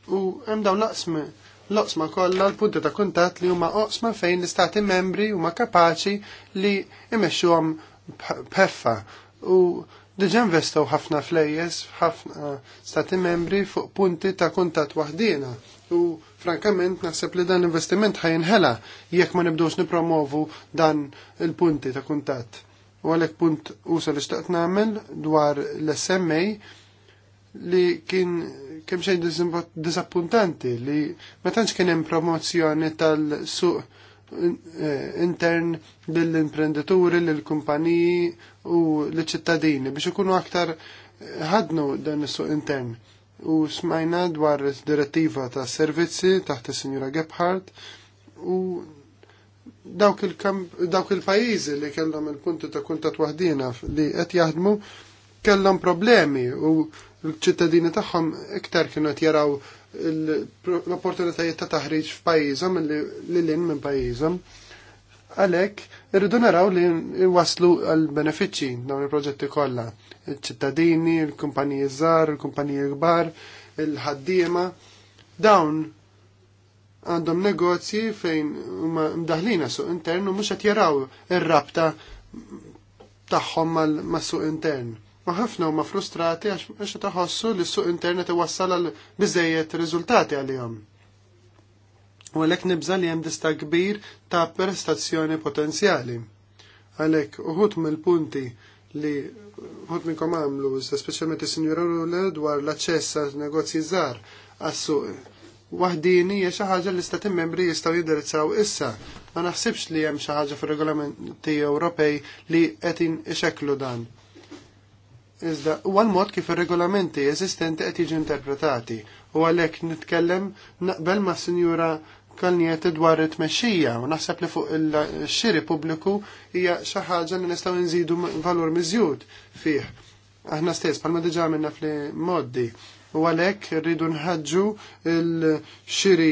U hemm dawn laqsma l-oqsma kollha l-punti ta' kuntatt li huma oqsma fejn l-istati membri huma kapaċi li imexxuhom Peffa u diġa investaw ħafna flejjes ħafna stati membri fuq punti ta' kuntat waħdina u frankament naħseb li dan l-investiment ħajinħela jekk ma nibdux nipromovu dan il-punti ta' kuntat. U għalek punt usa li xtaqt namel dwar l-SMA li kien kemm xejn disappuntanti li ma tantx kien hemm promozzjoni tal-suq intern lill-imprenditori, lill-kumpaniji u l-ċittadini biex ikunu aktar ħadnu dan is-suq intern. U smajna dwar direttiva ta' servizzi taħt is-Sinjura Gebhardt u dawk il-pajjiżi li kellhom il-punti ta' kuntat waħdina li qed jaħdmu kellhom problemi u l-ċittadini tagħhom iktar kienu qed jaraw l-opportunitajiet ta' taħriġ f'pajjiżhom li lin minn pajjiżhom. Għalhekk irridu naraw li waslu għal benefiċċji dawn il-proġetti kollha. Iċ-ċittadini, il-kumpaniji żgħar, il-kumpaniji kbar, il-ħaddiema, dawn għandhom negozji fejn huma mdaħlina suq intern u mhux qed jaraw ir-rabta tagħhom mas-suq intern Ma ħafna huma frustrati għax taħossu li suq internet iwassal għal biżejjed riżultati għalihom. U għalhekk nibża li hemm dista kbir ta' prestazzjoni potenzjali. Għalhekk uħud mill-punti li uħud minnkom għamlu, speċjalment is-Sinjura Rule dwar l-aċċess għal negozji żgħar għas-suq waħdini hija xi ħaġa li stati membri jistgħu jindirizzaw issa. Ma naħsibx li hemm xi ħaġa fir-regolamenti Ewropej li qed ixekklu dan iżda u għal-mod kif ir-regolamenti eżistenti qed jiġu interpretati u għalhekk nitkellem naqbel ma' Sinjura kalniet dwar it-tmexxija u naħseb li fuq il-xiri pubbliku hija xi ħaġa li nistgħu nżidu valur miżjud fih. Aħna stess bħalma diġà minna fli moddi u għalhekk rridu nħaġġu l-xiri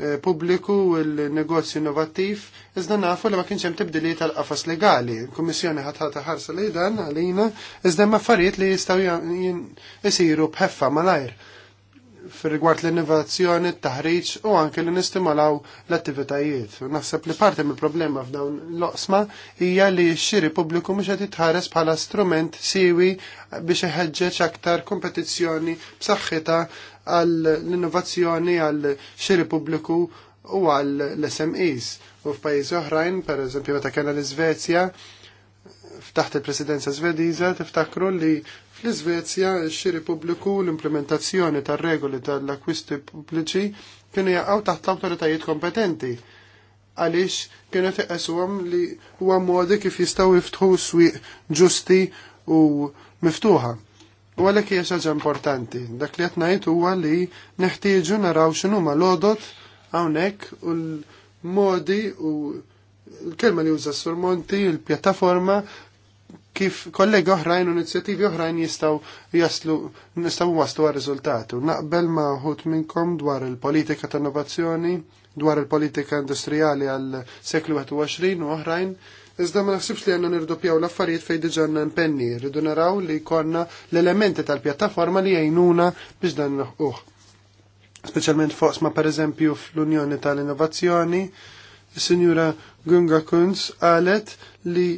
Eh, pubbliku il l-negozju innovattiv, iżda nafu li ma kienx hemm tibdiliet tal-qafas legali. Il-Kummissjoni ħatħata ħarsa li dan għalina, iżda hemm affarijiet li jistgħu jsiru bħeffa malajr fir-rigward l-innovazzjoni, t-taħriġ u anke li nistimolaw l-attivitajiet. Naħseb li parti mill-problema f'dawn l-oqsma hija li x-xiri pubbliku mhux qed jitħares bħala strument siwi biex iħeġġeġ aktar kompetizzjoni b'saħħitha għall-innovazzjoni għall xiri pubbliku u għall-SMEs. U f'pajjiżi oħrajn, per eżempju meta kena l-Iżvezja, ftaħt il-presidenza Svediża, tiftakru li fl-Iżvezja x-xiri pubbliku l-implementazzjoni tar-regoli tal-akwisti pubbliċi kienu jaqgħu taħt l-awtoritajiet kompetenti għaliex kienu iqesuhom li huwa modi kif jistgħu jiftħu swieq ġusti u miftuħa. U għalek hija xaġa importanti. Dak li qed ngħid huwa li neħtieġu naraw x'inhuma l-odot hawnhekk u l-modi u l-kelma li juża surmonti, il-pjattaforma kif kollegi oħrajn u inizjattivi oħrajn jistaw jaslu nistaw waslu għal riżultatu. Naqbel ma ħut minnkom dwar il-politika ta' innovazzjoni, dwar il-politika industrijali għal seklu 21 u oħrajn iżda ma naħsibx li għanna nirdupjaw l-affarijiet fej diġanna impenni, rridu naraw li konna l-elementi tal-pjattaforma li jgħinuna biex dan uħ. Specialment fosma per eżempju fl-Unjoni tal-Innovazzjoni, il-Sinjura Gunga Kunz għalet li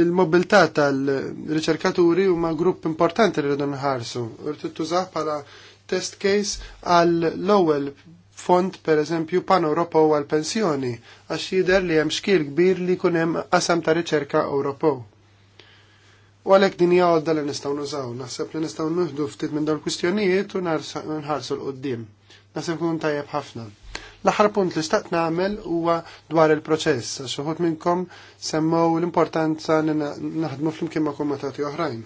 il-mobilità tal-riċerkaturi huma grupp importanti li rridu nħarsu. Rridu tużaħ pala test case għal l-ewwel fond per eżempju pan Ewropew għal pensjoni għax jidher li hemm xkil kbir li jkun hemm qasam ta' riċerka Ewropew. U għalhekk din hija għodda li nistgħu nużaw, naħseb li nistgħu nuħdu ftit minn dawn kwistjonijiet u nħarsu l qudiem Naħseb kun tajjeb ħafna. L-aħħar punt li xtaqt nagħmel huwa dwar il-proċess għax uħud minnkom semmew l-importanza li naħdmu flimkien ma' kummatati oħrajn.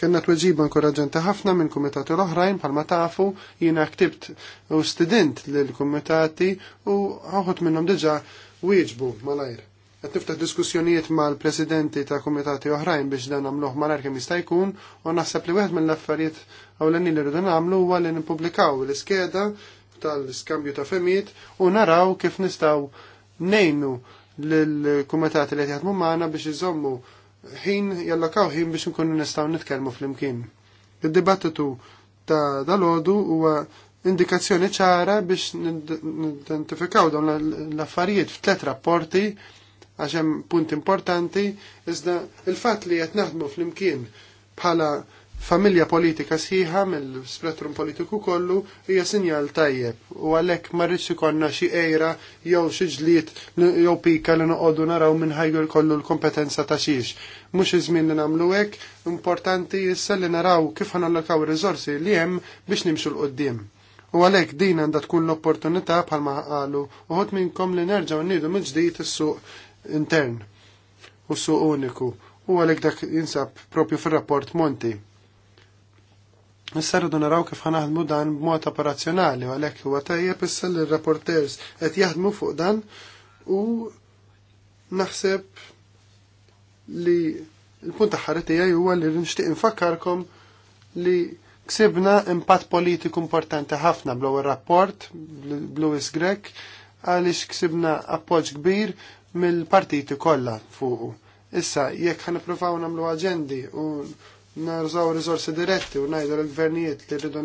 Kenna tweġiba inkoraġenti ħafna minn kumitati l-oħrajn bħalma tafu jiena ktibt u student lill-kumitati u għahut minnhom diġà wieġbu malajr. Qed niftaħ diskussjonijiet mal-presidenti ta' kumitati oħrajn biex dan għamluħ malajr kemm jista' jkun u naħseb li wieħed mill-affarijiet l-għanni li rridu nagħmlu huwa li nippubblikaw l-iskeda tal-iskambju ta' femijiet u naraw kif nistgħu nejnu l-kumitati li jgħatmu maħna biex iżommu ħin kaw ħin biex nkunu nistgħu nitkellmu flimkien. Id-dibattitu ta' dalodu huwa indikazzjoni ċara biex nidentifikaw dawn l-affarijiet f'tlet rapporti għax hemm punt importanti iżda il-fatt li qed naħdmu flimkien bħala familja politika sħiħa mill-spettrum politiku kollu hija sinjal tajjeb u għalhekk ma rridx ikollna xi qejra jew xi ġlied jew pika li noqogħdu naraw minn ħajgħu kollu l-kompetenza ta' xiex. Mhux iż-żmien li nagħmlu hekk, importanti issa li naraw kif ħanallokaw riżorsi li hemm biex nimxu l qoddim U għalhekk din għandha tkun l-opportunità bħalma qalu uħud minnkom li nerġgħu nniedu mill-ġdid is-suq intern u s-suq uniku. U għalhekk dak jinsab propju fir-rapport Monti Issa rridu naraw kif ħanaħdmu dan b'mod operazzjonali u għalhekk huwa tajjeb issa li rapporters qed jaħdmu fuq dan u naħseb li l-punt aħħar tiegħi huwa li nixtieq infakkarkom li ksibna impatt politiku importanti ħafna bl-ewwel rapport Bluis Grek għaliex ksibna appoġġ kbir mill-partiti kollha fuqu. Issa jekk ħanippruvaw nagħmlu aġendi u narżaw risorsi diretti u najdu l-gvernijiet li rridu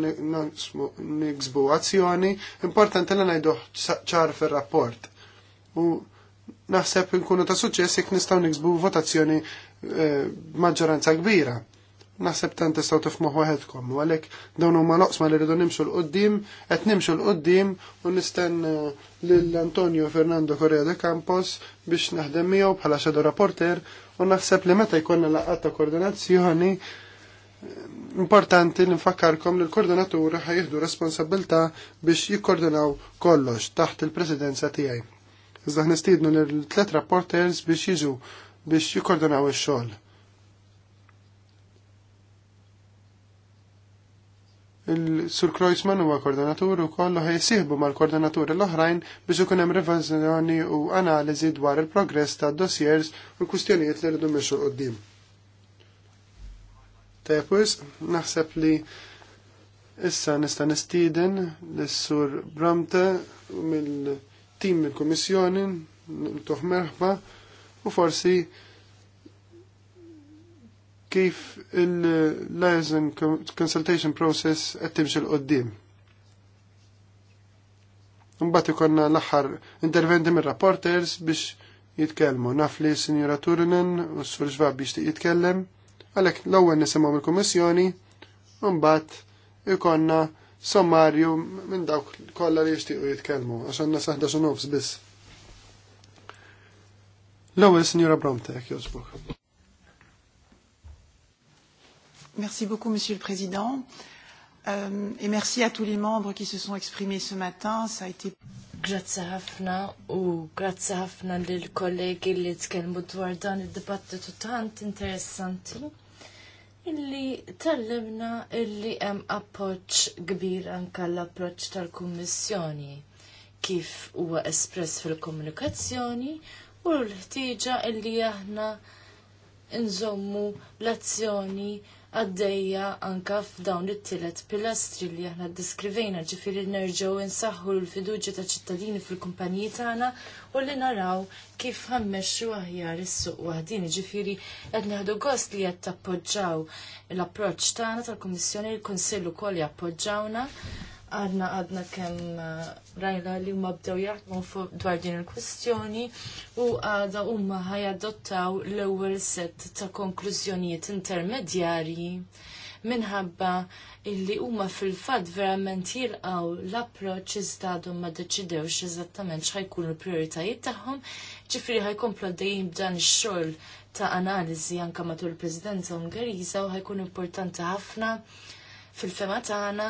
niksbu azzjoni, importanti li najdu ċar fil-rapport. U naħseb nkunu ta' suċess jek nistaw niksbu votazzjoni eh, maġġoranza kbira. Naħseb tant tistaw tifmu għedkom, u għalek dawn huma loqsma li rridu nimxu l-qoddim, qed nimxu l-qoddim u nisten l Antonio Fernando Correa de Campos biex naħdem miegħu bħala xedu rapporter u naħseb li meta jkollna laqgħat ta' koordinazzjoni importanti li nfakkarkom li l-koordinatura ħajjieħdu responsabilta biex jikkoordinaw kollox taħt il-presidenza tiegħi. Iżda nistiednu l-tlet rapporters biex jiġu biex jikkoordinaw ix-xogħol. il-Sur Kreuzman huwa koordinatur u kollu ħajsieħbu mal-koordinaturi l-oħrajn biex ikun hemm revizjoni u analiżi dwar il-progress ta' dossiers u l-kwistjonijiet li rridu mixu qudiem. Tepus, naħseb li issa nista' nistieden lis-Sur Bramte mill-tim mill-Kummissjoni, tuħ merħba u forsi kif il-liaison consultation process qed timxi l qoddim Mbagħad ikonna l-aħħar interventi mir rapporters biex jitkellmu. Naf li s-Sinjura Turinen u s-Sur Ġvab biex jitkellem. Għalhekk l-ewwel nisimgħu il-Kummissjoni u mbagħad ikonna sommarju minn dawk kollha li jixtiequ jitkellmu għax għandna saħda xi nofs biss. L-ewwel Sinjura Bromtek jogħġbok. Merci beaucoup, Monsieur le Président. Euh, et merci à tous les membres qui se sont exprimés ce matin. Ça a été... Grazzi ħafna u grazzi ħafna lil kollegi li tkellmu dwar dan id-dibattitu tant interessanti illi tallimna illi hemm appoġġ kbir anke l-approċċ tal-Kummissjoni kif huwa espress fil-komunikazzjoni u l-ħtieġa illi aħna inżommu l-azzjoni għaddejja anka f'dawn it-tielet pilastri li aħna ddiskrivejna ġifieri nerġgħu insaħħu l-fiduċja ta' ċittadini fil-kumpaniji tagħna u li naraw kif ħammexxu aħjar is-suq waħdin. Ġifieri qed naħdu gost li qed tappoġġaw l-approċċ tagħna tal-Kummissjoni l-Kunsill ukoll jappoġġawna għadna għadna kem uh, rajna li huma bdew jaħdmu fuq dwar din il-kwistjoni u għadha huma ħajadottaw l-ewwel set ta' konklużjonijiet intermedjarji minħabba illi huma fil-fatt verament jilqaw l-approċċ iżda għadhom ma deċidewx eżattament x'ħajkunu l-prijoritajiet tagħhom, ġifieri ħajkomplu dejjem b'dan ix-xogħol ta' analiżi anke matul il-Presidenza Ungeriża u ħajkun importanti ħafna fil-fema tagħna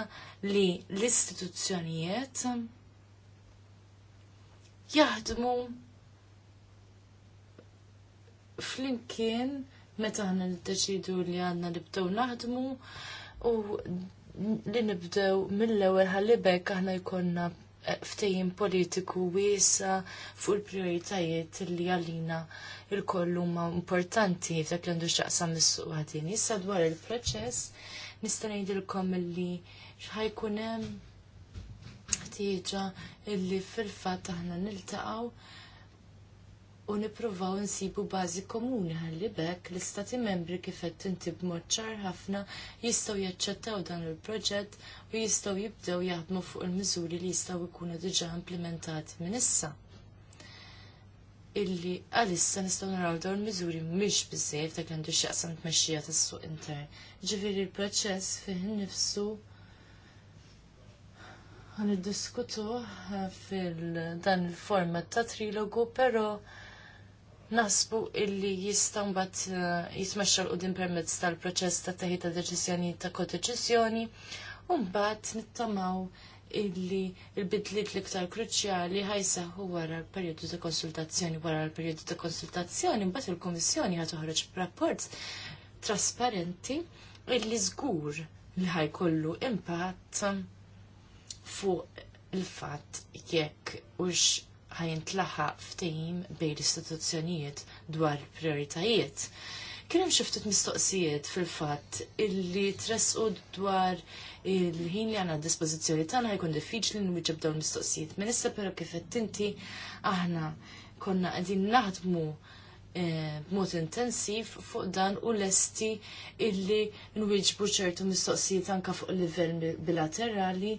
li l-istituzzjonijiet jaħdmu flimkien meta ħana niddeċidu li għanna nibdew naħdmu u li nibdew mill-ewwel ħalibek aħna jkollna eh, ftejjin politiku wiesa fuq il-prijoritajiet li għalina il-kollu ma importanti f'dak li għandu xaqsam mis-suq ħadin. Issa dwar il-proċess nista' ngħidilkom li ħajkun hemm ħtieġa illi fil-fatt aħna niltaqgħu u nippruvaw nsibu bażi komuni ħalli bekk l-istati membri kif qed inti ċar ħafna jistgħu jaċċettaw dan il-proġett u jistgħu jibdew jaħdmu fuq il-miżuri li jistgħu jkunu diġà implementati minn issa. Illi għalissa nistgħu naraw dawn il-miżuri mhix biżejjed dak għandu x'jaqsam tmexxija tas-suq intern. Ġifieri l-proċess fih innifsu nifsu għan diskutu eh, fil-dan il-format ta' trilogu, pero nasbu illi jistaw mbagħad eh, jitmexxa l din permezz tal-proċess ta' teħid ta' deċiżjoni ta' kodeċizjoni, u mbagħad nittamaw illi l bidlit l-iktar kruċjali hu wara l-perjodu ta' konsultazzjoni wara l-perjodu ta' konsultazzjoni mbagħad il-Kummissjoni ħad toħroġ b'rapport trasparenti illi żgur li ħajkollu impatt fuq il-fatt jekk ux ħajintlaħaq ftehim bejn l-istituzzjonijiet dwar prioritajiet. Kien hemm xi ftit mistoqsijiet fil-fatt illi tresqu dwar il-ħin li għandna dispożizzjoni tagħna jkun diffiċli nwieġeb dawn mistoqsijiet. Minissa mela però kif qed inti aħna konna qegħdin naħdmu eh, b'mod intensiv fuq dan u lesti illi nwieġbu ċertu mistoqsijiet anke fuq livell bilaterali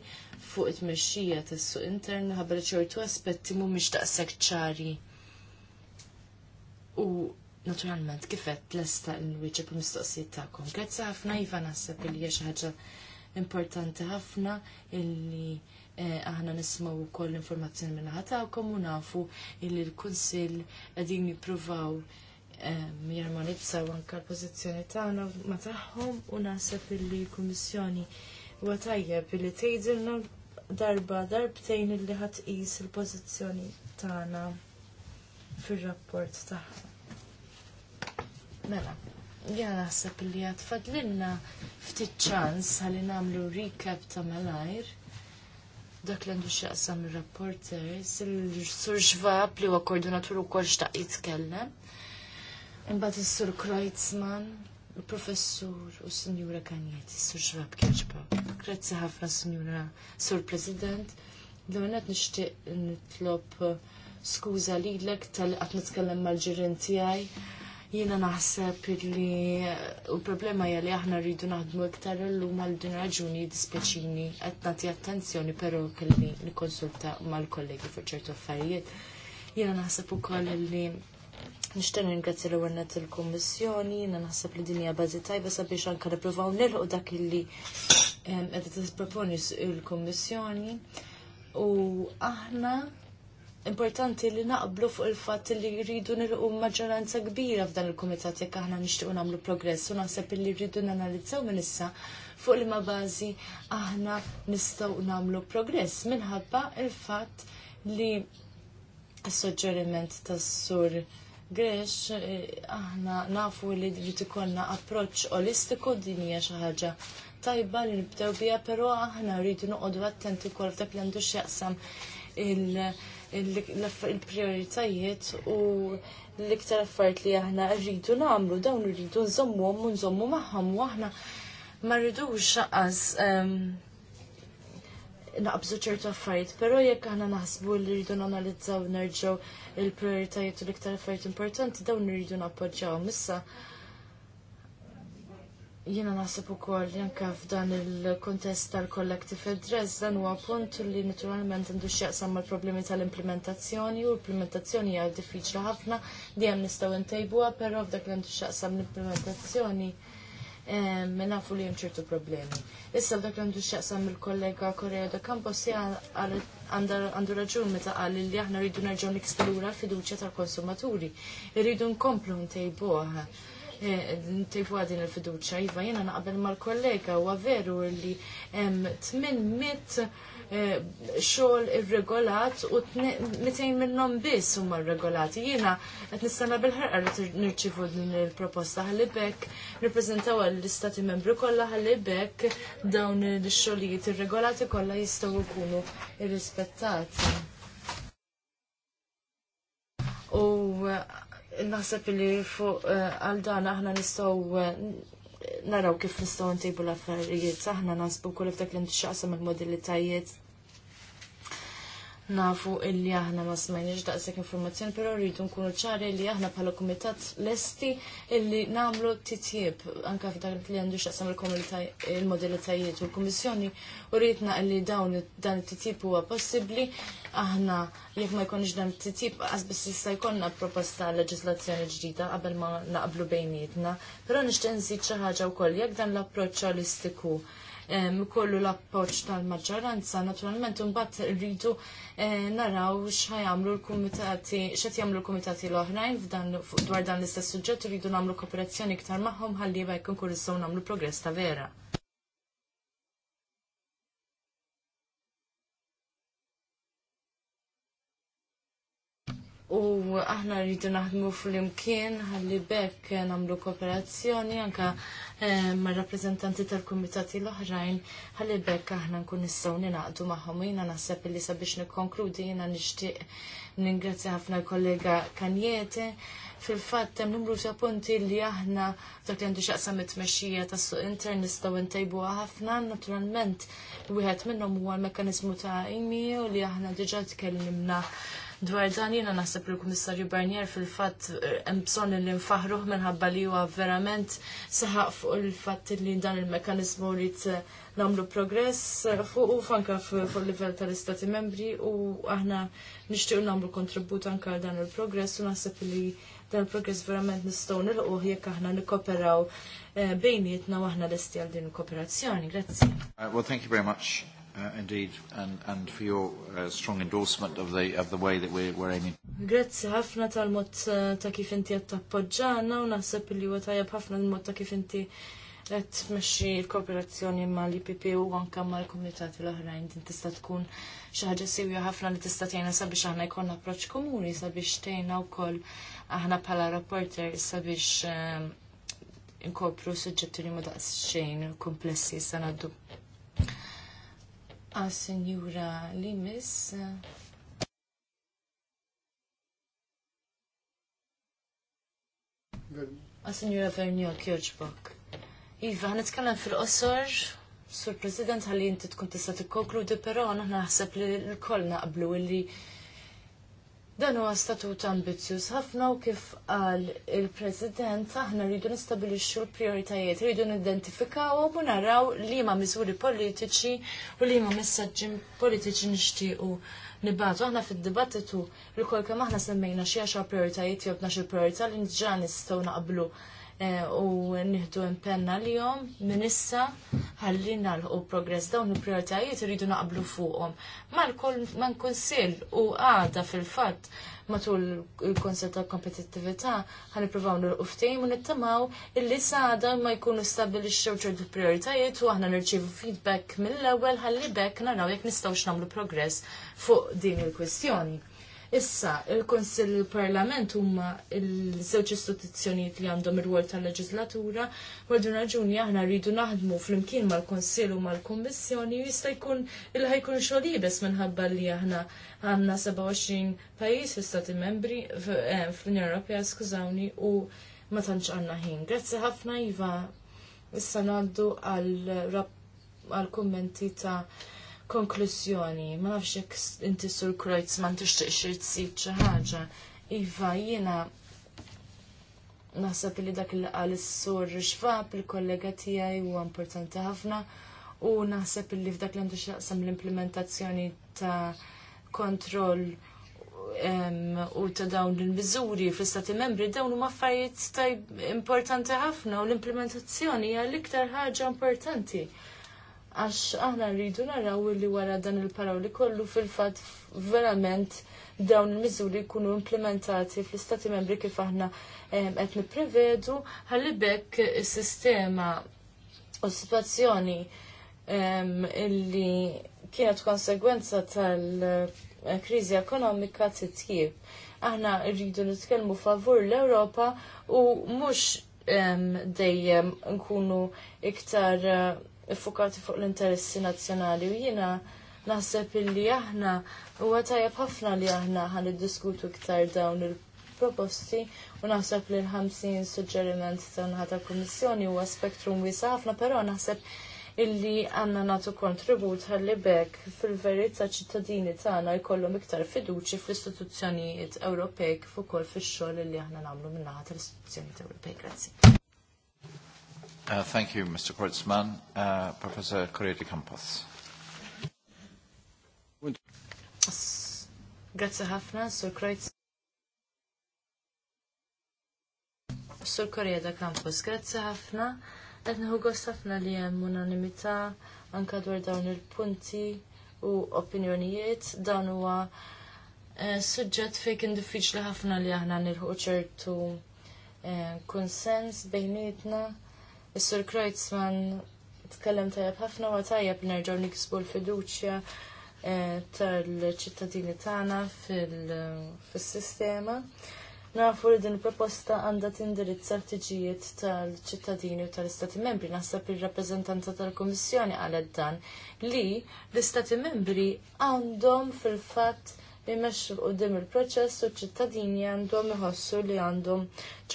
fuq it-mexxija tas-suq intern ħabra ċertu aspetti mhumiex daqshekk ċari. U naturalment kifet lesta l-wieġeb mistoqsijiet tagħkom. Grazzi ħafna iva naħseb li hija xi ħaġa importanti ħafna illi eh, aħna nismaw ukoll l-informazzjoni minn ħatawkom u nafu illi l-Kunsill qegħdin jippruvaw eh, jarmonizzaw anke l-pożizzjoni tagħna ma tagħhom u naħseb illi l-Kummissjoni huwa tajjeb illi tgħidilna darba darbtejn illi ħat is il-pozizjoni tagħna fir-rapport tagħha. Mela, jiena naħseb li għad fadlinna ftit ċans għalli namlu recap ta' malajr dak li għandu xaqsam il rapporters il-sur xvab li huwa koordinatur u kol xtaq jitkellem. Imbagħad is-sur Kreutzmann Professur u Sinjura Kanjet, Sur Xwab Kieċba. Grazzi ħafna, Sinjura Sur President. L-għanet nishtiq nitlob uh, skuza li l-ek tal-għat nitkellem mal-ġirin tijaj jina naħseb li uh, u problema jali aħna rridu naħdmu iktar l mal din raġuni dispeċini qed nagħti attenzjoni però kelli nikkonsulta mal-kollegi fuq ċertu affarijiet. Jina naħseb ukoll li Nishtenu ringrazzi l għannet il-Kommissjoni, jina naħseb li dinja bazi tajba sabiex anka nipruvaw nilħu dak illi edha t-proponi il-Kommissjoni. U aħna importanti li naqblu fuq il-fatt li rridu nilqu maġġoranza kbira f'dan il-Kumitat jekk aħna nixtiequ nagħmlu progress u naħseb li rridu nanalizzaw minn issa fuq li ma bażi aħna nistgħu nagħmlu progress minħabba il-fatt li s-soġġeriment tas-sur Grex, eh, aħna nafu li rrid ikollna approċċ olistiku din hija xi ħaġa tajba li nibdew biha, però aħna rridu noqogħdu attenti wkoll f'dak li għandu x'jaqsam il-prioritajiet u l-iktar affarijiet li aħna rridu nagħmlu dawn irridu nżommuhom u nżommu magħhom u aħna ma rridux xaqas ehm, naqbżu ċertu affarijiet, però jekk aħna naħsbu li rridu nanalizzaw nerġgħu il-prioritajiet u l-iktar affarijiet importanti dawn irridu nappoġġaw. Issa jiena naħseb ukoll li anke f'dan il-kontest tal-collective address dan huwa punt li naturalment għandu x'jaqsam mal-problemi tal-implementazzjoni u l-implementazzjoni hija diffiċli ħafna dejjem nistgħu ntejbuha, però f'dak li għandu x'jaqsam l-implementazzjoni nafu li hemm ċertu problemi. Issa dak għandu x'jaqsam mill-kollega Korea da Campos għandu raġun meta qal li aħna rridu nerġgħu nikstilura fiduċa fiduċja tal-konsumaturi. Irridu nkomplu ntejbuha e, tifu għadin il-fiduċa, jiva jena naqbel mal-kollega u għaveru li 800 Eh, xogħol irregolat u mitejn minnhom biss huma regolati. Jiena qed nistenna bil-ħarqa li nirċivu din il-proposta ħalli bekk nirpreżentaw għall-istati membri kollha ħalli bekk dawn ix-xogħlijiet irregolati kollha jistgħu jkunu irrispettati. U eh, naħseb li fuq eh, għal dan aħna nistgħu naraw kif nistgħu ntejbu l-affarijiet aħna nasbu kull ftak li ntixaqsam il-modellitajiet nafu illi aħna ma smajniex daqshekk informazzjoni, però rridu nkunu ċari li aħna bħala kumitat lesti illi nagħmlu titjib anke f'dak li għandu x'aqsam il-modellitajiet u l-Kummissjoni u rridna illi dawn dan it-titjib huwa possibbli aħna jekk ma jkunx dan it-titjib qasbis issa jkollna proposta leġislazzjoni ġdida qabel ma naqblu bejnietna, però nixtieq nżid xi ħaġa wkoll jekk dan l-approċċ holistiku kollu l-appoġġ tal-maġġoranza, naturalment imbagħad rridu eh, naraw x'ħajamlu l-kumitati x'qed jagħmlu l-kumitati l-oħrajn f'dan dwar dan l-istess suġġett irridu nagħmlu kooperazzjoni iktar magħhom ħalli bajkun jkun kull nagħmlu progress ta' vera. u aħna rridu naħdmu fl-imkien ħalli bekk namlu kooperazzjoni anka eh, ma' rappresentanti tal-komitati l-oħrajn ħalli bekk aħna nkun nistgħu ninaqdu magħhom jiena naħseb li sabiex nikkonkludi jiena nixtieq ningrazzja ħafna l-kollega Kanjete fil-fatt hemm numru ta' punti li aħna dak li għandu x'aqsam it-tmexxija tas-suq intern nistgħu ntejbuha ħafna naturalment wieħed minnhom huwa l-mekkaniżmu ta' IMI u li aħna diġà tkellimna Dwar dan jiena naħseb li l-Kummissarju Barnier fil-fatt eh, hemm bżonn li nfaħruh minħabba li huwa verament saħaq fuq il-fatt li dan il mekanizmu rrid eh, nagħmlu progress eh, fuq u fanka fuq livell tal-Istati Membri u aħna nixtiequ nagħmlu kontribut anke għal dan il-progress u naħseb li dan il-progress verament nistgħu nilqu jekk aħna nikkoperaw bejnietna u aħna lesti għal din il-kooperazzjoni. Grazzi. Uh, well, thank you very much. Uh, indeed, and, and for your uh, strong endorsement of the, of the way that we're, we're aiming. Grazzi ħafna tal-mod uh, ta' kif inti qed tappoġġana u naħseb li huwa tajjeb ħafna l-mod ta' kif inti qed tmexxi l-kooperazzjoni mal-IPP u anke mal-komunitati l-oħrajn din tista' tkun xi ħaġa sewwa ħafna li tista' tgħinha sabiex aħna jkollna approċċ komuni sabiex tgħinna wkoll aħna bħala rapporter sabiex um, inkopru suġġetti li ma daqs xejn komplessi sa ngħaddu għas-Sinjura Limis. Għas-Sinjura uh, Vernio Kjoġbok. Iva, għanitkallem fil-qosor, sur President, għalli inti tkun tista' tikkonkludi, però aħna naħseb li l-koll naqblu li Dan huwa statut ambizzjuż ħafna u kif qal il-President aħna rridu nistabilixxu l-prijoritajiet, rridu nidentifikawhom u naraw li ma miżuri politiċi u liema messaġġi politiċi nixtiequ nibgħatu. aħna fid-dibattitu l-kol kemm aħna semmejna xi għaxar prioritajiet jew b'nax il-priorità li nġġa nistgħu naqblu Eh, u nihdu impenna li jom minissa ħalli u progress dawn il-prioritajiet rridu naqblu fuqhom. Ma konsil u għada fil-fatt matul il konsil ta' kompetittività ħan ippruvaw nirqu uftim u nittamaw illi saħda ma jkunu stabilixxew ċertu prioritajiet u aħna nirċievu feedback mill-ewwel ħalli bekk naraw jekk nistgħux nagħmlu progress fuq din il-kwestjoni. Issa, il-Konsil il-Parlament huma il-żewġ istituzzjonijiet li għandhom ir-wol tal-leġislatura, għadu raġuni aħna rridu naħdmu fl-imkien mal-Konsil u mal-Kommissjoni jista' jkun il ħaj xogħol ibes minħabba li aħna għandna 27 pajjiż fl-Stati membri eh, fl-Unjoni Ewropea, skużawni, u ma tantx għandna ħin. Grazzi ħafna Iva, issa ngħaddu għal għal kummenti ta' konklużjoni, ma nafx jekk inti sur Kreutz ma tixtieq xi tsib xi ħaġa. Iva jiena naħseb li dak li qal is-sur xfab il-kollega tiegħi huwa importanti ħafna u naħseb li f'dak li għandu x'jaqsam l-implementazzjoni ta' kontroll u ta' dawn il-miżuri fl-istati membri dawn huma affarijiet tajb importanti ħafna u l-implementazzjoni hija l-iktar ħaġa importanti għax aħna rridu naraw li wara dan il-paraw li kollu fil-fat verament dawn il-miżuri jkunu implementati fl-istati membri kif aħna eh, qed nipprevedu ħalli bekk is-sistema u situazzjoni eh, illi kienet konsegwenza tal-kriżi ekonomika titjib. Aħna rridu nitkellmu favur l-Ewropa u mhux eh, dejjem nkunu iktar iffukati fuq l-interessi nazzjonali u jiena naħseb illi aħna huwa tajjeb ħafna li aħna ħan diskutu iktar dawn il-proposti u naħseb li l-50 suġġeriment tal kummissjoni huwa spektrum wiesa ħafna, però naħseb illi għanna natu kontribut għalli bekk fil-verità ċittadini tagħna jkollhom iktar fiduċi fl-istituzzjonijiet Ewropej kif ukoll fix-xogħol li aħna nagħmlu minnaħa tal-istituzzjonijiet Ewropej. Grazzi. Uh, thank you, Mr. Kreutzmann. Uh, Professor Correa de Campos. Grazie ħafna, Sir Kreutz. Sur Correa da Campos, grazie ħafna. Qed nħu gost ħafna li jem unanimita anka dwar dawn il-punti u opinjonijiet dan huwa eh, suġġett fejn kien diffiċli ħafna li aħna nilħu ċertu eh, konsens bejnietna Is-Sur Kreutzmann tkellem tajab ħafna u tajab nerġaw nikisbu l-fiduċja eh, tal-ċittadini tagħna fil-sistema. Nafu li din proposta għandha tindirizza l-tiġijiet tal-ċittadini u tal-Istati membri. Naħseb il-rappreżentanta tal-Kummissjoni qalet dan li l-Istati membri għandhom fil-fatt li jmexxu qudiem il-proċess u ċittadini għandhom iħossu li għandhom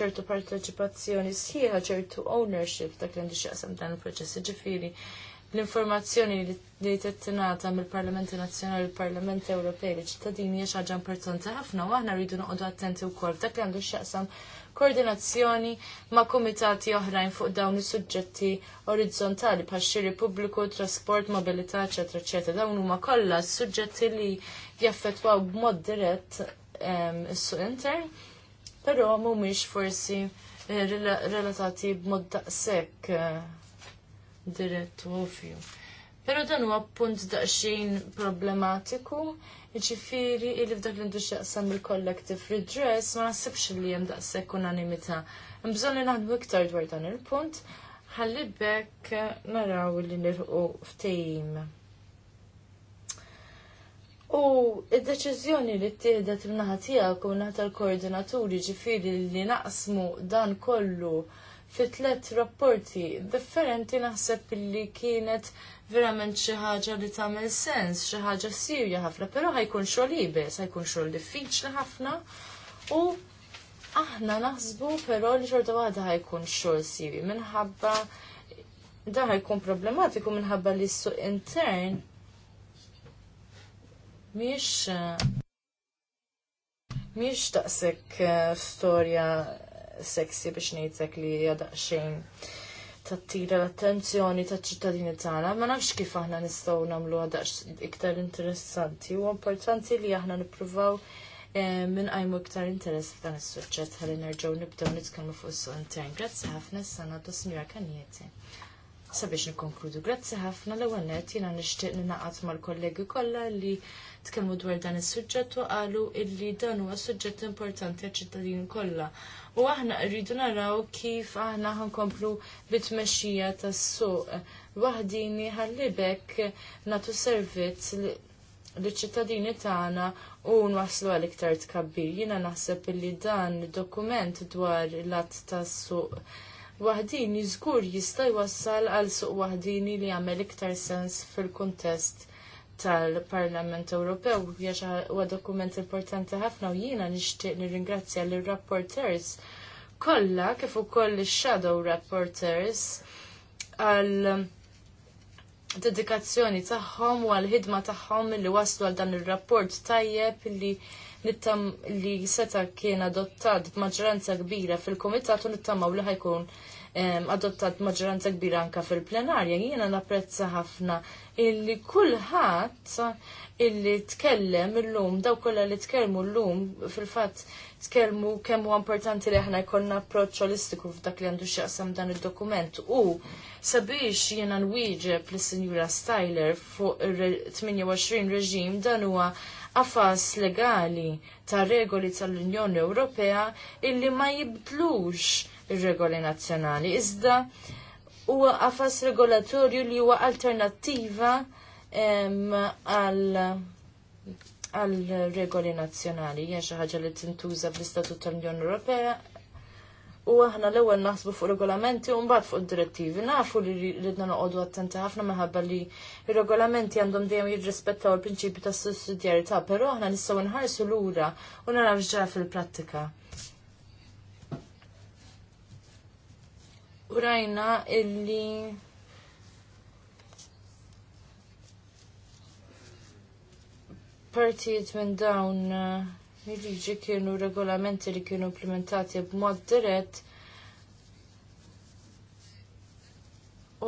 ċertu parteċipazzjoni sħiħa, ċertu ownership dak li għandu x'jaqsam dan il-proċess. ġifiri l-informazzjoni li tittinata mill-Parlamenti Nazzjonali u l-Parlament Ewropej li ċittadini hija xi ħaġa importanti ħafna u aħna rridu noqogħdu attenti wkoll dak li għandu x'jaqsam koordinazzjoni ma' kumitati oħrajn fuq dawn is-suġġetti orizzontali bħal xiri pubbliku, trasport, mobilità, eċetera, eċetera. Dawn huma kollha suġġetti li jaffettwaw b'mod dirett ehm, is-suq intern, però mhumiex forsi eh, relatati b'mod daqshekk eh, dirett u ovvju. Pero dan huwa punt daqsxejn problematiku, jiġifieri li f'dak li ndu jaqsam il-collective redress ma nasibx li hemm daqshekk unanimità. Hemm bżonn li naħdmu iktar dwar dan il-punt, ħalli bekk naraw li nirqu ftehim. U id-deċiżjoni li ttieħdet imnaħa tiegħek u naħa tal-koordinaturi ġifieri li naqsmu dan kollu fi tliet rapporti differenti naħseb li kienet verament xi ħaġa li tagħmel sens, xi ħaġa sirja ħafna, però ħajkun xogħol ibes, ħajkun xogħol diffiċli ħafna u aħna naħsbu però li xorta waħda ħajkun xogħol siri minħabba da ħajkun problematiku minħabba li s-suq intern miex miex daqshekk eh, storja seksi biex ngħidlek li hija daqsxejn tattira l-attenzjoni ta' ċittadini tagħna, ma nafx kif aħna nistgħu nagħmlu għadax iktar interessanti u importanti li aħna nippruvaw minn eh, qajmu iktar interess f'dan is-suġġett ħalli nerġgħu nibdew nitkellmu fuq is-suq intern. Grazzi ħafna s-sana dos kanieti sabiex nikkonkludu. Grazzi ħafna l-ewwel jina nishtiq nixtieq mal-kollegi kollha li tkellmu dwar dan is-suġġett u qalu illi dan huwa suġġett importanti għaċ-ċittadini kollha. U aħna rridu naraw kif aħna ħankomplu bit-tmexxija tas-suq. Waħdini ħallibek natu servizz l-ċittadini tagħna u nwaslu għal iktar tkabbir. Jiena naħseb illi dan id-dokument dwar l-att tas-suq Waħdin żgur jista' jwassal għal suq waħdini li jagħmel iktar sens fil-kuntest tal-Parlament Ewropew jaxa huwa dokument importanti ħafna u jiena nixtieq nirringrazzja lir rapporters kollha kif ukoll ix-shadow rapporters għal dedikazzjoni tagħhom u għall ħidma tagħhom li waslu għal dan ir-rapport tajjeb li nittam li seta kien adottat b'maġġoranza kbira fil-kumitat u nittamaw li ħajkun adottat maġġoranza kbira anka fil-plenarja. Jiena napprezza ħafna illi kulħadd illi tkellem illum daw kollha li tkellmu llum fil-fatt tkellmu kemm huwa importanti li aħna jkollna approċċ holistiku f'dak li għandu x'jaqsam dan id-dokument u sabiex jiena nwieġeb lis-Sinjura Styler fuq 28 reġim dan huwa qafas legali ta' regoli tal-Unjoni Ewropea illi ma jibdlux ir-regoli nazzjonali. Iżda huwa qafas regolatorju li huwa alternattiva għal regoli nazzjonali, hija xi ħaġa li tintuża bl-Istatut tal-Unjoni Ewropea u aħna l-ewwel naħsbu fuq regolamenti u mbagħad fuq direttivi. Nafu li ridna noqogħdu attenti ħafna minħabba li ir-regolamenti għandhom dejjem jirrispettaw il-prinċipju tas sussidjarità però aħna nistgħu nħarsu lura u naraw ġara fil-prattika. U rajna illi partijiet minn dawn eh, liġi kienu regolamenti li kienu implementati b'mod dirett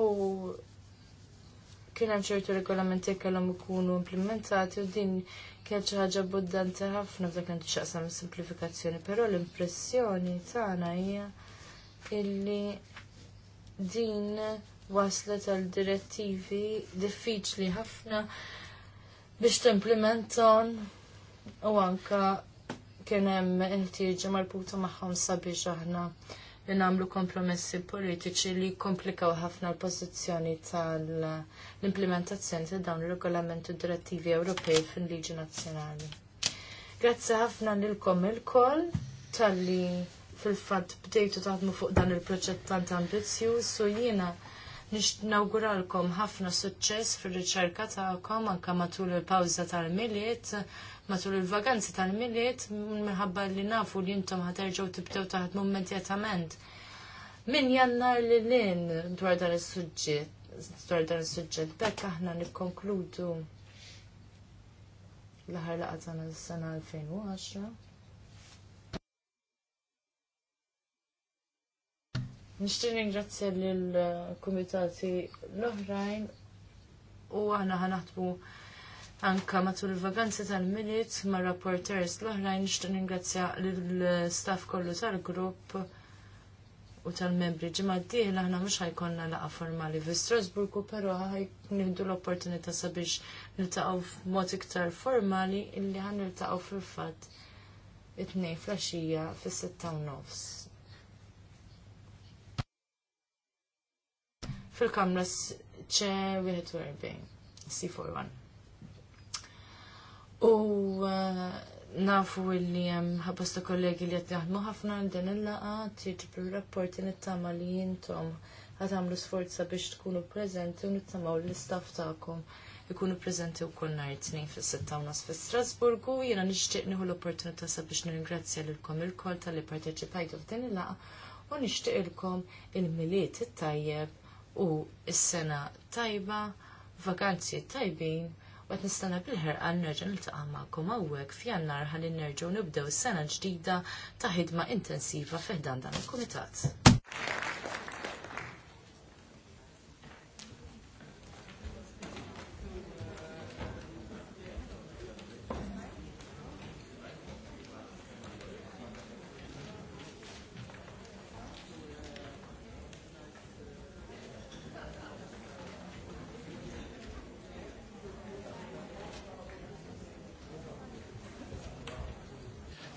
u kien hemm ċertu regolamenti kellhom ikunu implementati u din kienet xi ħaġa abbundanti ħafna f'dak li is simplifikazzjoni, però l-impressjoni tagħna hija illi din waslet għal direttivi diffiċli ħafna biex timplementon u anka kien hemm ħtieġa marbuta magħhom sabiex aħna nagħmlu kompromessi politiċi li komplikaw ħafna l-pożizzjoni tal-implementazzjoni ta' dawn ir-regolamenti direttivi Ewropej fil-liġi nazzjonali. Grazzi ħafna lilkom il-koll tal-li fil-fatt bdejtu taħdmu fuq dan il-proġett tant ambizzjuż, u jiena nixtnawguralkom ħafna suċċess fir-riċerka tagħkom anke matul il-pawża tal-miliet matul il-vaganzi tal-miliet minħabba li nafu li jintom ħaterġaw tibdew taħdmu immedjatament. Min jannar li lin dwar dan is-suġġett, dwar dan il-sujġet, bekk aħna nikkonkludu l-ħar laqgħa tagħna s-sena 2010. Nishtin ringrazzja l-komitati l-oħrajn u għana ħanaħtbu anka matul il-vaganzi tal-minit ma' rapporters l-oħrajn nixtieq ningrazzja l-staff kollu tal-grupp u tal-membri ġimaddi l dieħla aħna mhux ħajkonna laqa formali fi Strasburgu, però ħajnieħdu l-opportunità sabiex niltaqgħu f'mod iktar formali illi ħan niltaqgħu fil-fatt it-tnejn flasġija fis-sitta u nofs. fil kamras ċe 41, C41. U eh, nafu illi hemm ħabasta kollegi li qed jaħdmu ħafna għal din il-laqgħa titlu rapporti nittama li jintom ħad għamlu sforza biex tkunu preżenti u nittamaw l istaf tagħkom ikunu prezenti u kull nar tnejn fis-sitta u nas fi Strasburgu. Jiena nixtieq nieħu l-opportunità sabiex nirringrazzja lilkom il-kol tal-li parteċipajtu f'din il-laqgħa u nixtieq kom il-miliet il tajjeb u s-sena tajba, vakanzi tajbin Għet nistana bil-ħer nerġa niltaqa' il-taqa maqom għawek f'jannar għal nerġu nibdew s-sena ġdida ta' ħidma intensiva fiħdan dan il-Kumitat.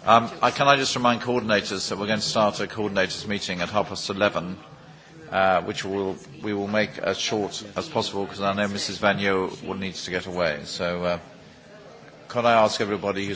Um, I, can I just remind coordinators that we're going to start a coordinators meeting at half past 11, uh, which we'll, we will make as short as possible because I know Mrs. Van Yeo needs to get away. So uh, could I ask everybody who's